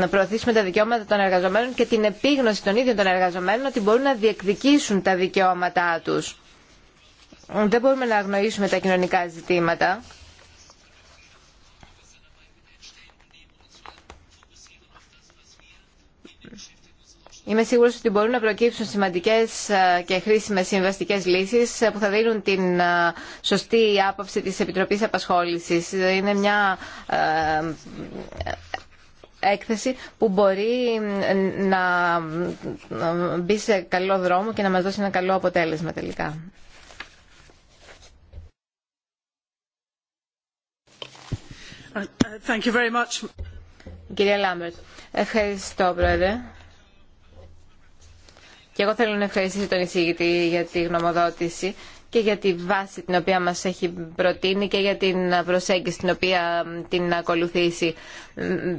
ε, προωθήσουμε τα δικαιώματα των εργαζομένων και την επίγνωση των ίδιων των εργαζομένων ότι μπορούν να διεκδικήσουν τα δικαιώματά τους. Δεν μπορούμε να αγνοήσουμε τα κοινωνικά ζητήματα. Είμαι σίγουρος ότι μπορούν να προκύψουν σημαντικές ε, και χρήσιμες συμβαστικές λύσεις ε, που θα δίνουν την ε, σωστή άποψη της Επιτροπής Απασχόλησης. Είναι μια έκθεση που μπορεί να μπει σε καλό δρόμο και να μας δώσει ένα καλό αποτέλεσμα τελικά. Κυρία Λάμπερτ, ευχαριστώ πρόεδρε. Και εγώ θέλω να ευχαριστήσω τον εισηγητή για τη γνωμοδότηση και για τη βάση την οποία μας έχει προτείνει και για την προσέγγιση την οποία την ακολουθήσει.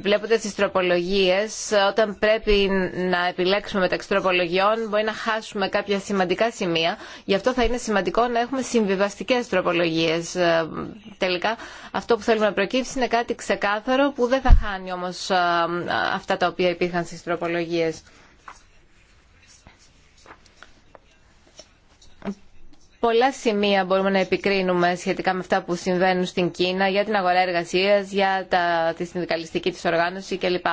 Βλέποντας τις τροπολογίες, όταν πρέπει να επιλέξουμε μεταξύ τροπολογιών, μπορεί να χάσουμε κάποια σημαντικά σημεία. Γι' αυτό θα είναι σημαντικό να έχουμε συμβιβαστικές τροπολογίες. Ε, τελικά, αυτό που θέλουμε να προκύψει είναι κάτι ξεκάθαρο που δεν θα χάνει όμως ε, ε, αυτά τα οποία υπήρχαν στις τροπολογίες. πολλά σημεία μπορούμε να επικρίνουμε σχετικά με αυτά που συμβαίνουν στην Κίνα για την αγορά εργασία, για τα, τη συνδικαλιστική της οργάνωση κλπ.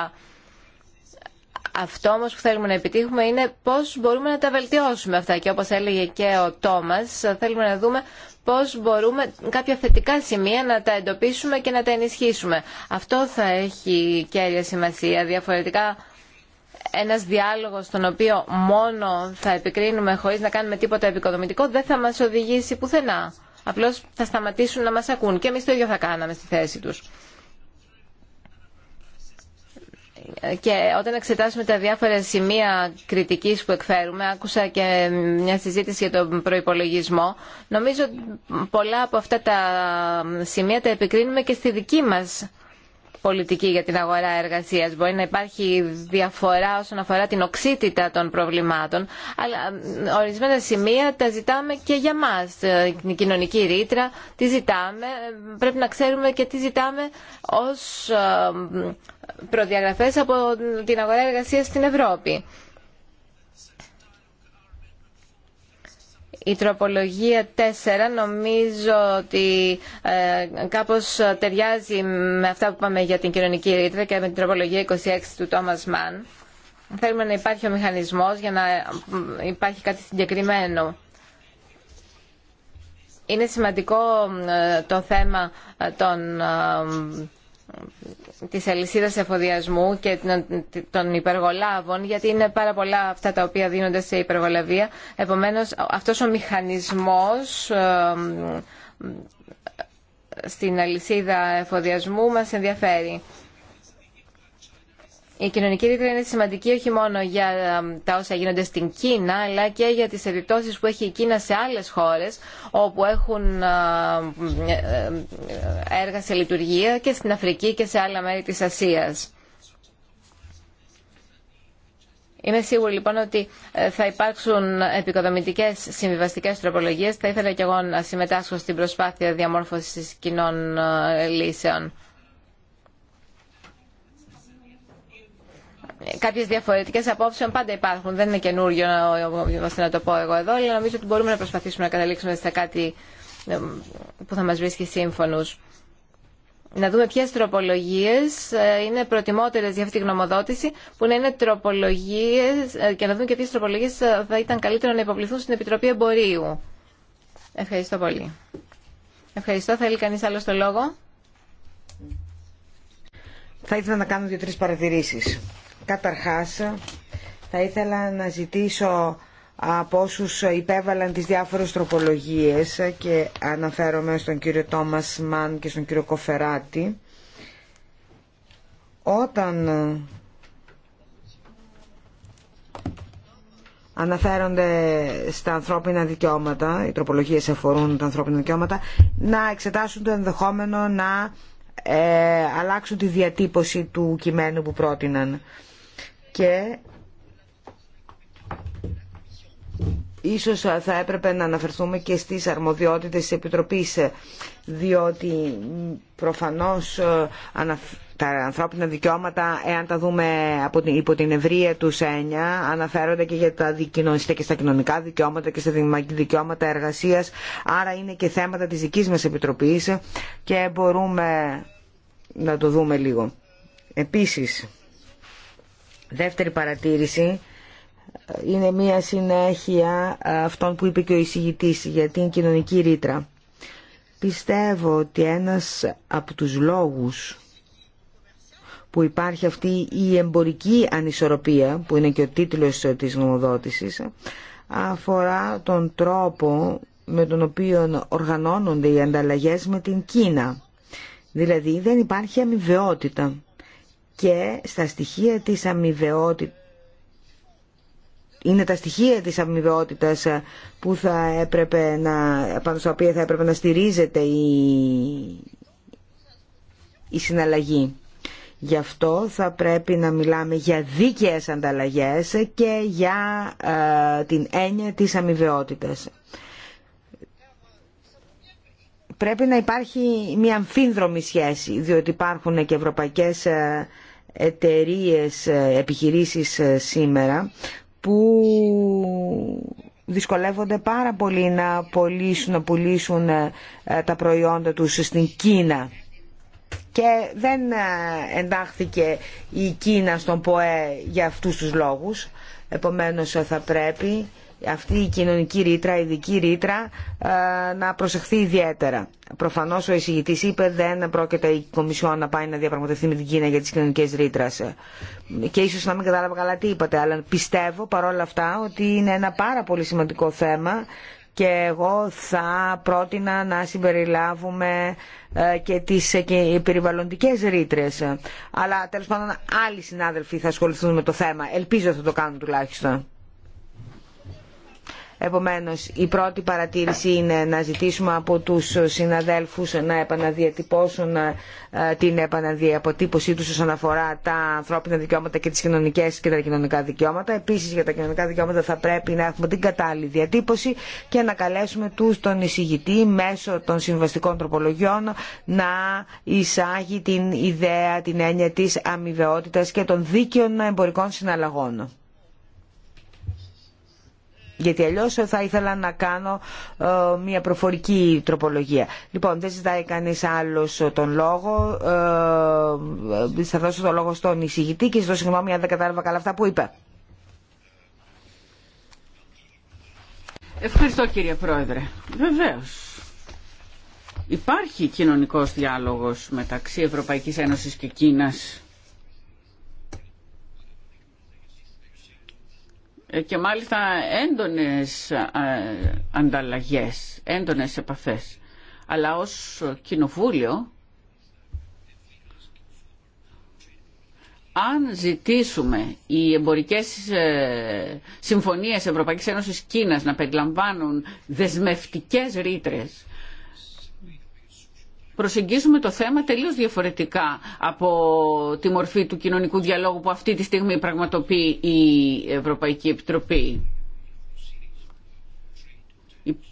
Αυτό όμω που θέλουμε να επιτύχουμε είναι πώ μπορούμε να τα βελτιώσουμε αυτά. Και όπω έλεγε και ο Τόμα, θέλουμε να δούμε πώ μπορούμε κάποια θετικά σημεία να τα εντοπίσουμε και να τα ενισχύσουμε. Αυτό θα έχει κέρια σημασία. Διαφορετικά ένας διάλογος τον οποίο μόνο θα επικρίνουμε χωρίς να κάνουμε τίποτα επικοδομητικό δεν θα μας οδηγήσει πουθενά. Απλώς θα σταματήσουν να μας ακούν και εμεί το ίδιο θα κάναμε στη θέση τους. Και όταν εξετάσουμε τα διάφορα σημεία κριτικής που εκφέρουμε, άκουσα και μια συζήτηση για τον προϋπολογισμό, νομίζω πολλά από αυτά τα σημεία τα επικρίνουμε και στη δική μας πολιτική για την αγορά εργασίας. Μπορεί να υπάρχει διαφορά όσον αφορά την οξύτητα των προβλημάτων, αλλά ορισμένα σημεία τα ζητάμε και για μας. Ε, η κοινωνική ρήτρα τι ζητάμε, ε, πρέπει να ξέρουμε και τι ζητάμε ως ε, προδιαγραφές από την αγορά εργασίας στην Ευρώπη. Η τροπολογία 4 νομίζω ότι ε, κάπως ταιριάζει με αυτά που είπαμε για την κοινωνική ρήτρα και με την τροπολογία 26 του Τόμας Μαν. Θέλουμε να υπάρχει ο μηχανισμός για να υπάρχει κάτι συγκεκριμένο. Είναι σημαντικό το θέμα ε, των ε, της αλυσίδας εφοδιασμού και των υπεργολάβων γιατί είναι πάρα πολλά αυτά τα οποία δίνονται σε υπεργολαβία επομένως αυτός ο μηχανισμός στην αλυσίδα εφοδιασμού μας ενδιαφέρει. Η κοινωνική ρήτρα είναι σημαντική όχι μόνο για τα όσα γίνονται στην Κίνα, αλλά και για τις επιπτώσεις που έχει η Κίνα σε άλλες χώρες, όπου έχουν ε, ε, έργα σε λειτουργία και στην Αφρική και σε άλλα μέρη της Ασίας. Είμαι σίγουρη λοιπόν ότι ε, θα υπάρξουν επικοδομητικές συμβιβαστικές τροπολογίε. Θα ήθελα κι εγώ να συμμετάσχω στην προσπάθεια διαμόρφωση κοινών λύσεων. κάποιες διαφορετικές απόψεις πάντα υπάρχουν. Δεν είναι καινούριο να το πω εγώ εδώ, αλλά νομίζω ότι μπορούμε να προσπαθήσουμε να καταλήξουμε σε κάτι που θα μας βρίσκει σύμφωνους. Να δούμε ποιες τροπολογίες ε, είναι προτιμότερες για αυτή τη γνωμοδότηση, που να είναι τροπολογίες ε, και να δούμε και ποιες τροπολογίες ε, θα ήταν καλύτερο να υποβληθούν στην Επιτροπή Εμπορίου. Ευχαριστώ πολύ. Ευχαριστώ. Θέλει κανείς άλλο το λόγο. Θα ήθελα να κάνω δύο-τρεις παρατηρήσεις. Καταρχάς, θα ήθελα να ζητήσω από όσου υπέβαλαν τις διάφορες τροπολογίες και αναφέρομαι στον κύριο Τόμας Μαν και στον κύριο Κοφεράτη όταν αναφέρονται στα ανθρώπινα δικαιώματα, οι τροπολογίες αφορούν τα ανθρώπινα δικαιώματα, να εξετάσουν το ενδεχόμενο να ε, αλλάξουν τη διατύπωση του κειμένου που πρότειναν και ίσως θα έπρεπε να αναφερθούμε και στις αρμοδιότητες της Επιτροπής διότι προφανώς ε, τα ανθρώπινα δικαιώματα εάν τα δούμε από την, υπό την ευρεία του έννοια αναφέρονται και για τα και στα κοινωνικά δικαιώματα και στα δικαιώματα εργασίας άρα είναι και θέματα της δικής μας Επιτροπής και μπορούμε να το δούμε λίγο. Επίσης, Δεύτερη παρατήρηση είναι μία συνέχεια αυτών που είπε και ο εισηγητής για την κοινωνική ρήτρα. Πιστεύω ότι ένας από τους λόγους που υπάρχει αυτή η εμπορική ανισορροπία, που είναι και ο τίτλος της νομοδότησης, αφορά τον τρόπο με τον οποίο οργανώνονται οι ανταλλαγές με την Κίνα. Δηλαδή δεν υπάρχει αμοιβαιότητα και στα στοιχεία της αμοιβαιότητας είναι τα στοιχεία της αμοιβαιότητας που θα έπρεπε να, πάνω στα οποία θα έπρεπε να στηρίζεται η, η συναλλαγή. Γι' αυτό θα πρέπει να μιλάμε για δίκαιες ανταλλαγές και για ε, την έννοια της αμοιβαιότητας. Πρέπει να υπάρχει μια αμφίδρομη σχέση, διότι υπάρχουν και ευρωπαϊκές ε, εταιρείε ε, επιχειρήσεις ε, σήμερα που δυσκολεύονται πάρα πολύ να πουλήσουν, να πουλήσουν ε, τα προϊόντα τους στην Κίνα. Και δεν εντάχθηκε η Κίνα στον ΠΟΕ για αυτούς τους λόγους. Επομένως θα πρέπει αυτή η κοινωνική ρήτρα, η ειδική ρήτρα ε, να προσεχθεί ιδιαίτερα. Προφανώ ο εισηγητή είπε δεν πρόκειται η Κομισιόν να πάει να διαπραγματευτεί με την Κίνα για τι κοινωνικέ ρήτρε. Και ίσω να μην κατάλαβα καλά τι είπατε, αλλά πιστεύω παρόλα αυτά ότι είναι ένα πάρα πολύ σημαντικό θέμα και εγώ θα πρότεινα να συμπεριλάβουμε ε, και τις ε, περιβαλλοντικές ρήτρε. Αλλά τέλος πάντων άλλοι συνάδελφοι θα ασχοληθούν με το θέμα. Ελπίζω θα το κάνουν τουλάχιστον. Επομένως, η πρώτη παρατήρηση είναι να ζητήσουμε από τους συναδέλφους να επαναδιατυπώσουν ε, την επαναδιαποτύπωσή τους όσον αφορά τα ανθρώπινα δικαιώματα και τις κοινωνικές και τα κοινωνικά δικαιώματα. Επίσης, για τα κοινωνικά δικαιώματα θα πρέπει να έχουμε την κατάλληλη διατύπωση και να καλέσουμε τους τον εισηγητή μέσω των συμβαστικών τροπολογιών να εισάγει την ιδέα, την έννοια της αμοιβαιότητας και των δίκαιων εμπορικών συναλλαγών γιατί αλλιώ θα ήθελα να κάνω ε, μια προφορική τροπολογία. Λοιπόν, δεν ζητάει Ευχαριστώ, κύριε τον λόγο. Ε, ε, θα δώσω τον λόγο στον εισηγητή και ζητώ συγγνώμη αν δεν κατάλαβα καλά αυτά που είπα. Ευχαριστώ κύριε Πρόεδρε. Βεβαίως. Υπάρχει κοινωνικός διάλογος μεταξύ Ευρωπαϊκής Ένωσης και Κίνας Ε, και μάλιστα έντονες ε, ανταλλαγές, έντονες επαφές. Αλλά ως κοινοβούλιο, αν ζητήσουμε οι εμπορικές ε, συμφωνίες Ευρωπαϊκής Ένωσης Κίνας να περιλαμβάνουν δεσμευτικές ρήτρες προσεγγίζουμε το θέμα τελείως διαφορετικά από τη μορφή του κοινωνικού διαλόγου που αυτή τη στιγμή πραγματοποιεί η Ευρωπαϊκή Επιτροπή.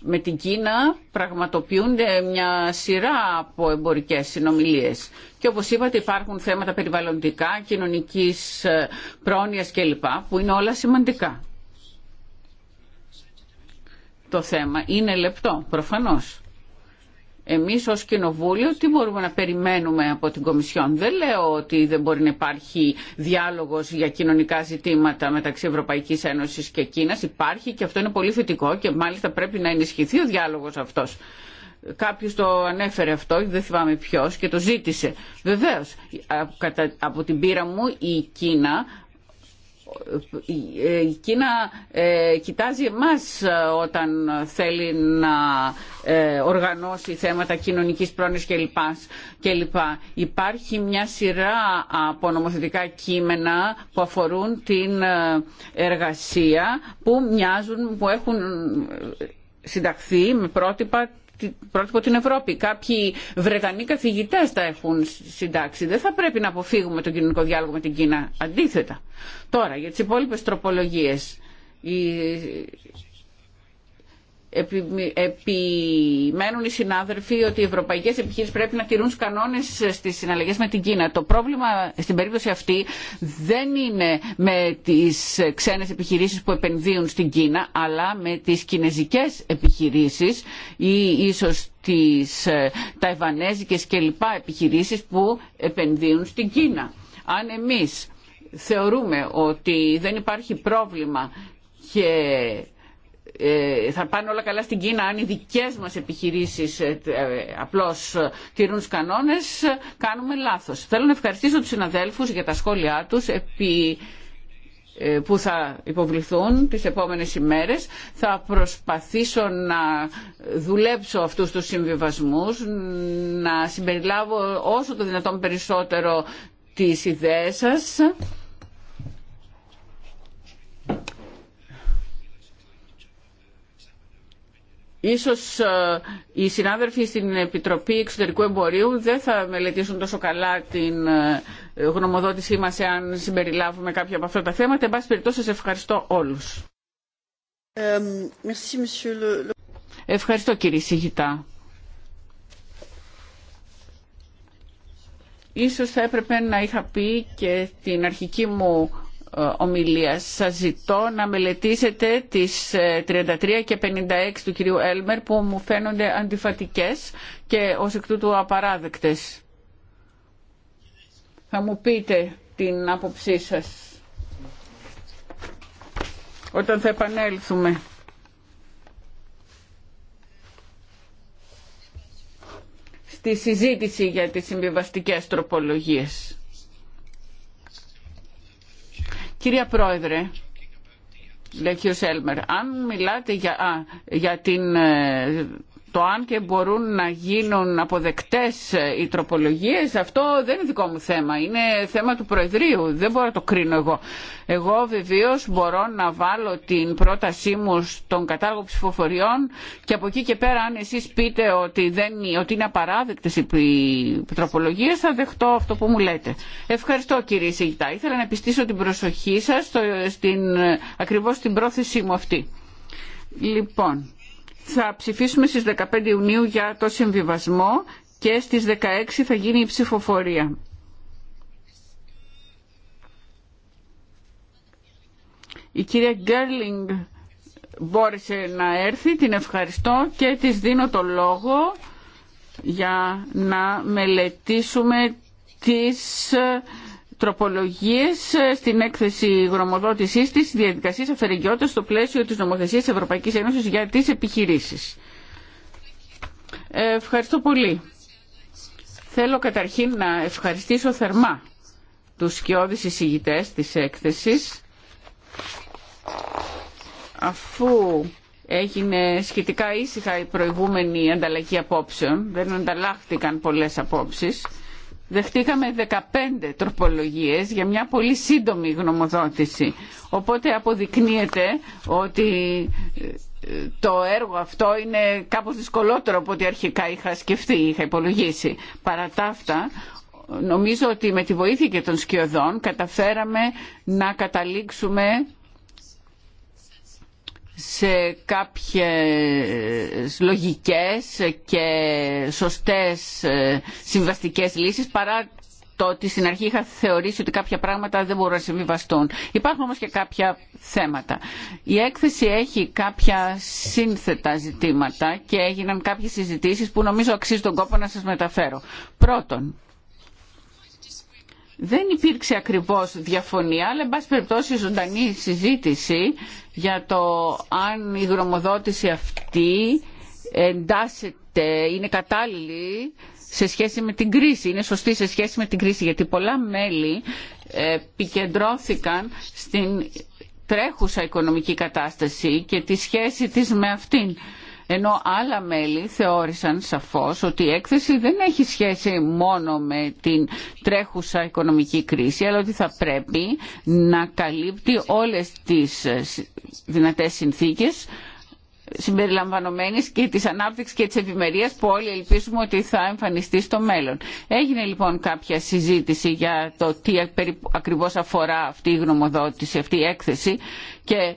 Με την Κίνα πραγματοποιούνται μια σειρά από εμπορικές συνομιλίες. Και όπως είπατε υπάρχουν θέματα περιβαλλοντικά, κοινωνικής ε, πρόνοιας κλπ. που είναι όλα σημαντικά. Το θέμα είναι λεπτό, προφανώς εμείς ως κοινοβούλιο τι μπορούμε να περιμένουμε από την Κομισιόν. Δεν λέω ότι δεν μπορεί να υπάρχει διάλογος για κοινωνικά ζητήματα μεταξύ Ευρωπαϊκής Ένωσης και Κίνας. Υπάρχει και αυτό είναι πολύ θετικό και μάλιστα πρέπει να ενισχυθεί ο διάλογος αυτός. Κάποιο το ανέφερε αυτό, δεν θυμάμαι ποιο, και το ζήτησε. Βεβαίω, από την πείρα μου η Κίνα ε, η Κίνα ε, κοιτάζει μας ε, όταν θέλει να οργανώσει θέματα κοινωνικής πρόνοιας κλπ. Υπάρχει μια σειρά από νομοθετικά κείμενα που αφορούν την εργασία που μοιάζουν, που έχουν συνταχθεί με πρότυπα πρότυπο την Ευρώπη. Κάποιοι Βρετανοί καθηγητέ τα έχουν συντάξει. Δεν θα πρέπει να αποφύγουμε τον κοινωνικό διάλογο με την Κίνα. Αντίθετα. Τώρα, για τι υπόλοιπε τροπολογίες επιμένουν οι συνάδελφοι ότι οι ευρωπαϊκές επιχείρησεις πρέπει να τηρούν τους κανόνες στις συναλλαγές με την Κίνα. Το πρόβλημα στην περίπτωση αυτή δεν είναι με τις ξένες επιχειρήσεις που επενδύουν στην Κίνα αλλά με τις κινέζικες επιχειρήσεις ή ίσως τις ε, ταϊβανέζικες και λοιπά επιχειρήσεις που επενδύουν στην Κίνα. Αν εμείς θεωρούμε ότι δεν υπάρχει πρόβλημα και ε, θα πάνε όλα καλά στην Κίνα αν οι δικές μας επιχειρήσεις ε, ε, απλώς τηρούν τους κανόνες, κάνουμε λάθος. Θέλω να ευχαριστήσω τους συναδέλφους για τα σχόλιά τους επί που θα υποβληθούν τις επόμενες ημέρες. Θα προσπαθήσω να δουλέψω αυτούς τους συμβιβασμούς, να συμπεριλάβω όσο το δυνατόν περισσότερο τις ιδέες σας Ίσως ε, οι συνάδελφοι στην Επιτροπή Εξωτερικού Εμπορίου δεν θα μελετήσουν τόσο καλά την ε, γνωμοδότησή μας εάν συμπεριλάβουμε κάποια από αυτά τα θέματα. Εν πάση περιπτώσει, ευχαριστώ όλους. Ε, ευχαριστώ κύριε Σιγητά. Ίσως θα έπρεπε να είχα πει και την αρχική μου ε, ομιλίας. Σας ζητώ να μελετήσετε τις 33 ε, και 56 του κυρίου Έλμερ που μου φαίνονται αντιφατικές και ως εκ τούτου απαράδεκτες. Θα μου πείτε την άποψή σας όταν θα επανέλθουμε. στη συζήτηση για τις συμβιβαστικές τροπολογίες. Κυρία Πρόεδρε, λέει ο Σέλμερ, αν μιλάτε για, α, για την ε, το αν και μπορούν να γίνουν αποδεκτές οι τροπολογίες, αυτό δεν είναι δικό μου θέμα. Είναι θέμα του Προεδρείου. Δεν μπορώ να το κρίνω εγώ. Εγώ βεβαίω μπορώ να βάλω την πρότασή μου στον κατάλογο ψηφοφοριών και από εκεί και πέρα αν εσείς πείτε ότι, δεν, ότι είναι απαράδεκτες οι τροπολογίες θα δεχτώ αυτό που μου λέτε. Ευχαριστώ κύριε Σιγητά. Ήθελα να επιστήσω την προσοχή σας στο, στην, ακριβώς στην πρόθεσή μου αυτή. Λοιπόν, θα ψηφίσουμε στις 15 Ιουνίου για το συμβιβασμό και στις 16 θα γίνει η ψηφοφορία. Η κυρία Γκέρλινγκ μπόρεσε να έρθει, την ευχαριστώ και της δίνω το λόγο για να μελετήσουμε τις τροπολογίες ε, στην έκθεση γνωμοδότησής της διαδικασίας αφαιρεγγιότητας στο πλαίσιο της νομοθεσίας της Ευρωπαϊκής Ένωσης για τις επιχειρήσεις. Ε, ευχαριστώ πολύ. Θέλω καταρχήν να ευχαριστήσω θερμά τους σκιώδεις εισηγητές της έκθεσης αφού έγινε σχετικά ήσυχα η προηγούμενη ανταλλαγή απόψεων δεν ανταλλάχθηκαν πολλές απόψεις δεχτήκαμε 15 τροπολογίες για μια πολύ σύντομη γνωμοδότηση. Οπότε αποδεικνύεται ότι ε, το έργο αυτό είναι κάπως δυσκολότερο από ό,τι αρχικά είχα σκεφτεί, είχα υπολογίσει. Παρά τα αυτά, νομίζω ότι με τη βοήθεια και των σκιωδών καταφέραμε να καταλήξουμε σε κάποιες λογικές και σωστές ε, συμβαστικές λύσεις παρά το ότι στην αρχή είχα θεωρήσει ότι κάποια πράγματα δεν μπορούν να συμβιβαστούν. Υπάρχουν όμως και κάποια θέματα. Η έκθεση έχει κάποια σύνθετα ζητήματα και έγιναν κάποιες συζητήσεις που νομίζω αξίζει τον κόπο να σας μεταφέρω. Πρώτον, δεν υπήρξε ακριβώς διαφωνία, αλλά εν πάση περιπτώσει ζωντανή συζήτηση για το αν η δρομοδότηση αυτή εντάσσεται, είναι κατάλληλη σε σχέση με την κρίση, είναι σωστή σε σχέση με την κρίση, γιατί πολλά μέλη ε, επικεντρώθηκαν στην τρέχουσα οικονομική κατάσταση και τη σχέση της με αυτήν ενώ άλλα μέλη θεώρησαν σαφώς ότι η έκθεση δεν έχει σχέση μόνο με την τρέχουσα οικονομική κρίση, αλλά ότι θα πρέπει να καλύπτει όλες τις δυνατές συνθήκες συμπεριλαμβανομένης και της ανάπτυξης και της ευημερίας που όλοι ελπίζουμε ότι θα εμφανιστεί στο μέλλον. Έγινε λοιπόν κάποια συζήτηση για το τι ακριβώς αφορά αυτή η γνωμοδότηση, αυτή η έκθεση και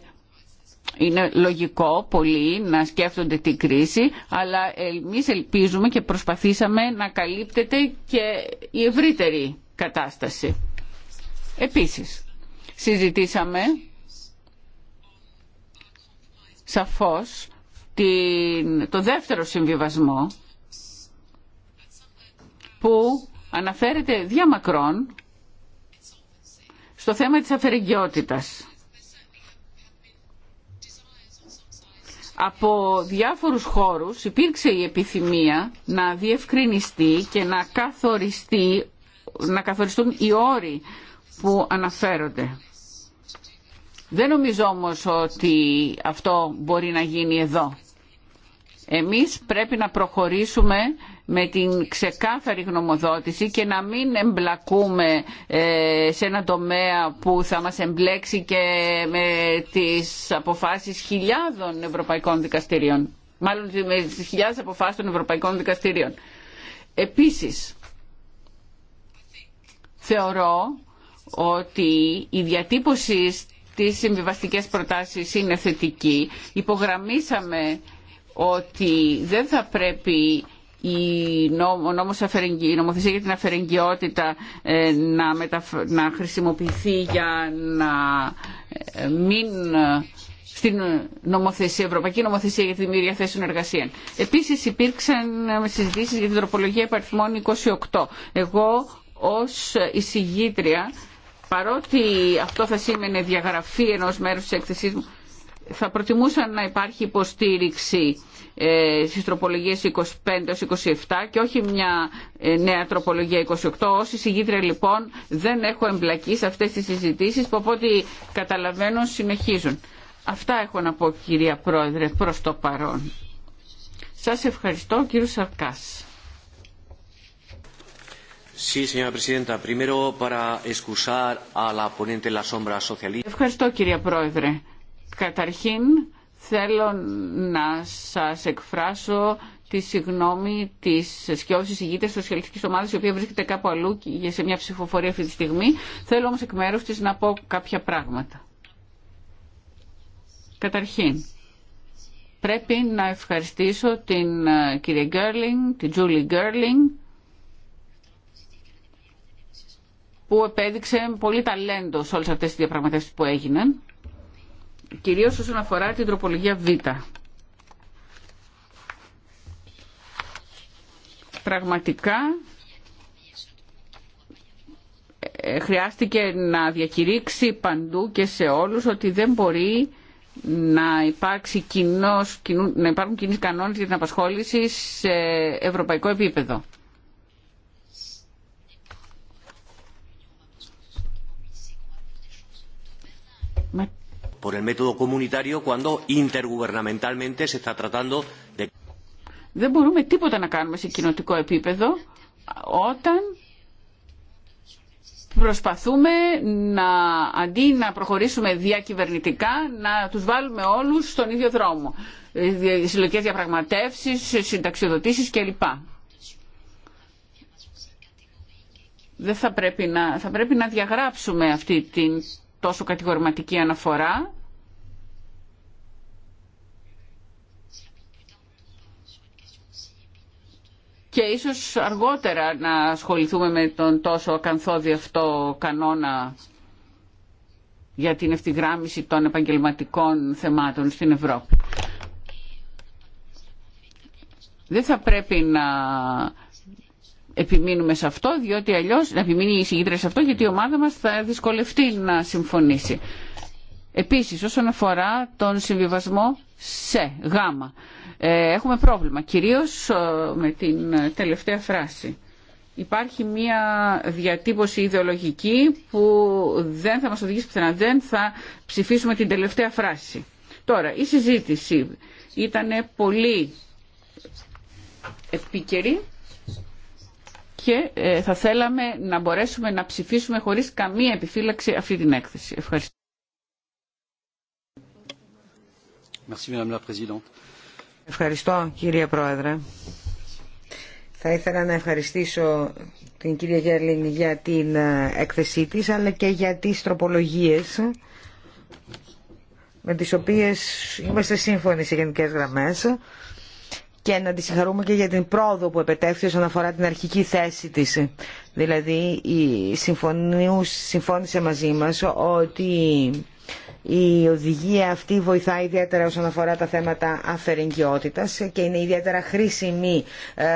είναι λογικό πολλοί να σκέφτονται την κρίση, αλλά εμείς ελπίζουμε και προσπαθήσαμε να καλύπτεται και η ευρύτερη κατάσταση. Επίσης, συζητήσαμε σαφώς την, το δεύτερο συμβιβασμό που αναφέρεται διαμακρόν στο θέμα της αφαιρεγιότητας. από διάφορους χώρους υπήρξε η επιθυμία να διευκρινιστεί και να, καθοριστεί, να καθοριστούν οι όροι που αναφέρονται. Δεν νομίζω όμως ότι αυτό μπορεί να γίνει εδώ. Εμείς πρέπει να προχωρήσουμε με την ξεκάθαρη γνωμοδότηση και να μην εμπλακούμε ε, σε ένα τομέα που θα μας εμπλέξει και με τις αποφάσεις χιλιάδων ευρωπαϊκών δικαστηρίων. Μάλλον με τις χιλιάδες αποφάσεις των ευρωπαϊκών δικαστηρίων. Επίσης, θεωρώ ότι η διατύπωση στις συμβιβαστικές προτάσεις είναι θετική. Υπογραμμίσαμε ότι δεν θα πρέπει νόμος η νομοθεσία για την αφαιρεγγιότητα ε, να, να χρησιμοποιηθεί για να ε, μην ε, στην νομοθεσία, Ευρωπαϊκή Νομοθεσία για τη Δημιουργία Θέσεων Εργασία. Επίσης υπήρξαν συζητήσεις για την τροπολογία υπαριθμών 28. Εγώ ως εισηγήτρια, παρότι αυτό θα σήμαινε διαγραφή ενός μέρους τη έκθεσή μου, θα προτιμούσαν να υπάρχει υποστήριξη ε, στις τροπολογίες 25-27 και όχι μια ε, νέα τροπολογία 28. Όσοι συγγύτρια λοιπόν δεν έχω εμπλακεί σε αυτές τις συζητήσεις που από ό,τι καταλαβαίνω συνεχίζουν. Αυτά έχω να πω κυρία Πρόεδρε προς το παρόν. Σας ευχαριστώ κύριο Σαρκάς. Ευχαριστώ κυρία Πρόεδρε. Καταρχήν θέλω να σας εκφράσω τη συγγνώμη της σκιώσης ηγήτες της σοσιαλιστικής ομάδας η οποία βρίσκεται κάπου αλλού για σε μια ψηφοφορία αυτή τη στιγμή. Θέλω όμως εκ μέρους της να πω κάποια πράγματα. Καταρχήν, πρέπει να ευχαριστήσω την ε, κυρία Γκέρλινγκ, την Τζούλι Γκέρλινγκ, που επέδειξε πολύ ταλέντο σε όλες αυτές τις διαπραγματεύσεις που έγιναν κυρίως όσον αφορά την τροπολογία Β. Πραγματικά ε, χρειάστηκε να διακηρύξει παντού και σε όλους ότι δεν μπορεί να, υπάρξει κοινός, να υπάρχουν κοινείς κανόνες για την απασχόληση σε ευρωπαϊκό επίπεδο. Μα δεν μπορούμε τίποτα να κάνουμε σε κοινωτικό επίπεδο όταν προσπαθούμε να, αντί να προχωρήσουμε διακυβερνητικά, να τους βάλουμε όλους στον ίδιο δρόμο. Ε, Συλλογικέ διαπραγματεύσει, συνταξιοδοτήσει κλπ. Δεν θα πρέπει να, θα πρέπει να διαγράψουμε αυτή την τόσο κατηγορηματική αναφορά. Και ίσως αργότερα να ασχοληθούμε με τον τόσο ακανθώδη αυτό κανόνα για την ευθυγράμμιση των επαγγελματικών θεμάτων στην Ευρώπη. Δεν θα πρέπει να επιμείνουμε σε αυτό, διότι αλλιώς να επιμείνει η συγκίτρια σε αυτό, γιατί η ομάδα μας θα δυσκολευτεί να συμφωνήσει. Επίσης, όσον αφορά τον συμβιβασμό σε γάμα, ε, έχουμε πρόβλημα, κυρίως ε, με την τελευταία φράση. Υπάρχει μια διατύπωση ιδεολογική που δεν θα μας οδηγήσει πιθανά. Δεν θα ψηφίσουμε την τελευταία φράση. Τώρα, η συζήτηση ήταν πολύ επίκαιρη και ε, θα θέλαμε να μπορέσουμε να ψηφίσουμε χωρίς καμία επιφύλαξη αυτή την έκθεση. Ευχαριστώ. Ευχαριστώ κύριε Πρόεδρε. Θα ήθελα να ευχαριστήσω την κυρία Γέρλιν για την ε, έκθεσή της αλλά και για τις τροπολογίες με τις οποίες είμαστε σύμφωνοι σε γενικές γραμμές και να τη συγχαρούμε και για την πρόοδο που επετέφθη όσον αφορά την αρχική θέση της. Δηλαδή η συμφώνησε μαζί μας ότι η οδηγία αυτή βοηθάει ιδιαίτερα όσον αφορά τα θέματα αφαιρεγγιότητας και είναι ιδιαίτερα χρήσιμη ε,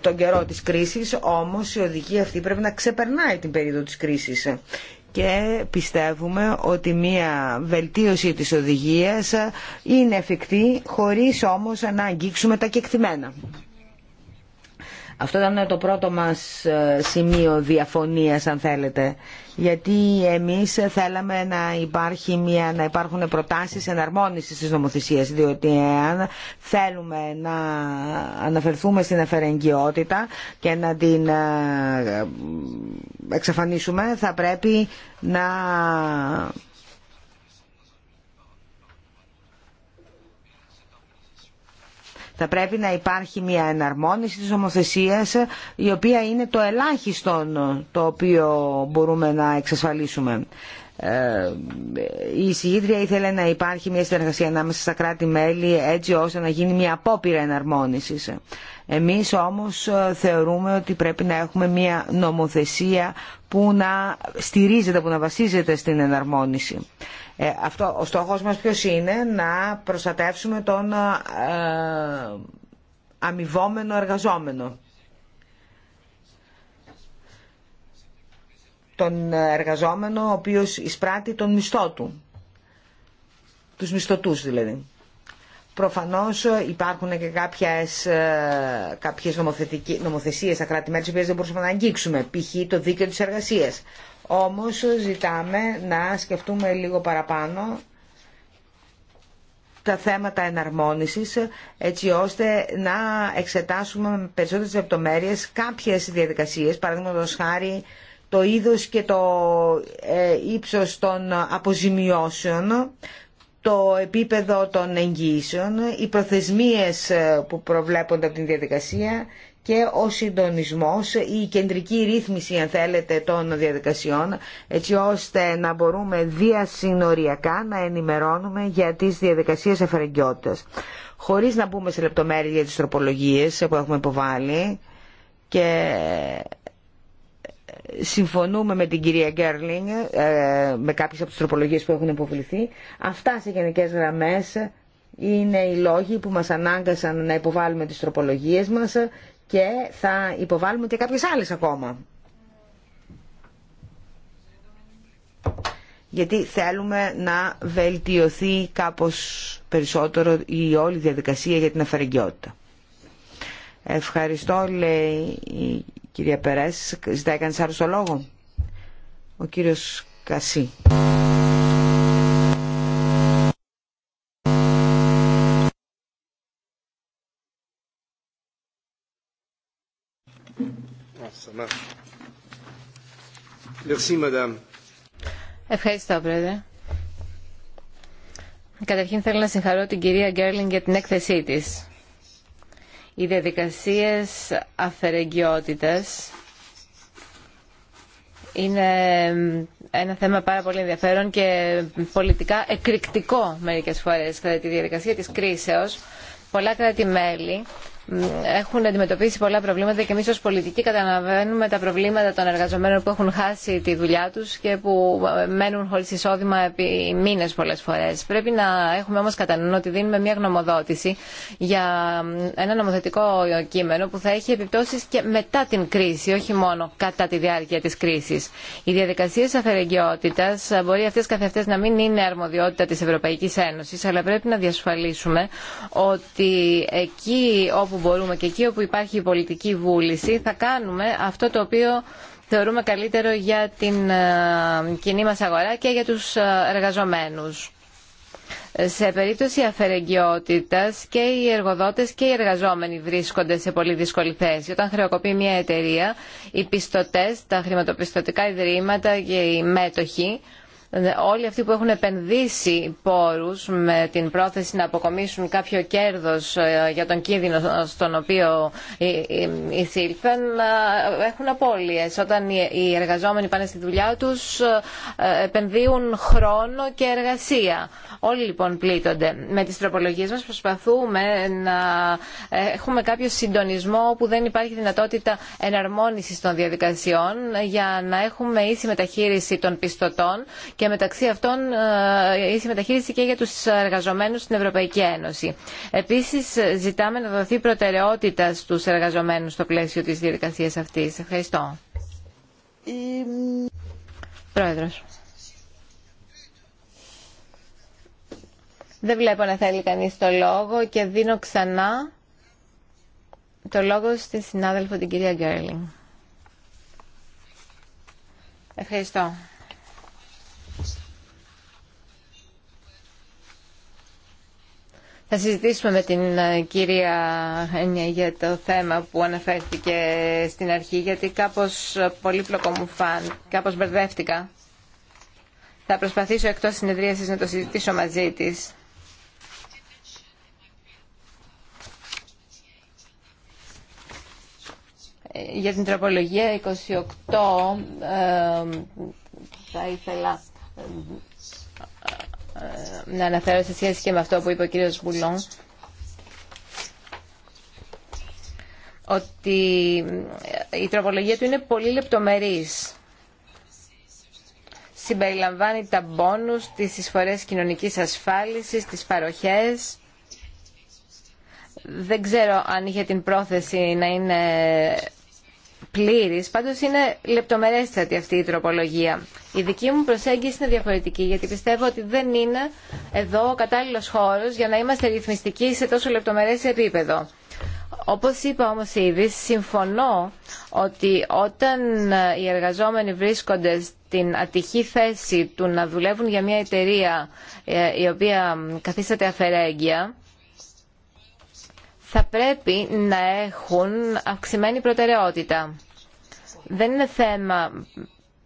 τον καιρό της κρίσης, όμως η οδηγία αυτή πρέπει να ξεπερνάει την περίοδο της κρίσης και πιστεύουμε ότι μια βελτίωση της οδηγίας είναι εφικτή χωρίς όμως να αγγίξουμε τα κεκτημένα. Αυτό ήταν το πρώτο μας ε, σημείο διαφωνίας αν θέλετε γιατί εμείς θέλαμε να, υπάρχει μια, να υπάρχουν προτάσεις εναρμόνισης της νομοθεσίας, διότι αν θέλουμε να αναφερθούμε στην αφαιρεγγιότητα και να την ε, εξαφανίσουμε, θα πρέπει να Θα πρέπει να υπάρχει μια εναρμόνιση της ομοθεσίας η οποία είναι το ελάχιστο το οποίο μπορούμε να εξασφαλίσουμε. Ε, η εισηγήτρια ήθελε να υπάρχει μια συνεργασία ανάμεσα στα κράτη-μέλη έτσι ώστε να γίνει μια απόπειρα εναρμόνισης. Εμείς όμως ε, θεωρούμε ότι πρέπει να έχουμε μια νομοθεσία που να στηρίζεται, που να βασίζεται στην εναρμόνιση. Ε, αυτό, ο στόχος μας ποιος είναι να προστατεύσουμε τον ε, αμοιβόμενο εργαζόμενο. Τον εργαζόμενο ο οποίος εισπράττει τον μισθό του. Τους μισθωτούς δηλαδή. Προφανώς ε, υπάρχουν και κάποιες, ε, κάποιες νομοθεσίες στα κράτη-μέλη τις οποίες δεν μπορούσαμε να αγγίξουμε. Π.χ. το δίκαιο της εργασίας. Όμως ζητάμε να σκεφτούμε λίγο παραπάνω τα θέματα εναρμόνισης έτσι ώστε να εξετάσουμε με περισσότερες λεπτομέρειες κάποιες διαδικασίες, παραδείγματο χάρη το είδος και το ε, ύψος των αποζημιώσεων, το επίπεδο των εγγύσεων, οι προθεσμίες ε, που προβλέπονται από την διαδικασία και ο συντονισμός, η κεντρική ρύθμιση αν θέλετε των διαδικασιών έτσι ώστε να μπορούμε διασυνοριακά να ενημερώνουμε για τις διαδικασίες εφαρεγγιότητας. Χωρίς να μπούμε σε λεπτομέρειες για τις τροπολογίες που έχουμε υποβάλει και συμφωνούμε με την κυρία Γκέρλινγκ ε, με κάποιες από τις τροπολογίες που έχουν υποβληθεί. Αυτά σε γενικές γραμμές είναι οι λόγοι που μας ανάγκασαν να υποβάλουμε τις τροπολογίες μας και θα υποβάλουμε και κάποιες άλλες ακόμα. Γιατί θέλουμε να βελτιωθεί κάπως περισσότερο η όλη διαδικασία για την αφαιρεγγιότητα. Ευχαριστώ, λέει η κυρία Περές. Ζητάει κανείς άλλο το λόγο. Ο κύριος Κασί. Ευχαριστώ, Πρόεδρε. Καταρχήν θέλω να συγχαρώ την κυρία Γκέρλινγκ για την έκθεσή της. Οι διαδικασίες αφαιρεγγιότητας είναι ένα θέμα πάρα πολύ ενδιαφέρον και πολιτικά εκρηκτικό μερικές φορές κατά τη διαδικασία της κρίσεως. Πολλά κράτη-μέλη έχουν αντιμετωπίσει πολλά προβλήματα και εμεί ω πολιτικοί καταλαβαίνουμε τα προβλήματα των εργαζομένων που έχουν χάσει τη δουλειά του και που ε, μένουν χωρί εισόδημα επί μήνε πολλέ φορέ. Πρέπει να έχουμε όμω κατά ότι δίνουμε μια γνωμοδότηση για ένα νομοθετικό κείμενο που θα έχει επιπτώσει και μετά την κρίση, όχι μόνο κατά τη διάρκεια τη κρίση. Οι διαδικασίε αφαιρεγκαιότητα ε, μπορεί αυτέ καθ' να μην είναι αρμοδιότητα τη Ευρωπαϊκή Ένωση, αλλά πρέπει να διασφαλίσουμε ότι εκεί όπου που μπορούμε και εκεί όπου υπάρχει πολιτική βούληση θα κάνουμε αυτό το οποίο θεωρούμε καλύτερο για την ε, κοινή μας αγορά και για τους ε, εργαζομένους. Σε περίπτωση αφαιρεγγιότητας και οι εργοδότες και οι εργαζόμενοι βρίσκονται σε πολύ δύσκολη θέση. Όταν χρεοκοπεί μια εταιρεία, οι πιστωτές, τα χρηματοπιστωτικά ιδρύματα και οι μέτοχοι όλοι αυτοί που έχουν επενδύσει πόρους με την πρόθεση να αποκομίσουν κάποιο κέρδος ε, για τον κίνδυνο στον οποίο ε, ε, εισήλθαν έχουν απώλειες. Όταν οι εργαζόμενοι πάνε στη δουλειά τους επενδύουν χρόνο και εργασία. Όλοι λοιπόν πλήττονται. Με τις τροπολογίες μας προσπαθούμε να έχουμε κάποιο συντονισμό που δεν υπάρχει δυνατότητα εναρμόνισης των διαδικασιών για να έχουμε ίση μεταχείριση των πιστωτών και μεταξύ αυτών ε, η συμμεταχείριση και για τους εργαζομένους στην Ευρωπαϊκή Ένωση. Επίσης ζητάμε να δοθεί προτεραιότητα στους εργαζομένους στο πλαίσιο της διαδικασίας αυτής. Ευχαριστώ. Πρόεδρος. Δεν βλέπω να θέλει κανείς το λόγο και δίνω ξανά το λόγο στη συνάδελφο την κυρία Γκέρλινγκ. Ευχαριστώ. Θα συζητήσουμε με την ε, κυρία Χένια για το θέμα που αναφέρθηκε στην αρχή, γιατί κάπως πολύπλοκο μου φαν, κάπως μπερδεύτηκα. Θα προσπαθήσω εκτός συνεδρίασης να το συζητήσω μαζί της. Ε, για την τροπολογία 28 ε, θα ήθελα ε, να αναφέρω σε σχέση και με αυτό που είπε ο κύριος Μπουλόν ότι ε, η τροπολογία του είναι πολύ λεπτομερής. Συμπεριλαμβάνει τα μπόνους, τις εισφορές κοινωνικής ασφάλισης, τις παροχές. Δεν ξέρω αν είχε την πρόθεση να είναι πλήρης, πάντως είναι λεπτομερέστατη αυτή η τροπολογία. Η δική μου προσέγγιση είναι διαφορετική, γιατί πιστεύω ότι δεν είναι εδώ ο κατάλληλο χώρο για να είμαστε ρυθμιστικοί σε τόσο λεπτομερέ επίπεδο. Όπω είπα όμω ήδη, συμφωνώ ότι όταν οι εργαζόμενοι βρίσκονται στην ατυχή θέση του να δουλεύουν για μια εταιρεία ε, η οποία καθίσταται αφαιρέγγια, θα πρέπει να έχουν αυξημένη προτεραιότητα. Δεν είναι θέμα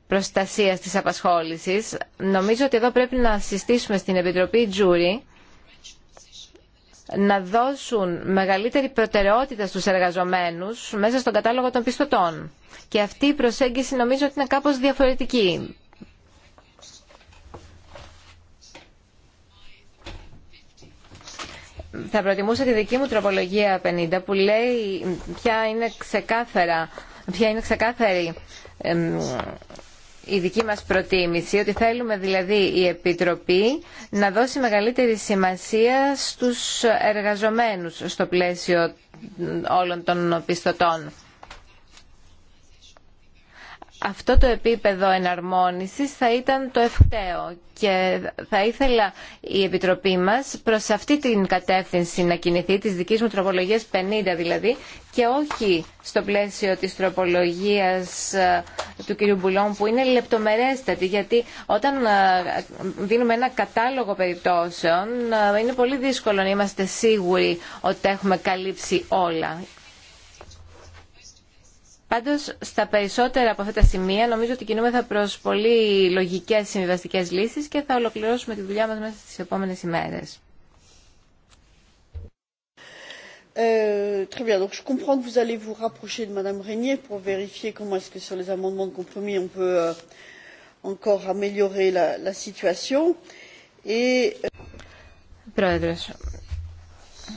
προστασίας της απασχόλησης. Νομίζω ότι εδώ πρέπει να συστήσουμε στην Επιτροπή Τζούρι να δώσουν μεγαλύτερη προτεραιότητα στους εργαζομένους μέσα στον κατάλογο των πιστωτών. Και αυτή η προσέγγιση νομίζω ότι είναι κάπως διαφορετική. θα προτιμούσα τη δική μου τροπολογία 50 που λέει ποια είναι ξεκάθαρα ποια είναι ξεκάθαρη η δική μας προτίμηση, ότι θέλουμε δηλαδή η Επιτροπή να δώσει μεγαλύτερη σημασία στους εργαζομένους στο πλαίσιο όλων των πιστωτών αυτό το επίπεδο εναρμόνισης θα ήταν το ευκταίο και θα ήθελα η Επιτροπή μας προς αυτή την κατεύθυνση να κινηθεί της δικής μου τροπολογίας 50 δηλαδή και όχι στο πλαίσιο της τροπολογίας ε, του κ. Μπουλόν που είναι λεπτομερέστατη γιατί όταν ε, δίνουμε ένα κατάλογο περιπτώσεων ε, είναι πολύ δύσκολο να είμαστε σίγουροι ότι έχουμε καλύψει όλα. Πάντως, στα περισσότερα από αυτά τα σημεία, νομίζω ότι κινούμεθα προς πολύ λογικές συμβιβαστικέ λύσεις και θα ολοκληρώσουμε τη δουλειά μας μέσα στις επόμενες ημέρες. Ε, très bien. Donc, je comprends que vous allez vous rapprocher de Madame Régnier pour vérifier comment est-ce que sur les amendements de compromis on peut euh, encore améliorer la, la situation. Et... Euh, Πρόεδρος,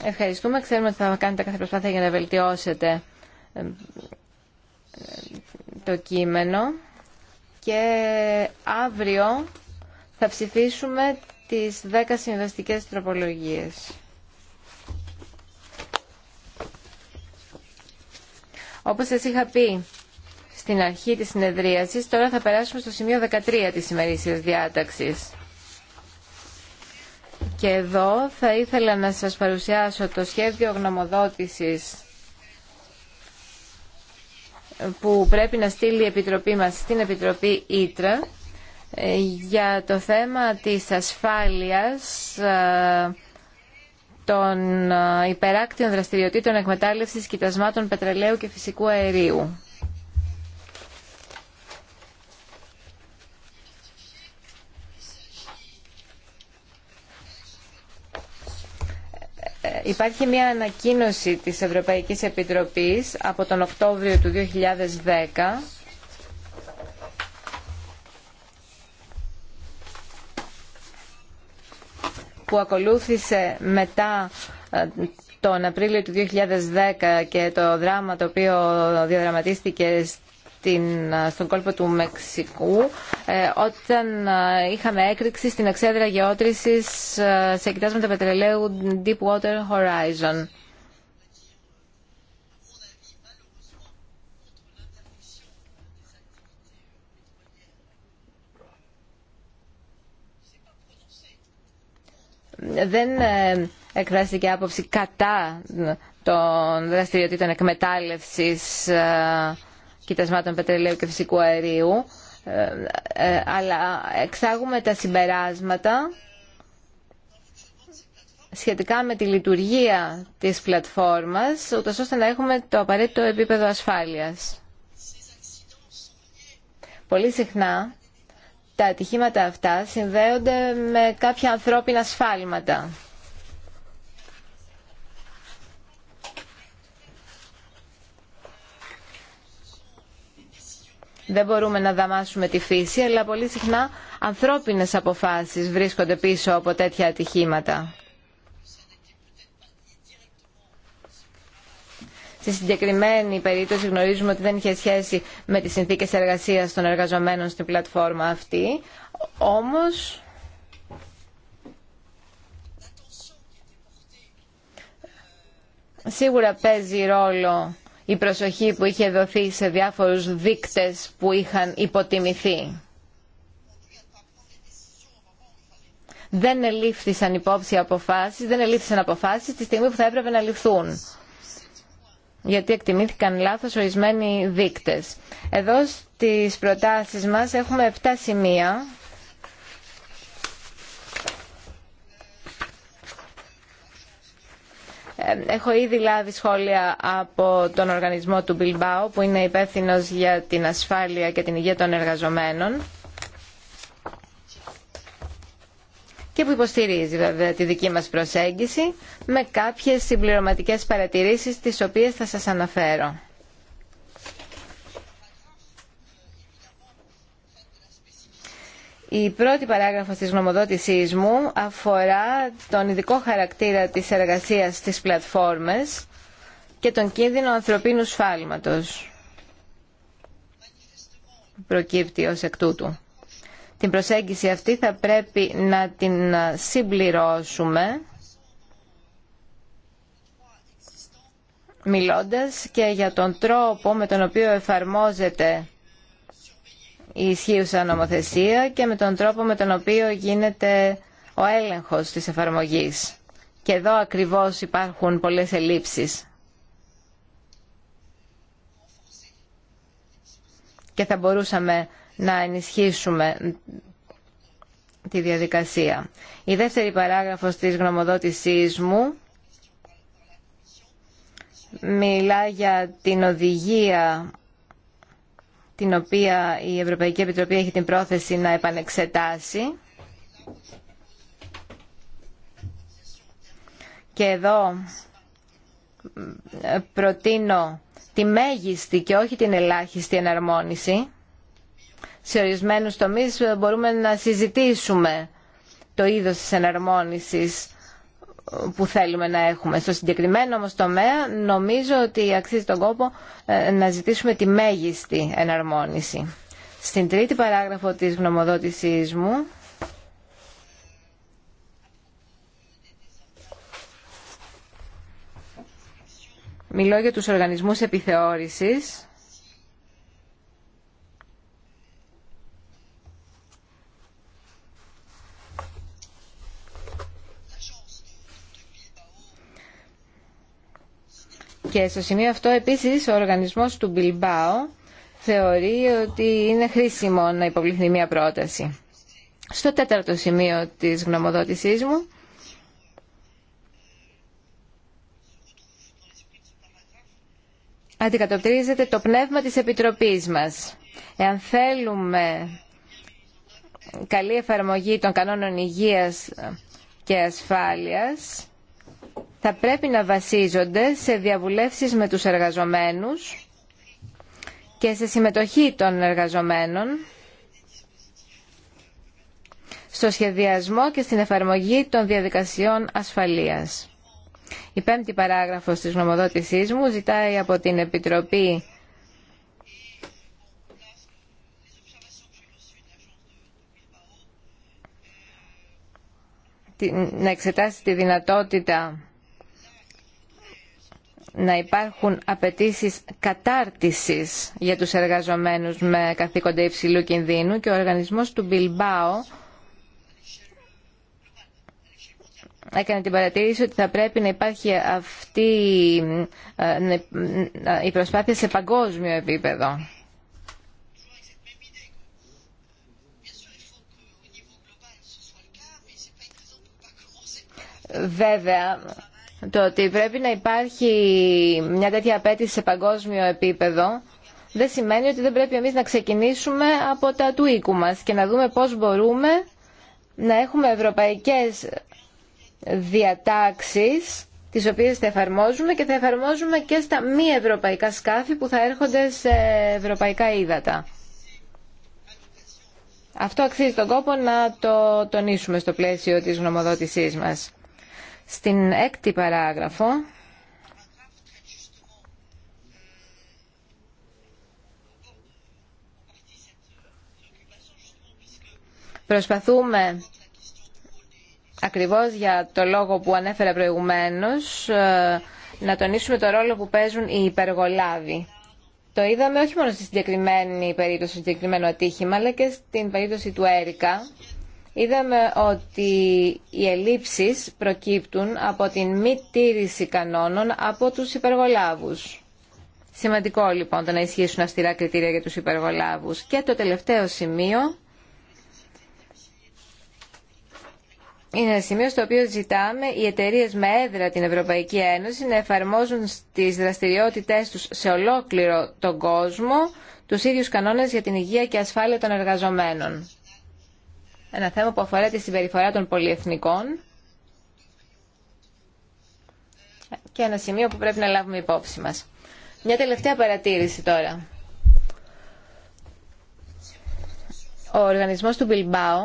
ευχαριστούμε. Ξέρουμε ότι θα κάνετε κάθε προσπάθεια για να βελτιώσετε το κείμενο και αύριο θα ψηφίσουμε τις 10 συμβαστικές τροπολογίες. Όπως σας είχα πει στην αρχή της συνεδρίασης, τώρα θα περάσουμε στο σημείο 13 της ημερήσιας διάταξης. Και εδώ θα ήθελα να σας παρουσιάσω το σχέδιο γνωμοδότησης που πρέπει να στείλει η Επιτροπή μας στην Επιτροπή Ήτρα ε, για το θέμα της ασφάλειας ε, των ε, υπεράκτιων δραστηριοτήτων εκμετάλλευσης κοιτασμάτων πετρελαίου και φυσικού αερίου. Υπάρχει μια ανακοίνωση της Ευρωπαϊκής Επιτροπής από τον Οκτώβριο του 2010 που ακολούθησε μετά ε, τον Απρίλιο του 2010 και το δράμα το οποίο διαδραματίστηκε στον κόλπο του Μεξικού ε, όταν ε, είχαμε έκρηξη στην εξέδρα γεώτρησης ε, σε κοιτάσματα πετρελαίου Deepwater Horizon. δεν εκφράστηκε άποψη κατά των δραστηριοτήτων εκμετάλλευσης κοιτασμάτων πετρελαίου και φυσικού αερίου, ε, ε, αλλά εξάγουμε τα συμπεράσματα σχετικά με τη λειτουργία της πλατφόρμας, ούτως ώστε να έχουμε το απαραίτητο επίπεδο ασφάλειας. Πολύ συχνά τα ατυχήματα αυτά συνδέονται με κάποια ανθρώπινα σφάλματα. Δεν μπορούμε να δαμάσουμε τη φύση, αλλά πολύ συχνά ανθρώπινες αποφάσεις βρίσκονται πίσω από τέτοια ατυχήματα. Στη συγκεκριμένη περίπτωση γνωρίζουμε ότι δεν είχε σχέση με τις συνθήκες εργασίας των εργαζομένων στην πλατφόρμα αυτή, όμως σίγουρα παίζει ρόλο η προσοχή που είχε δοθεί σε διάφορους δείκτες που είχαν υποτιμηθεί. Δεν ελήφθησαν υπόψη αποφάσεις, δεν ελήφθησαν αποφάσεις τη στιγμή που θα έπρεπε να ληφθούν γιατί εκτιμήθηκαν λάθος ορισμένοι δείκτες. Εδώ στις προτάσεις μας έχουμε 7 σημεία Ε, έχω ήδη λάβει σχόλια από τον οργανισμό του Bilbao που είναι υπεύθυνο για την ασφάλεια και την υγεία των εργαζομένων και που υποστηρίζει βέβαια τη δική μας προσέγγιση με κάποιες συμπληρωματικές παρατηρήσεις τις οποίες θα σας αναφέρω. Η πρώτη παράγραφος της γνωμοδότησής μου αφορά τον ειδικό χαρακτήρα της εργασίας στις πλατφόρμες και τον κίνδυνο ανθρωπίνου σφάλματος προκύπτει ως εκ τούτου. Την προσέγγιση αυτή θα πρέπει να την συμπληρώσουμε μιλώντας και για τον τρόπο με τον οποίο εφαρμόζεται η ισχύουσα νομοθεσία και με τον τρόπο με τον οποίο γίνεται ο έλεγχος της εφαρμογής. Και εδώ ακριβώς υπάρχουν πολλές ελλείψεις. Και θα μπορούσαμε να ενισχύσουμε τη διαδικασία. Η δεύτερη παράγραφος της γνωμοδότησής μου μιλά για την οδηγία την οποία η Ευρωπαϊκή Επιτροπή έχει την πρόθεση να επανεξετάσει. Και εδώ ε, προτείνω τη μέγιστη και όχι την ελάχιστη εναρμόνιση. Σε ορισμένους τομείς μπορούμε να συζητήσουμε το είδος της εναρμόνισης που θέλουμε να έχουμε. Στο συγκεκριμένο όμως τομέα νομίζω ότι αξίζει τον κόπο ε, να ζητήσουμε τη μέγιστη εναρμόνιση. Στην τρίτη παράγραφο της γνωμοδότησής μου μιλώ για τους οργανισμούς επιθεώρησης Και στο σημείο αυτό επίσης ο οργανισμός του Μπιλμπάου θεωρεί ότι είναι χρήσιμο να υποβληθεί μια πρόταση. Στο τέταρτο σημείο της γνωμοδότησής μου αντικατοπτρίζεται το πνεύμα της Επιτροπής μας. Εάν θέλουμε καλή εφαρμογή των κανόνων υγείας και ασφάλειας, θα πρέπει να βασίζονται σε διαβουλεύσεις με τους εργαζομένους και σε συμμετοχή των εργαζομένων στο σχεδιασμό και στην εφαρμογή των διαδικασιών ασφαλείας. Η πέμπτη παράγραφος της γνωμοδότησής μου ζητάει από την Επιτροπή να εξετάσει τη δυνατότητα να υπάρχουν απαιτήσει κατάρτισης για τους εργαζομένους με καθήκοντα υψηλού κινδύνου και ο οργανισμός του Bilbao έκανε την παρατήρηση ότι θα πρέπει να υπάρχει αυτή ε, ε, η προσπάθεια σε παγκόσμιο επίπεδο. βέβαια το ότι πρέπει να υπάρχει μια τέτοια απέτηση σε παγκόσμιο επίπεδο δεν σημαίνει ότι δεν πρέπει εμείς να ξεκινήσουμε από τα του οίκου μας και να δούμε πώς μπορούμε να έχουμε ευρωπαϊκές διατάξεις τις οποίες θα εφαρμόζουμε και θα εφαρμόζουμε και στα μη ευρωπαϊκά σκάφη που θα έρχονται σε ευρωπαϊκά ύδατα. Αυτό αξίζει τον κόπο να το τονίσουμε στο πλαίσιο της γνωμοδότησής μας. Στην έκτη παράγραφο προσπαθούμε ακριβώς για το λόγο που ανέφερα προηγουμένως ε, να τονίσουμε το ρόλο που παίζουν οι υπεργολάβοι. Το είδαμε όχι μόνο στη συγκεκριμένη περίπτωση, στο συγκεκριμένο ατύχημα, αλλά και στην περίπτωση του Έρικα, Είδαμε ότι οι ελλείψεις προκύπτουν από την μη τήρηση κανόνων από τους υπεργολάβους. Σημαντικό λοιπόν το να ισχύσουν αυστηρά κριτήρια για τους υπεργολάβους. Και το τελευταίο σημείο είναι ένα σημείο στο οποίο ζητάμε οι εταιρείε με έδρα την Ευρωπαϊκή Ένωση να εφαρμόζουν στις δραστηριότητές τους σε ολόκληρο τον κόσμο τους ίδιους κανόνες για την υγεία και ασφάλεια των εργαζομένων ένα θέμα που αφορά τη συμπεριφορά των πολιεθνικών και ένα σημείο που πρέπει να λάβουμε υπόψη μας. Μια τελευταία παρατήρηση τώρα. Ο οργανισμός του Bilbao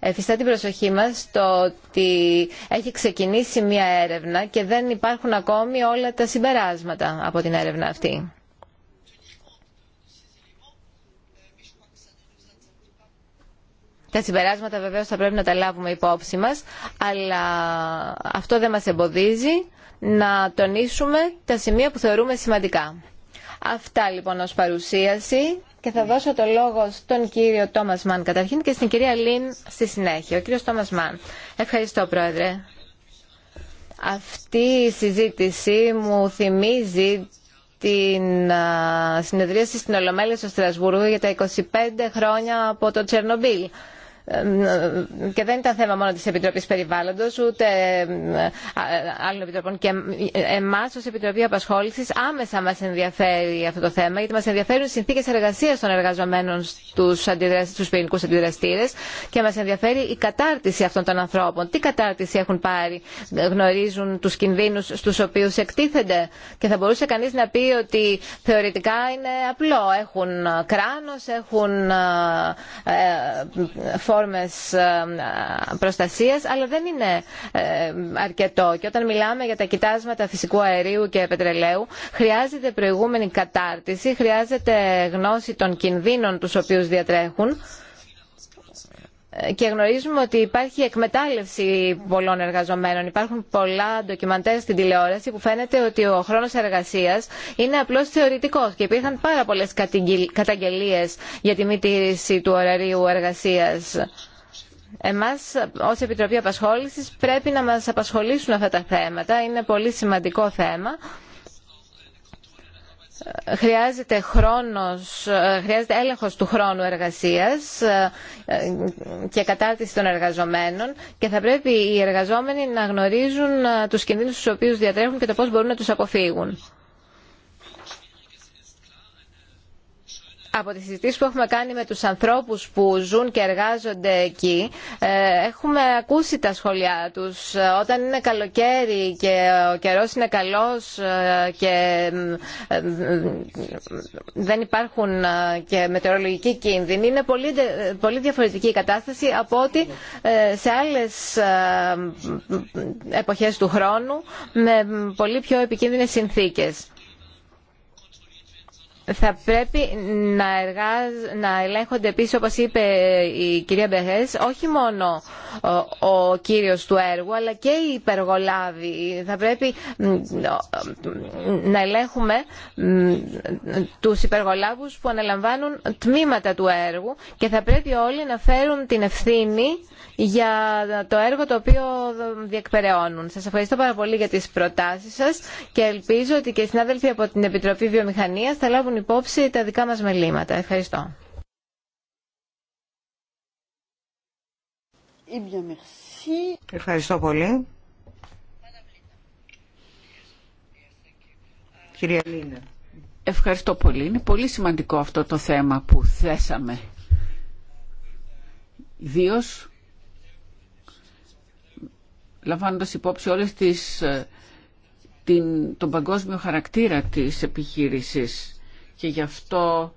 εφιστά την προσοχή μας στο ότι έχει ξεκινήσει μια έρευνα και δεν υπάρχουν ακόμη όλα τα συμπεράσματα από την έρευνα αυτή. Τα συμπεράσματα βεβαίω θα πρέπει να τα λάβουμε υπόψη μα, αλλά αυτό δεν μα εμποδίζει να τονίσουμε τα σημεία που θεωρούμε σημαντικά. Αυτά λοιπόν ω παρουσίαση και θα δώσω το λόγο στον κύριο Τόμα Μαν καταρχήν και στην κυρία Λίν στη συνέχεια. Ο κύριο Τόμα Μαν. Ευχαριστώ πρόεδρε. Αυτή η συζήτηση μου θυμίζει την συνεδρίαση στην Ολομέλεια στο Στρασβούργο για τα 25 χρόνια από το Τσερνομπίλ και δεν ήταν θέμα μόνο της Επιτροπής Περιβάλλοντος ούτε ε, ε, άλλων επιτροπών και ε, εμάς ως Επιτροπή Απασχόλησης άμεσα μας ενδιαφέρει αυτό το θέμα γιατί μας ενδιαφέρουν οι συνθήκες εργασίας των εργαζομένων στους, αντιδρασ... στους πυρηνικούς αντιδραστήρες και μας ενδιαφέρει η κατάρτιση αυτών των ανθρώπων. Τι κατάρτιση έχουν πάρει, γνωρίζουν τους κινδύνους στους οποίους εκτίθενται και θα μπορούσε κανείς να πει ότι θεωρητικά είναι απλό. Έχουν κράνος, έχουν φόρμες ε, προστασίας, αλλά δεν είναι ε, αρκετό. Και όταν μιλάμε για τα κοιτάσματα φυσικού αερίου και πετρελαίου, χρειάζεται προηγούμενη κατάρτιση, χρειάζεται γνώση των κινδύνων τους οποίους διατρέχουν ε, και γνωρίζουμε ότι υπάρχει εκμετάλλευση πολλών εργαζομένων. Υπάρχουν πολλά ντοκιμαντέρ στην τηλεόραση που φαίνεται ότι ο χρόνος εργασίας είναι απλώς θεωρητικός και υπήρχαν πάρα πολλέ καταγγελίες για τη μη τήρηση του ωραρίου εργασίας. Εμάς ως Επιτροπή Απασχόλησης πρέπει να μας απασχολήσουν αυτά τα θέματα. Είναι πολύ σημαντικό θέμα χρειάζεται χρόνος, ε, έλεγχος του χρόνου εργασίας ε, και κατάρτιση των εργαζομένων και θα πρέπει οι εργαζόμενοι να γνωρίζουν ε, τους κινδύνους στους οποίους διατρέχουν και το πώς μπορούν να τους αποφύγουν. από τις συζητήσεις που έχουμε κάνει με τους ανθρώπους που ζουν και εργάζονται εκεί ε, έχουμε ακούσει τα σχόλιά τους όταν είναι καλοκαίρι και ο καιρός είναι καλός ε, και ε, δεν υπάρχουν και μετεωρολογικοί κίνδυνοι είναι πολύ, πολύ διαφορετική η κατάσταση από ότι σε άλλες εποχές του χρόνου με πολύ πιο επικίνδυνες συνθήκες. Θα πρέπει να, εργάζ, να ελέγχονται επίσης, όπως είπε η κυρία Μπεχές, όχι μόνο ο, ο κύριος του έργου, αλλά και οι υπεργολάβοι. Θα πρέπει να ελέγχουμε τους υπεργολάβους που αναλαμβάνουν τμήματα του έργου και θα πρέπει όλοι να φέρουν την ευθύνη για το έργο το οποίο διεκπεραιώνουν. Σας ευχαριστώ πάρα πολύ για τις προτάσεις σας και ελπίζω ότι και οι συνάδελφοι από την Επιτροπή Βιομηχανίας θα λάβουν υπόψη τα δικά μας μελήματα. Ευχαριστώ. Eh Ευχαριστώ πολύ. Κυρία Ευχαριστώ πολύ. Είναι πολύ σημαντικό αυτό το θέμα που θέσαμε. Ιδίω λαμβάνοντας υπόψη όλες τις, ε, την, τον παγκόσμιο χαρακτήρα της επιχείρησης και γι' αυτό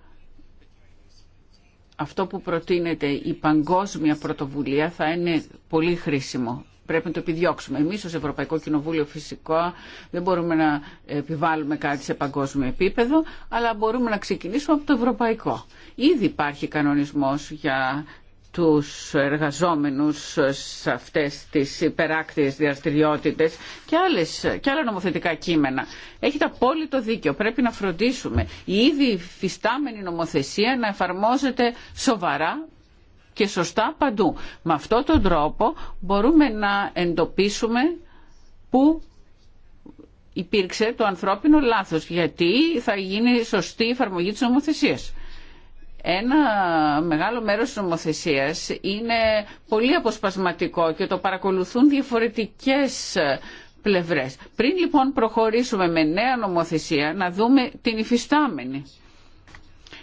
αυτό που προτείνεται η παγκόσμια πρωτοβουλία θα είναι πολύ χρήσιμο. Πρέπει να το επιδιώξουμε. Εμεί ω Ευρωπαϊκό Κοινοβούλιο φυσικά δεν μπορούμε να επιβάλλουμε κάτι σε παγκόσμιο επίπεδο, αλλά μπορούμε να ξεκινήσουμε από το ευρωπαϊκό. Ήδη υπάρχει κανονισμό για τους εργαζόμενους σε αυτές τις υπεράκτιες διαστηριότητες και, άλλες, και άλλα νομοθετικά κείμενα. Έχετε απόλυτο δίκιο. Πρέπει να φροντίσουμε η ήδη φυστάμενη νομοθεσία να εφαρμόζεται σοβαρά και σωστά παντού. Με αυτόν τον τρόπο μπορούμε να εντοπίσουμε πού υπήρξε το ανθρώπινο λάθος γιατί θα γίνει σωστή η εφαρμογή της νομοθεσίας ένα μεγάλο μέρος της νομοθεσίας είναι πολύ αποσπασματικό και το παρακολουθούν διαφορετικές πλευρές. Πριν λοιπόν προχωρήσουμε με νέα νομοθεσία να δούμε την υφιστάμενη.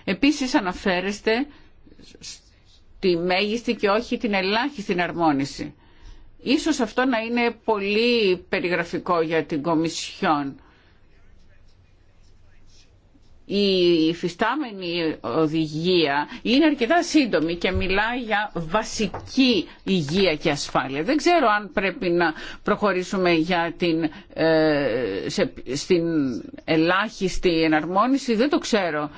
Επίσης αναφέρεστε τη μέγιστη και όχι την ελάχιστη αρμόνιση. Ίσως αυτό να είναι πολύ περιγραφικό για την Κομισιόν η φυστάμενη οδηγία είναι αρκετά σύντομη και μιλάει για βασική υγεία και ασφάλεια. Δεν ξέρω αν πρέπει να προχωρήσουμε για την, ε, στην ελάχιστη εναρμόνιση, δεν το ξέρω.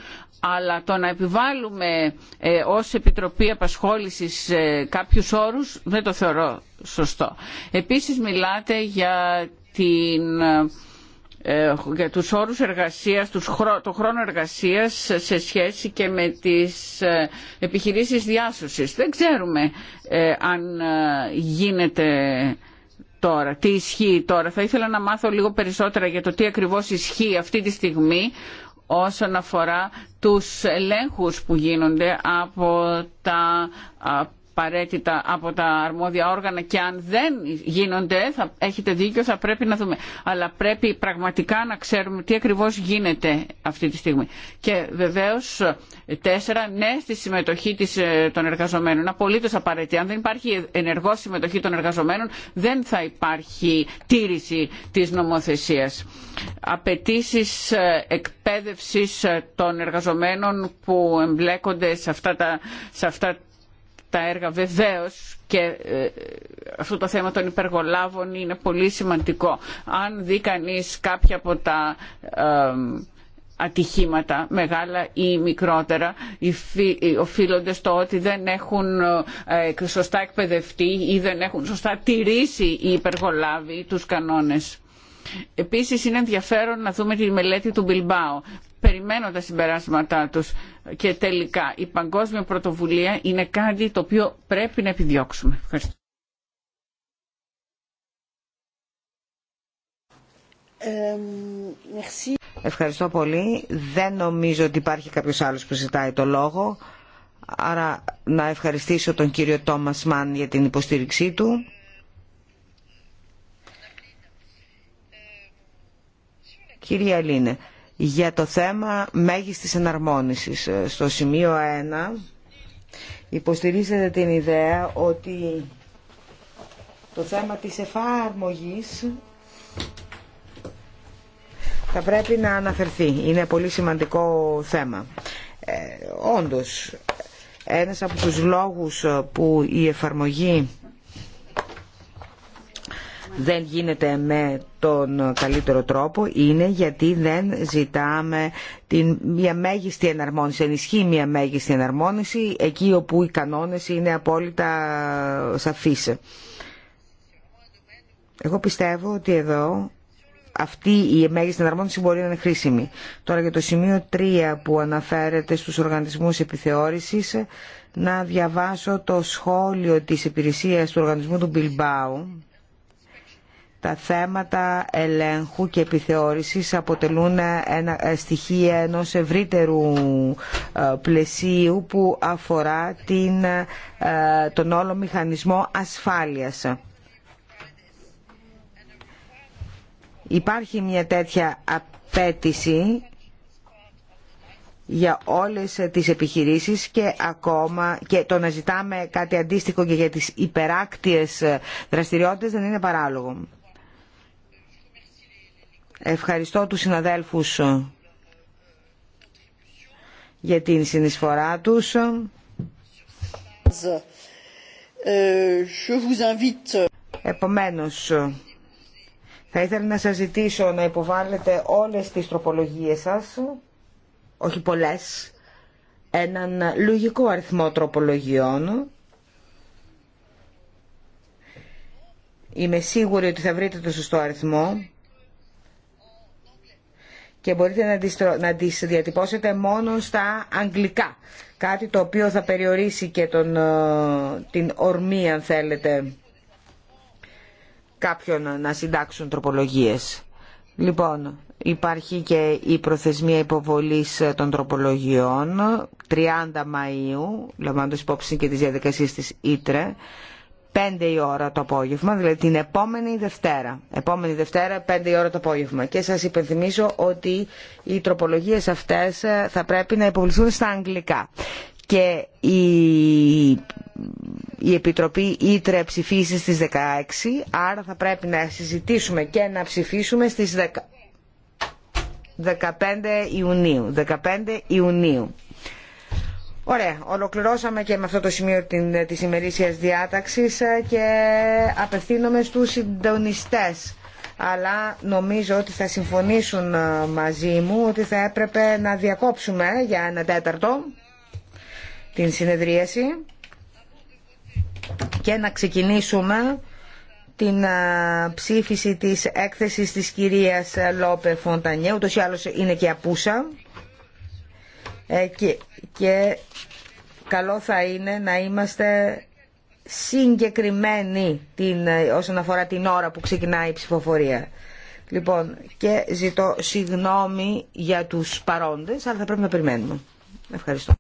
Αλλά το να επιβάλλουμε ε, ως Επιτροπή Απασχόλησης ε, κάποιους όρους δεν το θεωρώ σωστό. Επίσης μιλάτε για την ε, ε, για τους όρους εργασίας, τους το χρόνο εργασίας σε σχέση και με τις ε, επιχειρήσεις διάσωσης. Δεν ξέρουμε ε, αν γίνεται τώρα, τι ισχύει τώρα. Θα ήθελα να μάθω λίγο περισσότερα για το τι ακριβώς ισχύει αυτή τη στιγμή όσον αφορά τους ελέγχους που γίνονται από τα απαραίτητα από τα αρμόδια όργανα και αν δεν γίνονται, θα, έχετε δίκιο, θα πρέπει να δούμε. Αλλά πρέπει πραγματικά να ξέρουμε τι ακριβώς γίνεται αυτή τη στιγμή. Και βεβαίως τέσσερα, ναι στη συμμετοχή της, ε, των εργαζομένων. Απολύτως απαραίτητη. Αν δεν υπάρχει ενεργό συμμετοχή των εργαζομένων, δεν θα υπάρχει τήρηση της νομοθεσίας. Απαιτήσει ε, εκπαίδευση ε, των εργαζομένων που εμπλέκονται σε αυτά τα, σε αυτά τα έργα βεβαίως και ε, αυτό το θέμα των υπεργολάβων είναι πολύ σημαντικό. Αν δει κανεί κάποια από τα ατυχήματα, μεγάλα ή μικρότερα, ε, οφείλονται στο ότι δεν έχουν ε, σωστά εκπαιδευτεί ή δεν έχουν σωστά τηρήσει οι υπεργολάβοι τους κανόνες. Επίσης είναι ενδιαφέρον να δούμε τη μελέτη του Μπιλμπάου. Περιμένω τα συμπεράσματά τους και τελικά η παγκόσμια πρωτοβουλία είναι κάτι το οποίο πρέπει να επιδιώξουμε. Ευχαριστώ. Ε, ευχαριστώ πολύ. Δεν νομίζω ότι υπάρχει κάποιος άλλος που ζητάει το λόγο. Άρα να ευχαριστήσω τον κύριο Τόμας Μαν για την υποστήριξή του. Κυρία Ελίνε, για το θέμα μέγιστης εναρμόνισης. Ε, στο σημείο 1 υποστηρίζεται την ιδέα ότι το θέμα της εφαρμογής θα πρέπει να αναφερθεί. Είναι πολύ σημαντικό θέμα. Ε, όντως, ένας από τους λόγους που η εφαρμογή δεν γίνεται με τον καλύτερο τρόπο είναι γιατί δεν ζητάμε την, μια μέγιστη εναρμόνιση. Ενισχύει μια μέγιστη εναρμόνιση εκεί όπου οι κανόνες είναι απόλυτα σαφείς. Εγώ πιστεύω ότι εδώ αυτή η μέγιστη εναρμόνιση μπορεί να είναι χρήσιμη. Τώρα για το σημείο 3 που αναφέρεται στους οργανισμούς επιθεώρησης να διαβάσω το σχόλιο της υπηρεσίας του οργανισμού του Μπιλμπάου τα θέματα ελέγχου και επιθεώρησης αποτελούν ένα ε, στοιχείο ενός ευρύτερου ε, πλαισίου που αφορά την, ε, τον όλο μηχανισμό ασφάλειας. Υπάρχει μια τέτοια απέτηση για όλες τις επιχειρήσεις και ακόμα και το να ζητάμε κάτι αντίστοιχο και για τις υπεράκτιες δραστηριότητες δεν είναι παράλογο. Ευχαριστώ τους συναδέλφους ε, για την συνεισφορά τους. Ε, ε, Επομένως, θα ήθελα να σας ζητήσω να υποβάλλετε όλες τις τροπολογίες σας, όχι πολλές, έναν λογικό αριθμό τροπολογιών. Είμαι σίγουρη ότι θα βρείτε το σωστό αριθμό και μπορείτε να τις, να τις διατυπώσετε μόνο στα αγγλικά. Κάτι το οποίο θα περιορίσει και τον, ε, την ορμή, αν θέλετε, κάποιον να συντάξουν τροπολογίες. Λοιπόν, υπάρχει και η προθεσμία υποβολής ε, των τροπολογιών, 30 Μαΐου, λαμβάνοντας υπόψη και τις διαδικασίες της Ήτρε. 5 η ώρα το απόγευμα, δηλαδή την επόμενη Δευτέρα. Επόμενη Δευτέρα, 5 η ώρα το απόγευμα. Και σας υπενθυμίσω ότι οι τροπολογίες αυτές ε, θα πρέπει να υποβληθούν στα αγγλικά. Και η, η Επιτροπή Ήτρε ψηφίσει στις 16, άρα θα πρέπει να συζητήσουμε και να ψηφίσουμε στις 15 Ιουνίου. 15 Ιουνίου. Ωραία, ολοκληρώσαμε και με αυτό το σημείο της ημερήσιας διάταξης ε, και απευθύνομαι στους συντονιστές. Αλλά νομίζω ότι θα συμφωνήσουν ε, μαζί μου ότι θα έπρεπε να διακόψουμε για ένα τέταρτο την συνεδρίαση και να ξεκινήσουμε την ε, ψήφιση της έκθεσης της κυρίας Λόπε Φοντανιέ, ούτως ή άλλως είναι και απούσα και καλό θα είναι να είμαστε συγκεκριμένοι την, όσον αφορά την ώρα που ξεκινάει η ψηφοφορία. Λοιπόν, και ζητώ συγγνώμη για τους παρόντες, αλλά θα πρέπει να περιμένουμε. Ευχαριστώ.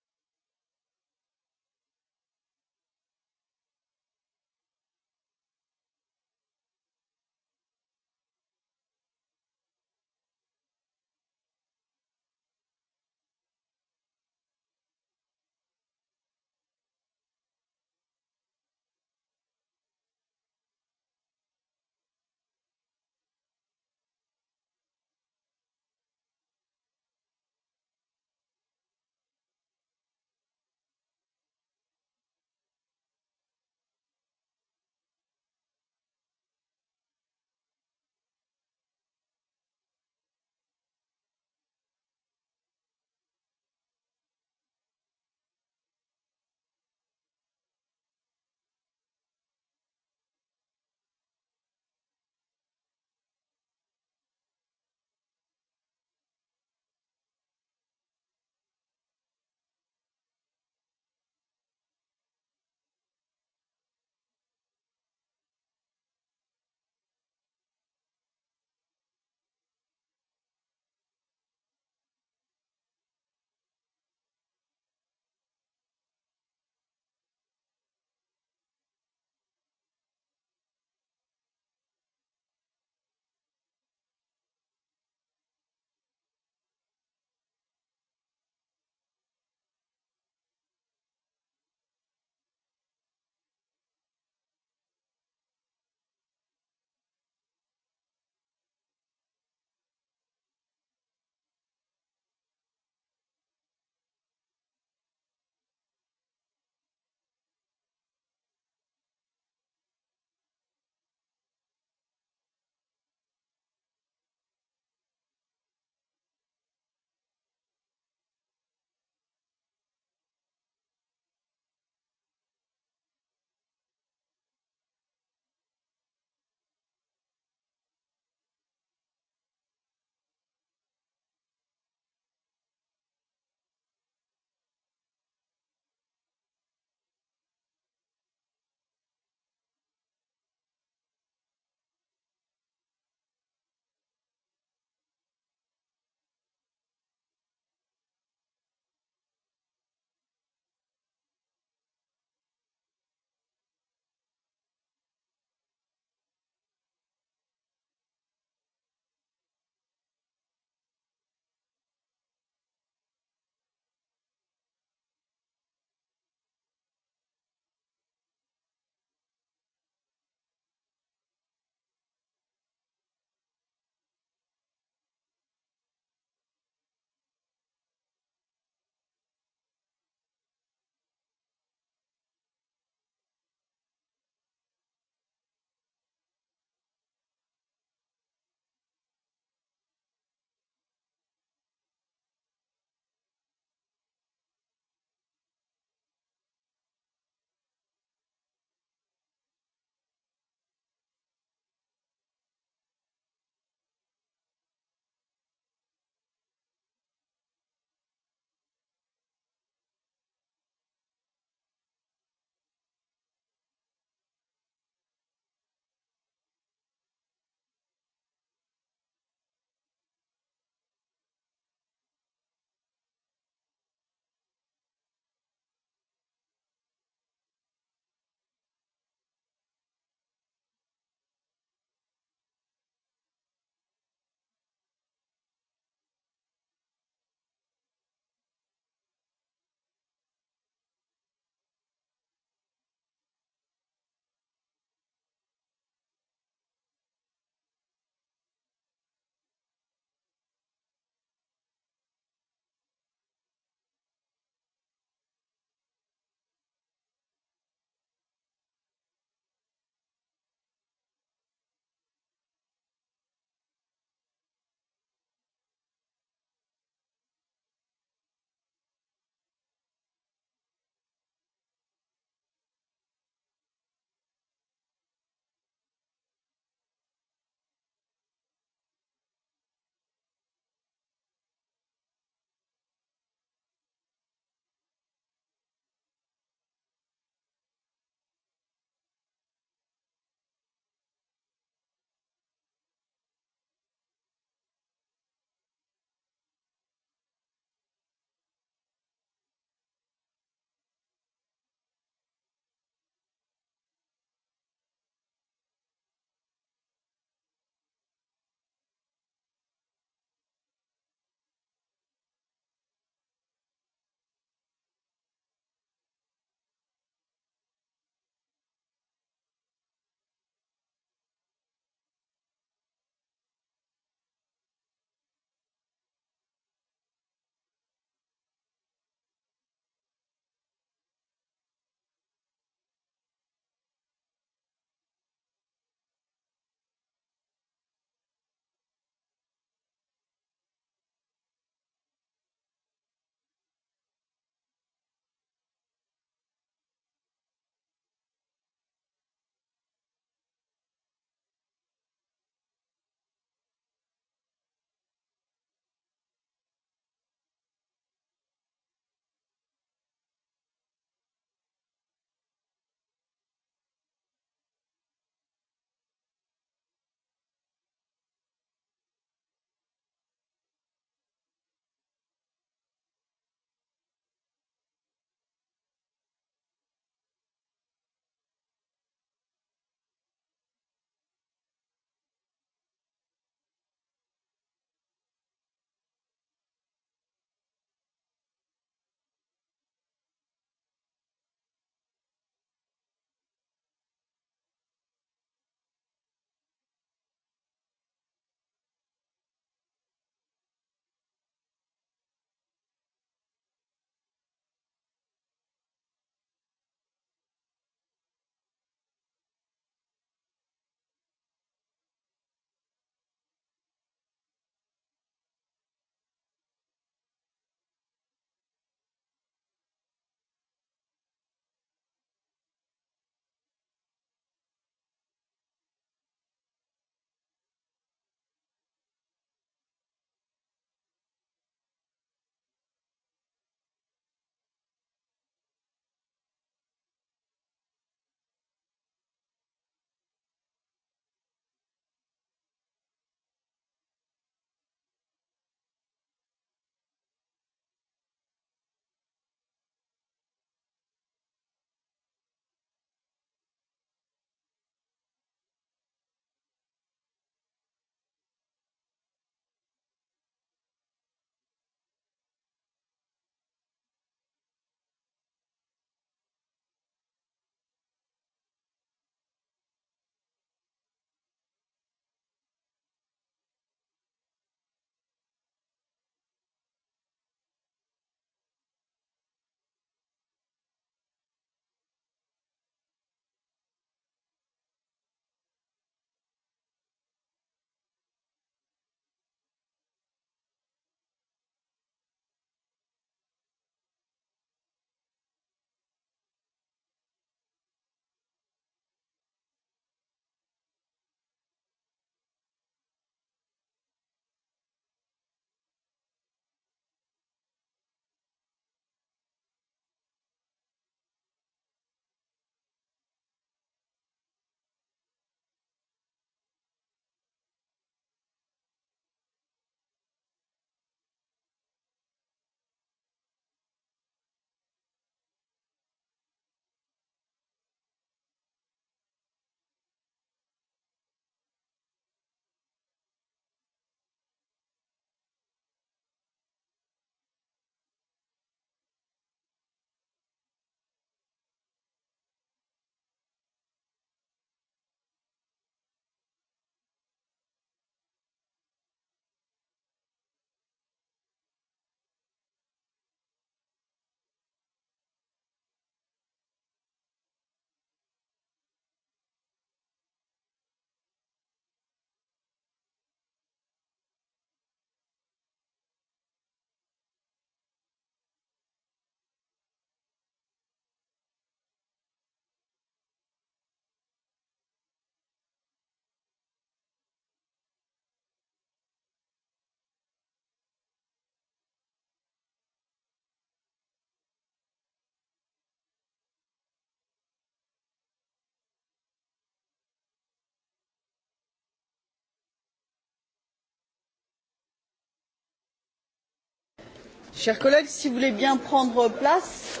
Chers collègues, si vous voulez bien prendre place.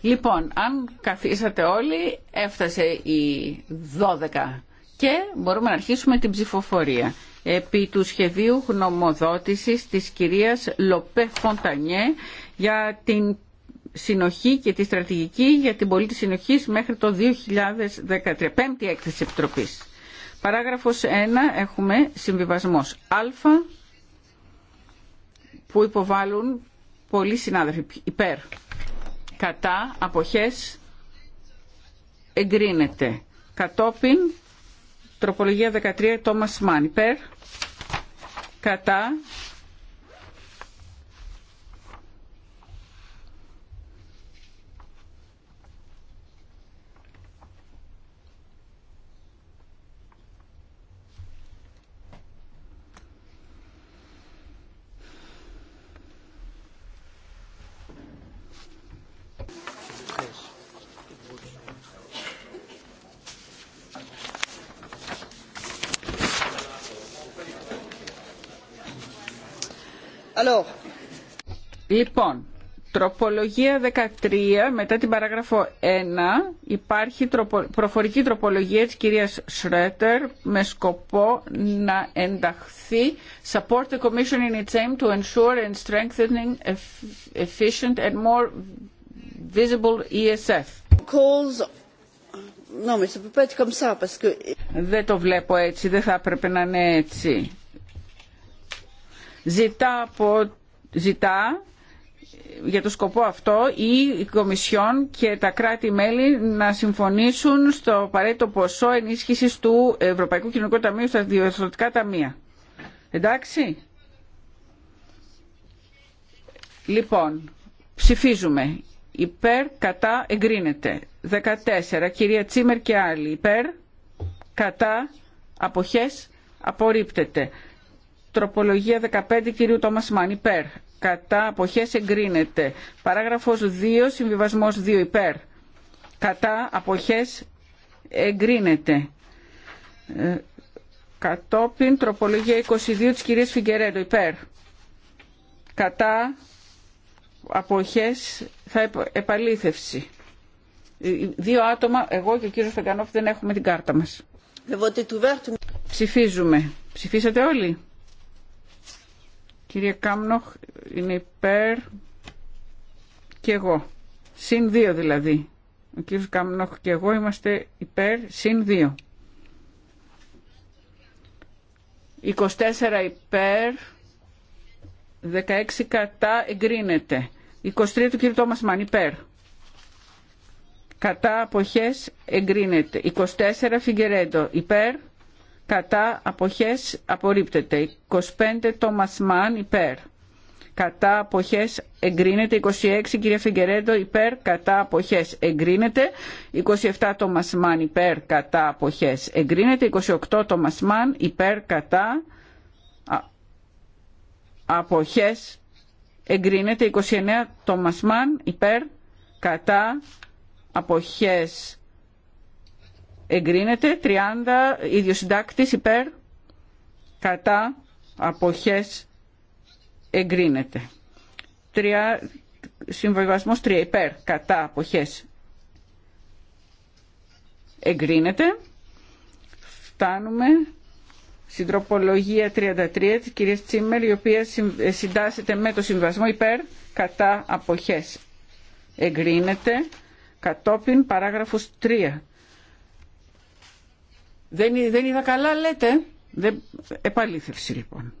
Λοιπόν, αν καθίσατε όλοι, έφτασε η 12 και μπορούμε να αρχίσουμε την ψηφοφορία. Επί του σχεδίου γνωμοδότησης της κυρίας Λοπέ Φοντανιέ για την συνοχή και τη στρατηγική για την πολίτη συνοχής μέχρι το 2013. Πέμπτη έκθεση Επιτροπής. Παράγραφος 1 έχουμε συμβιβασμός α που υποβάλλουν πολλοί συνάδελφοι υπέρ κατά αποχές εγκρίνεται. Κατόπιν τροπολογία 13 Τόμας Mann κατά Λοιπόν, τροπολογία 13, μετά την παράγραφο 1, υπάρχει τροπο, προφορική τροπολογία της κυρίας Σρέτερ με σκοπό να ενταχθεί «Support the Commission in its aim to ensure and strengthening efficient and more visible ESF». Calls... mais ça peut être Δεν το βλέπω έτσι, δεν θα έπρεπε να είναι έτσι. Ζητά από... Ζητά για το σκοπό αυτό η Κομισιόν και τα κράτη-μέλη να συμφωνήσουν στο απαραίτητο ποσό ενίσχυσης του Ευρωπαϊκού Κοινωνικού Ταμείου στα διορθωτικά ταμεία. Εντάξει. Λοιπόν, ψηφίζουμε. Υπέρ, κατά, εγκρίνεται. 14. Κυρία Τσίμερ και άλλοι. Υπέρ, κατά, αποχές, απορρίπτεται. Τροπολογία 15 κυρίου Τόμας Μάνι. Υπέρ, κατά αποχές εγκρίνεται. Παράγραφος 2, συμβιβασμός 2 υπέρ. Κατά αποχές εγκρίνεται. Ε, κατόπιν τροπολογία 22 της κυρίας Φιγκερέντο υπέρ. Κατά αποχές θα επαλήθευση. Ε, δύο άτομα, εγώ και ο κύριος Φεγγανόφ δεν έχουμε την κάρτα μας. Ψηφίζουμε. Ψηφίσατε όλοι. Κύριε Κάμνοχ, είναι υπέρ και εγώ. Συν δύο δηλαδή. Ο κύριος Κάμνοχ και εγώ είμαστε υπέρ συν δύο. 24 υπέρ, 16 κατά εγκρίνεται. 23 του κύριου Τόμας Μαν υπέρ. Κατά αποχές εγκρίνεται. 24 Φιγκερέντο υπέρ κατά αποχές απορρίπτεται 25 Τόμας Μάν υπέρ κατά αποχές εγκρίνεται 26 κυρία Φιγκερέντο υπέρ κατά αποχές εγκρίνεται 27 Τόμας Μάν υπέρ κατά αποχές εγκρίνεται 28 Τόμας Μάν υπέρ κατά αποχές εγκρίνεται 29 Τόμας Μάν υπέρ κατά αποχές εγκρίνεται 30 ιδιοσυντάκτης υπέρ κατά αποχές εγκρίνεται Τρία, συμβασμός 3 υπέρ κατά αποχές εγκρίνεται φτάνουμε στην τροπολογία 33 της κυρίας Τσίμερ η οποία ε, συντάσσεται με το συμβασμό υπέρ κατά αποχές εγκρίνεται κατόπιν παράγραφος 3 δεν, δεν είδα καλά λέτε. Δεν... Επαλήθευση λοιπόν.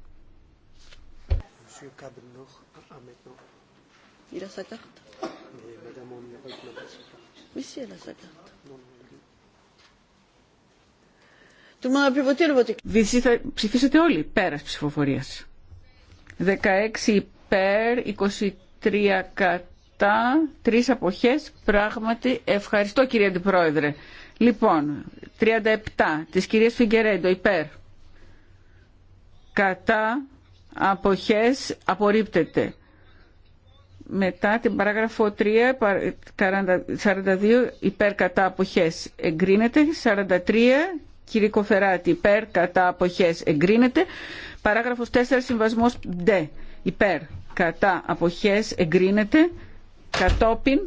Βυσί θα ψηφίσετε όλοι πέρα ψηφοφορίας. 16 υπέρ, 23 κατά, 3 αποχές. Πράγματι ευχαριστώ κύριε Αντιπρόεδρε. Λοιπόν, 37 της κυρίας Φιγκερέντο υπέρ. Κατά αποχές απορρίπτεται. Μετά την παράγραφο 3, 42 υπέρ κατά αποχές εγκρίνεται. 43 κύριε Κοφεράτη υπέρ κατά αποχές εγκρίνεται. Παράγραφος 4 συμβασμός D υπέρ κατά αποχές εγκρίνεται. Κατόπιν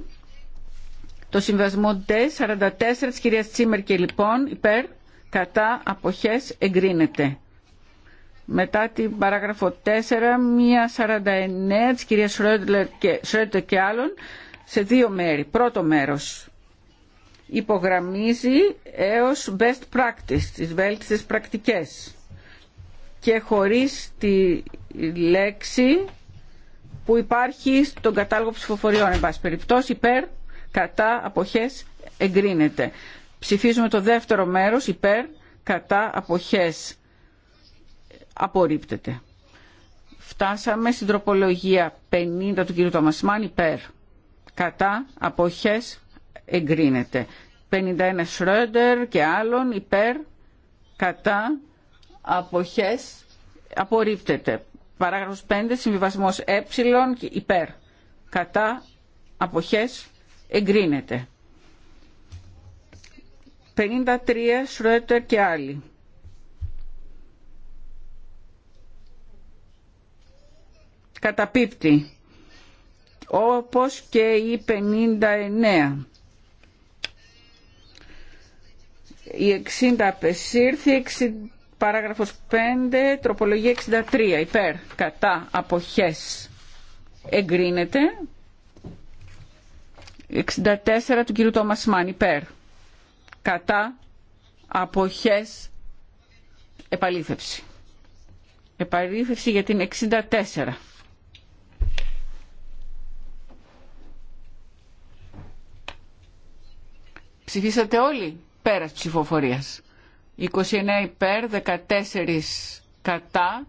το συμβασμό D44 της κυρίας Τσίμερ και λοιπόν υπέρ κατά αποχές εγκρίνεται. Μετά την παράγραφο 4, μία 49 της κυρίας Σρέντλερ και, και άλλων σε δύο μέρη. Πρώτο μέρος υπογραμμίζει έως best practice, τις βέλτιστες πρακτικές και χωρίς τη λέξη που υπάρχει στον κατάλογο ψηφοφοριών. Εν πάση περιπτώσει, υπέρ κατά, αποχές, εγκρίνεται. Ψηφίζουμε το δεύτερο μέρος, υπέρ, κατά, αποχές, απορρίπτεται. Φτάσαμε στην τροπολογία 50 του κ. Ταμασμάν, υπέρ, κατά, αποχές, εγκρίνεται. 51 Σρόντερ και άλλων, υπέρ, κατά, αποχές, απορρίπτεται. Παράγραφος 5, συμβιβασμός ε, υπέρ, κατά, αποχές, εγκρίνεται. 53 Σρέτερ και άλλοι. Καταπίπτει. Όπως και η 59. Η 60 απεσύρθη, παράγραφος 5, τροπολογία 63, υπέρ, κατά, αποχές, εγκρίνεται. 64 του κυρίου Τόμας Μάν υπέρ. Κατά αποχές επαλήθευση. Επαλήθευση για την 64. Ψηφίσατε όλοι πέρας ψηφοφορίας. 29 υπέρ, 14 κατά,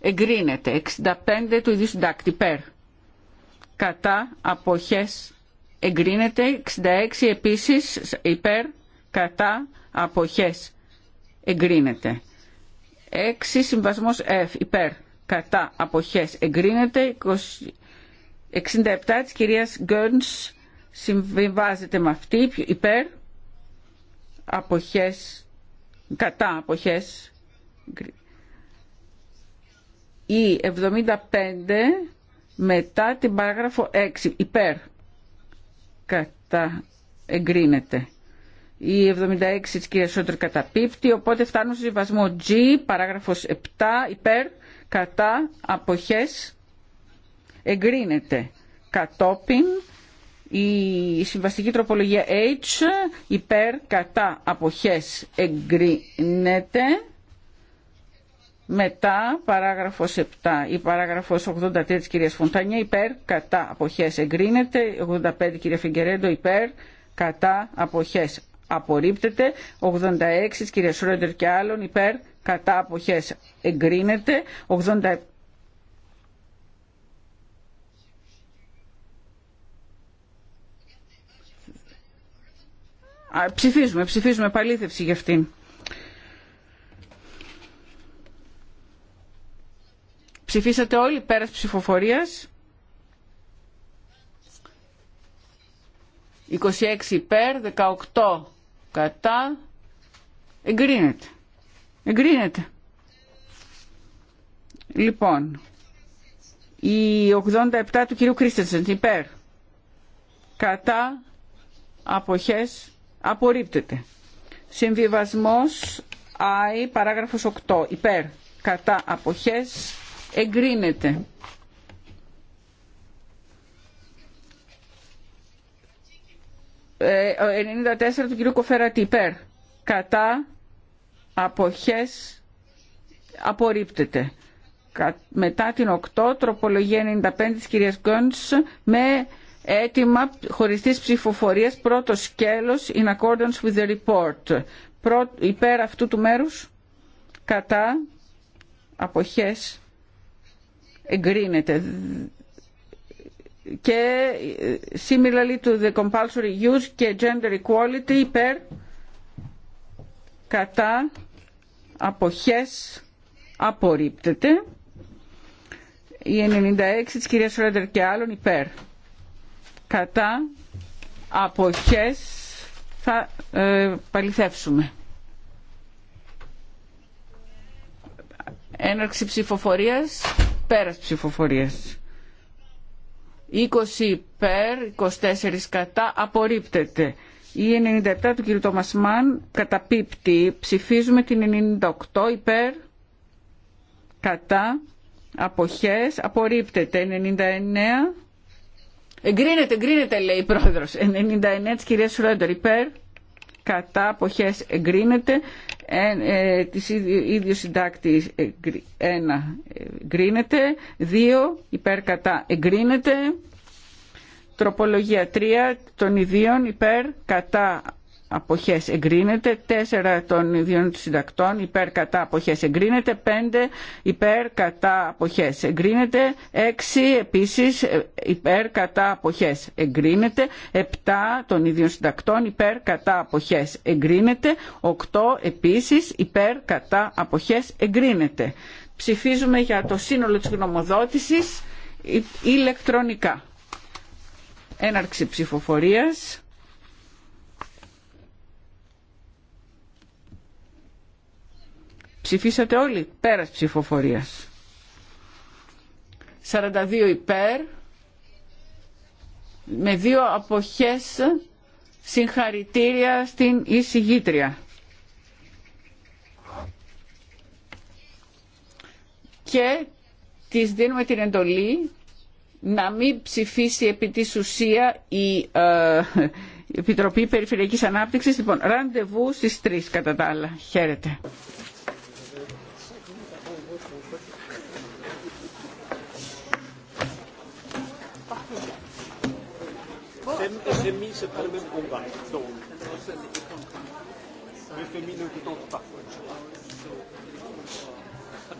εγκρίνεται. 65 του ίδιου συντάκτη υπέρ. Κατά αποχές εγκρίνεται 66 επίσης υπέρ κατά αποχές εγκρίνεται 6 συμβασμός F υπέρ κατά αποχές εγκρίνεται 67 της κυρίας Γκέρνς συμβιβάζεται με αυτή υπέρ αποχές κατά αποχές ή 75 μετά την παράγραφο 6 υπέρ κατά εγκρίνεται. Η 76 της κυρίας Σόντερ καταπίπτει, οπότε φτάνουν στο συμβασμό G, παράγραφος 7, υπέρ, κατά, αποχές, εγκρίνεται. Κατόπιν, η συμβαστική τροπολογία H, υπέρ, κατά, αποχές, εγκρίνεται. Μετά, παράγραφος 7, η παράγραφος 83 τη κυρίας Φουντάνια, υπέρ, κατά αποχές εγκρίνεται, 85 κυρία Φιγκερέντο υπέρ, κατά αποχές απορρίπτεται, 86 τη κυρία Σρόντερ και άλλων υπέρ, κατά αποχές εγκρίνεται, 87 ψηφίζουμε, ψηφίζουμε παλήθευση για αυτήν. Ψηφίσατε όλοι πέρας ψηφοφορίας. 26 υπέρ, 18 κατά. Εγκρίνεται. Εγκρίνεται. Λοιπόν, η 87 του κυρίου Κρίστενσεν υπέρ. Κατά αποχές απορρίπτεται. Συμβιβασμός ΑΗ παράγραφος 8 υπέρ. Κατά αποχές εγκρίνεται. Ε, 94 του κ. Κοφεράτη υπέρ. Κατά αποχές απορρίπτεται. Μετά την 8 τροπολογία 95 της κ. Γκόντς με αίτημα χωριστής ψηφοφορίας πρώτο σκέλος in accordance with the report. υπέρ αυτού του μέρους κατά αποχές εγκρίνεται και similarly to the compulsory use και gender equality υπέρ κατά αποχές απορρίπτεται η 96 της κυρίας Ρέντερ και άλλων υπέρ κατά αποχές θα ε, παληθεύσουμε έναρξη ψηφοφορίας Πέρας ψηφοφορίας. 20 υπέρ, 24 κατά, απορρίπτεται. Η 97 του κ. Τόμασμαν καταπίπτει. Ψηφίζουμε την 98 υπέρ, κατά, αποχές, απορρίπτεται. 99, εγκρίνεται, εγκρίνεται λέει η πρόεδρος. 99 της κυρίας Σουρέντερ υπέρ, Κατά αποχέ εγκρίνεται. Ε, της ίδια συντάκτη 1 ε, ε, εγκρίνεται. 2 υπέρ κατά εγκρίνεται. Τροπολογία 3 των ιδίων υπέρ κατά αποχές εγκρίνεται, 4 των ιδίων συντακτών υπέρ κατά αποχές εγκρίνεται, 5 υπέρ κατά αποχές εγκρίνεται, 6 επίσης υπέρ κατά αποχές εγκρίνεται, 7 των ίδιων συντακτών υπέρ κατά αποχές εγκρίνεται, 8 επίσης υπέρ κατά αποχές εγκρίνεται. Ψηφίζουμε για το σύνολο της γνωμοδότησης ηλεκτρονικά. Έναρξη ψηφοφορίας. Ψηφίσατε όλοι. Πέρας ψηφοφορίας. 42 υπέρ. Με δύο αποχές συγχαρητήρια στην εισηγήτρια. Και της δίνουμε την εντολή να μην ψηφίσει επί της ουσία η ε, Επιτροπή Περιφερειακής Ανάπτυξης. Λοιπόν, ραντεβού στις 3 κατά τα άλλα. Χαίρετε. L'ennemi, c'est pas le même combat. Donc, le FMI ne vous tente pas.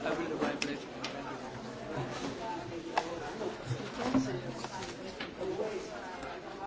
I will arrive later.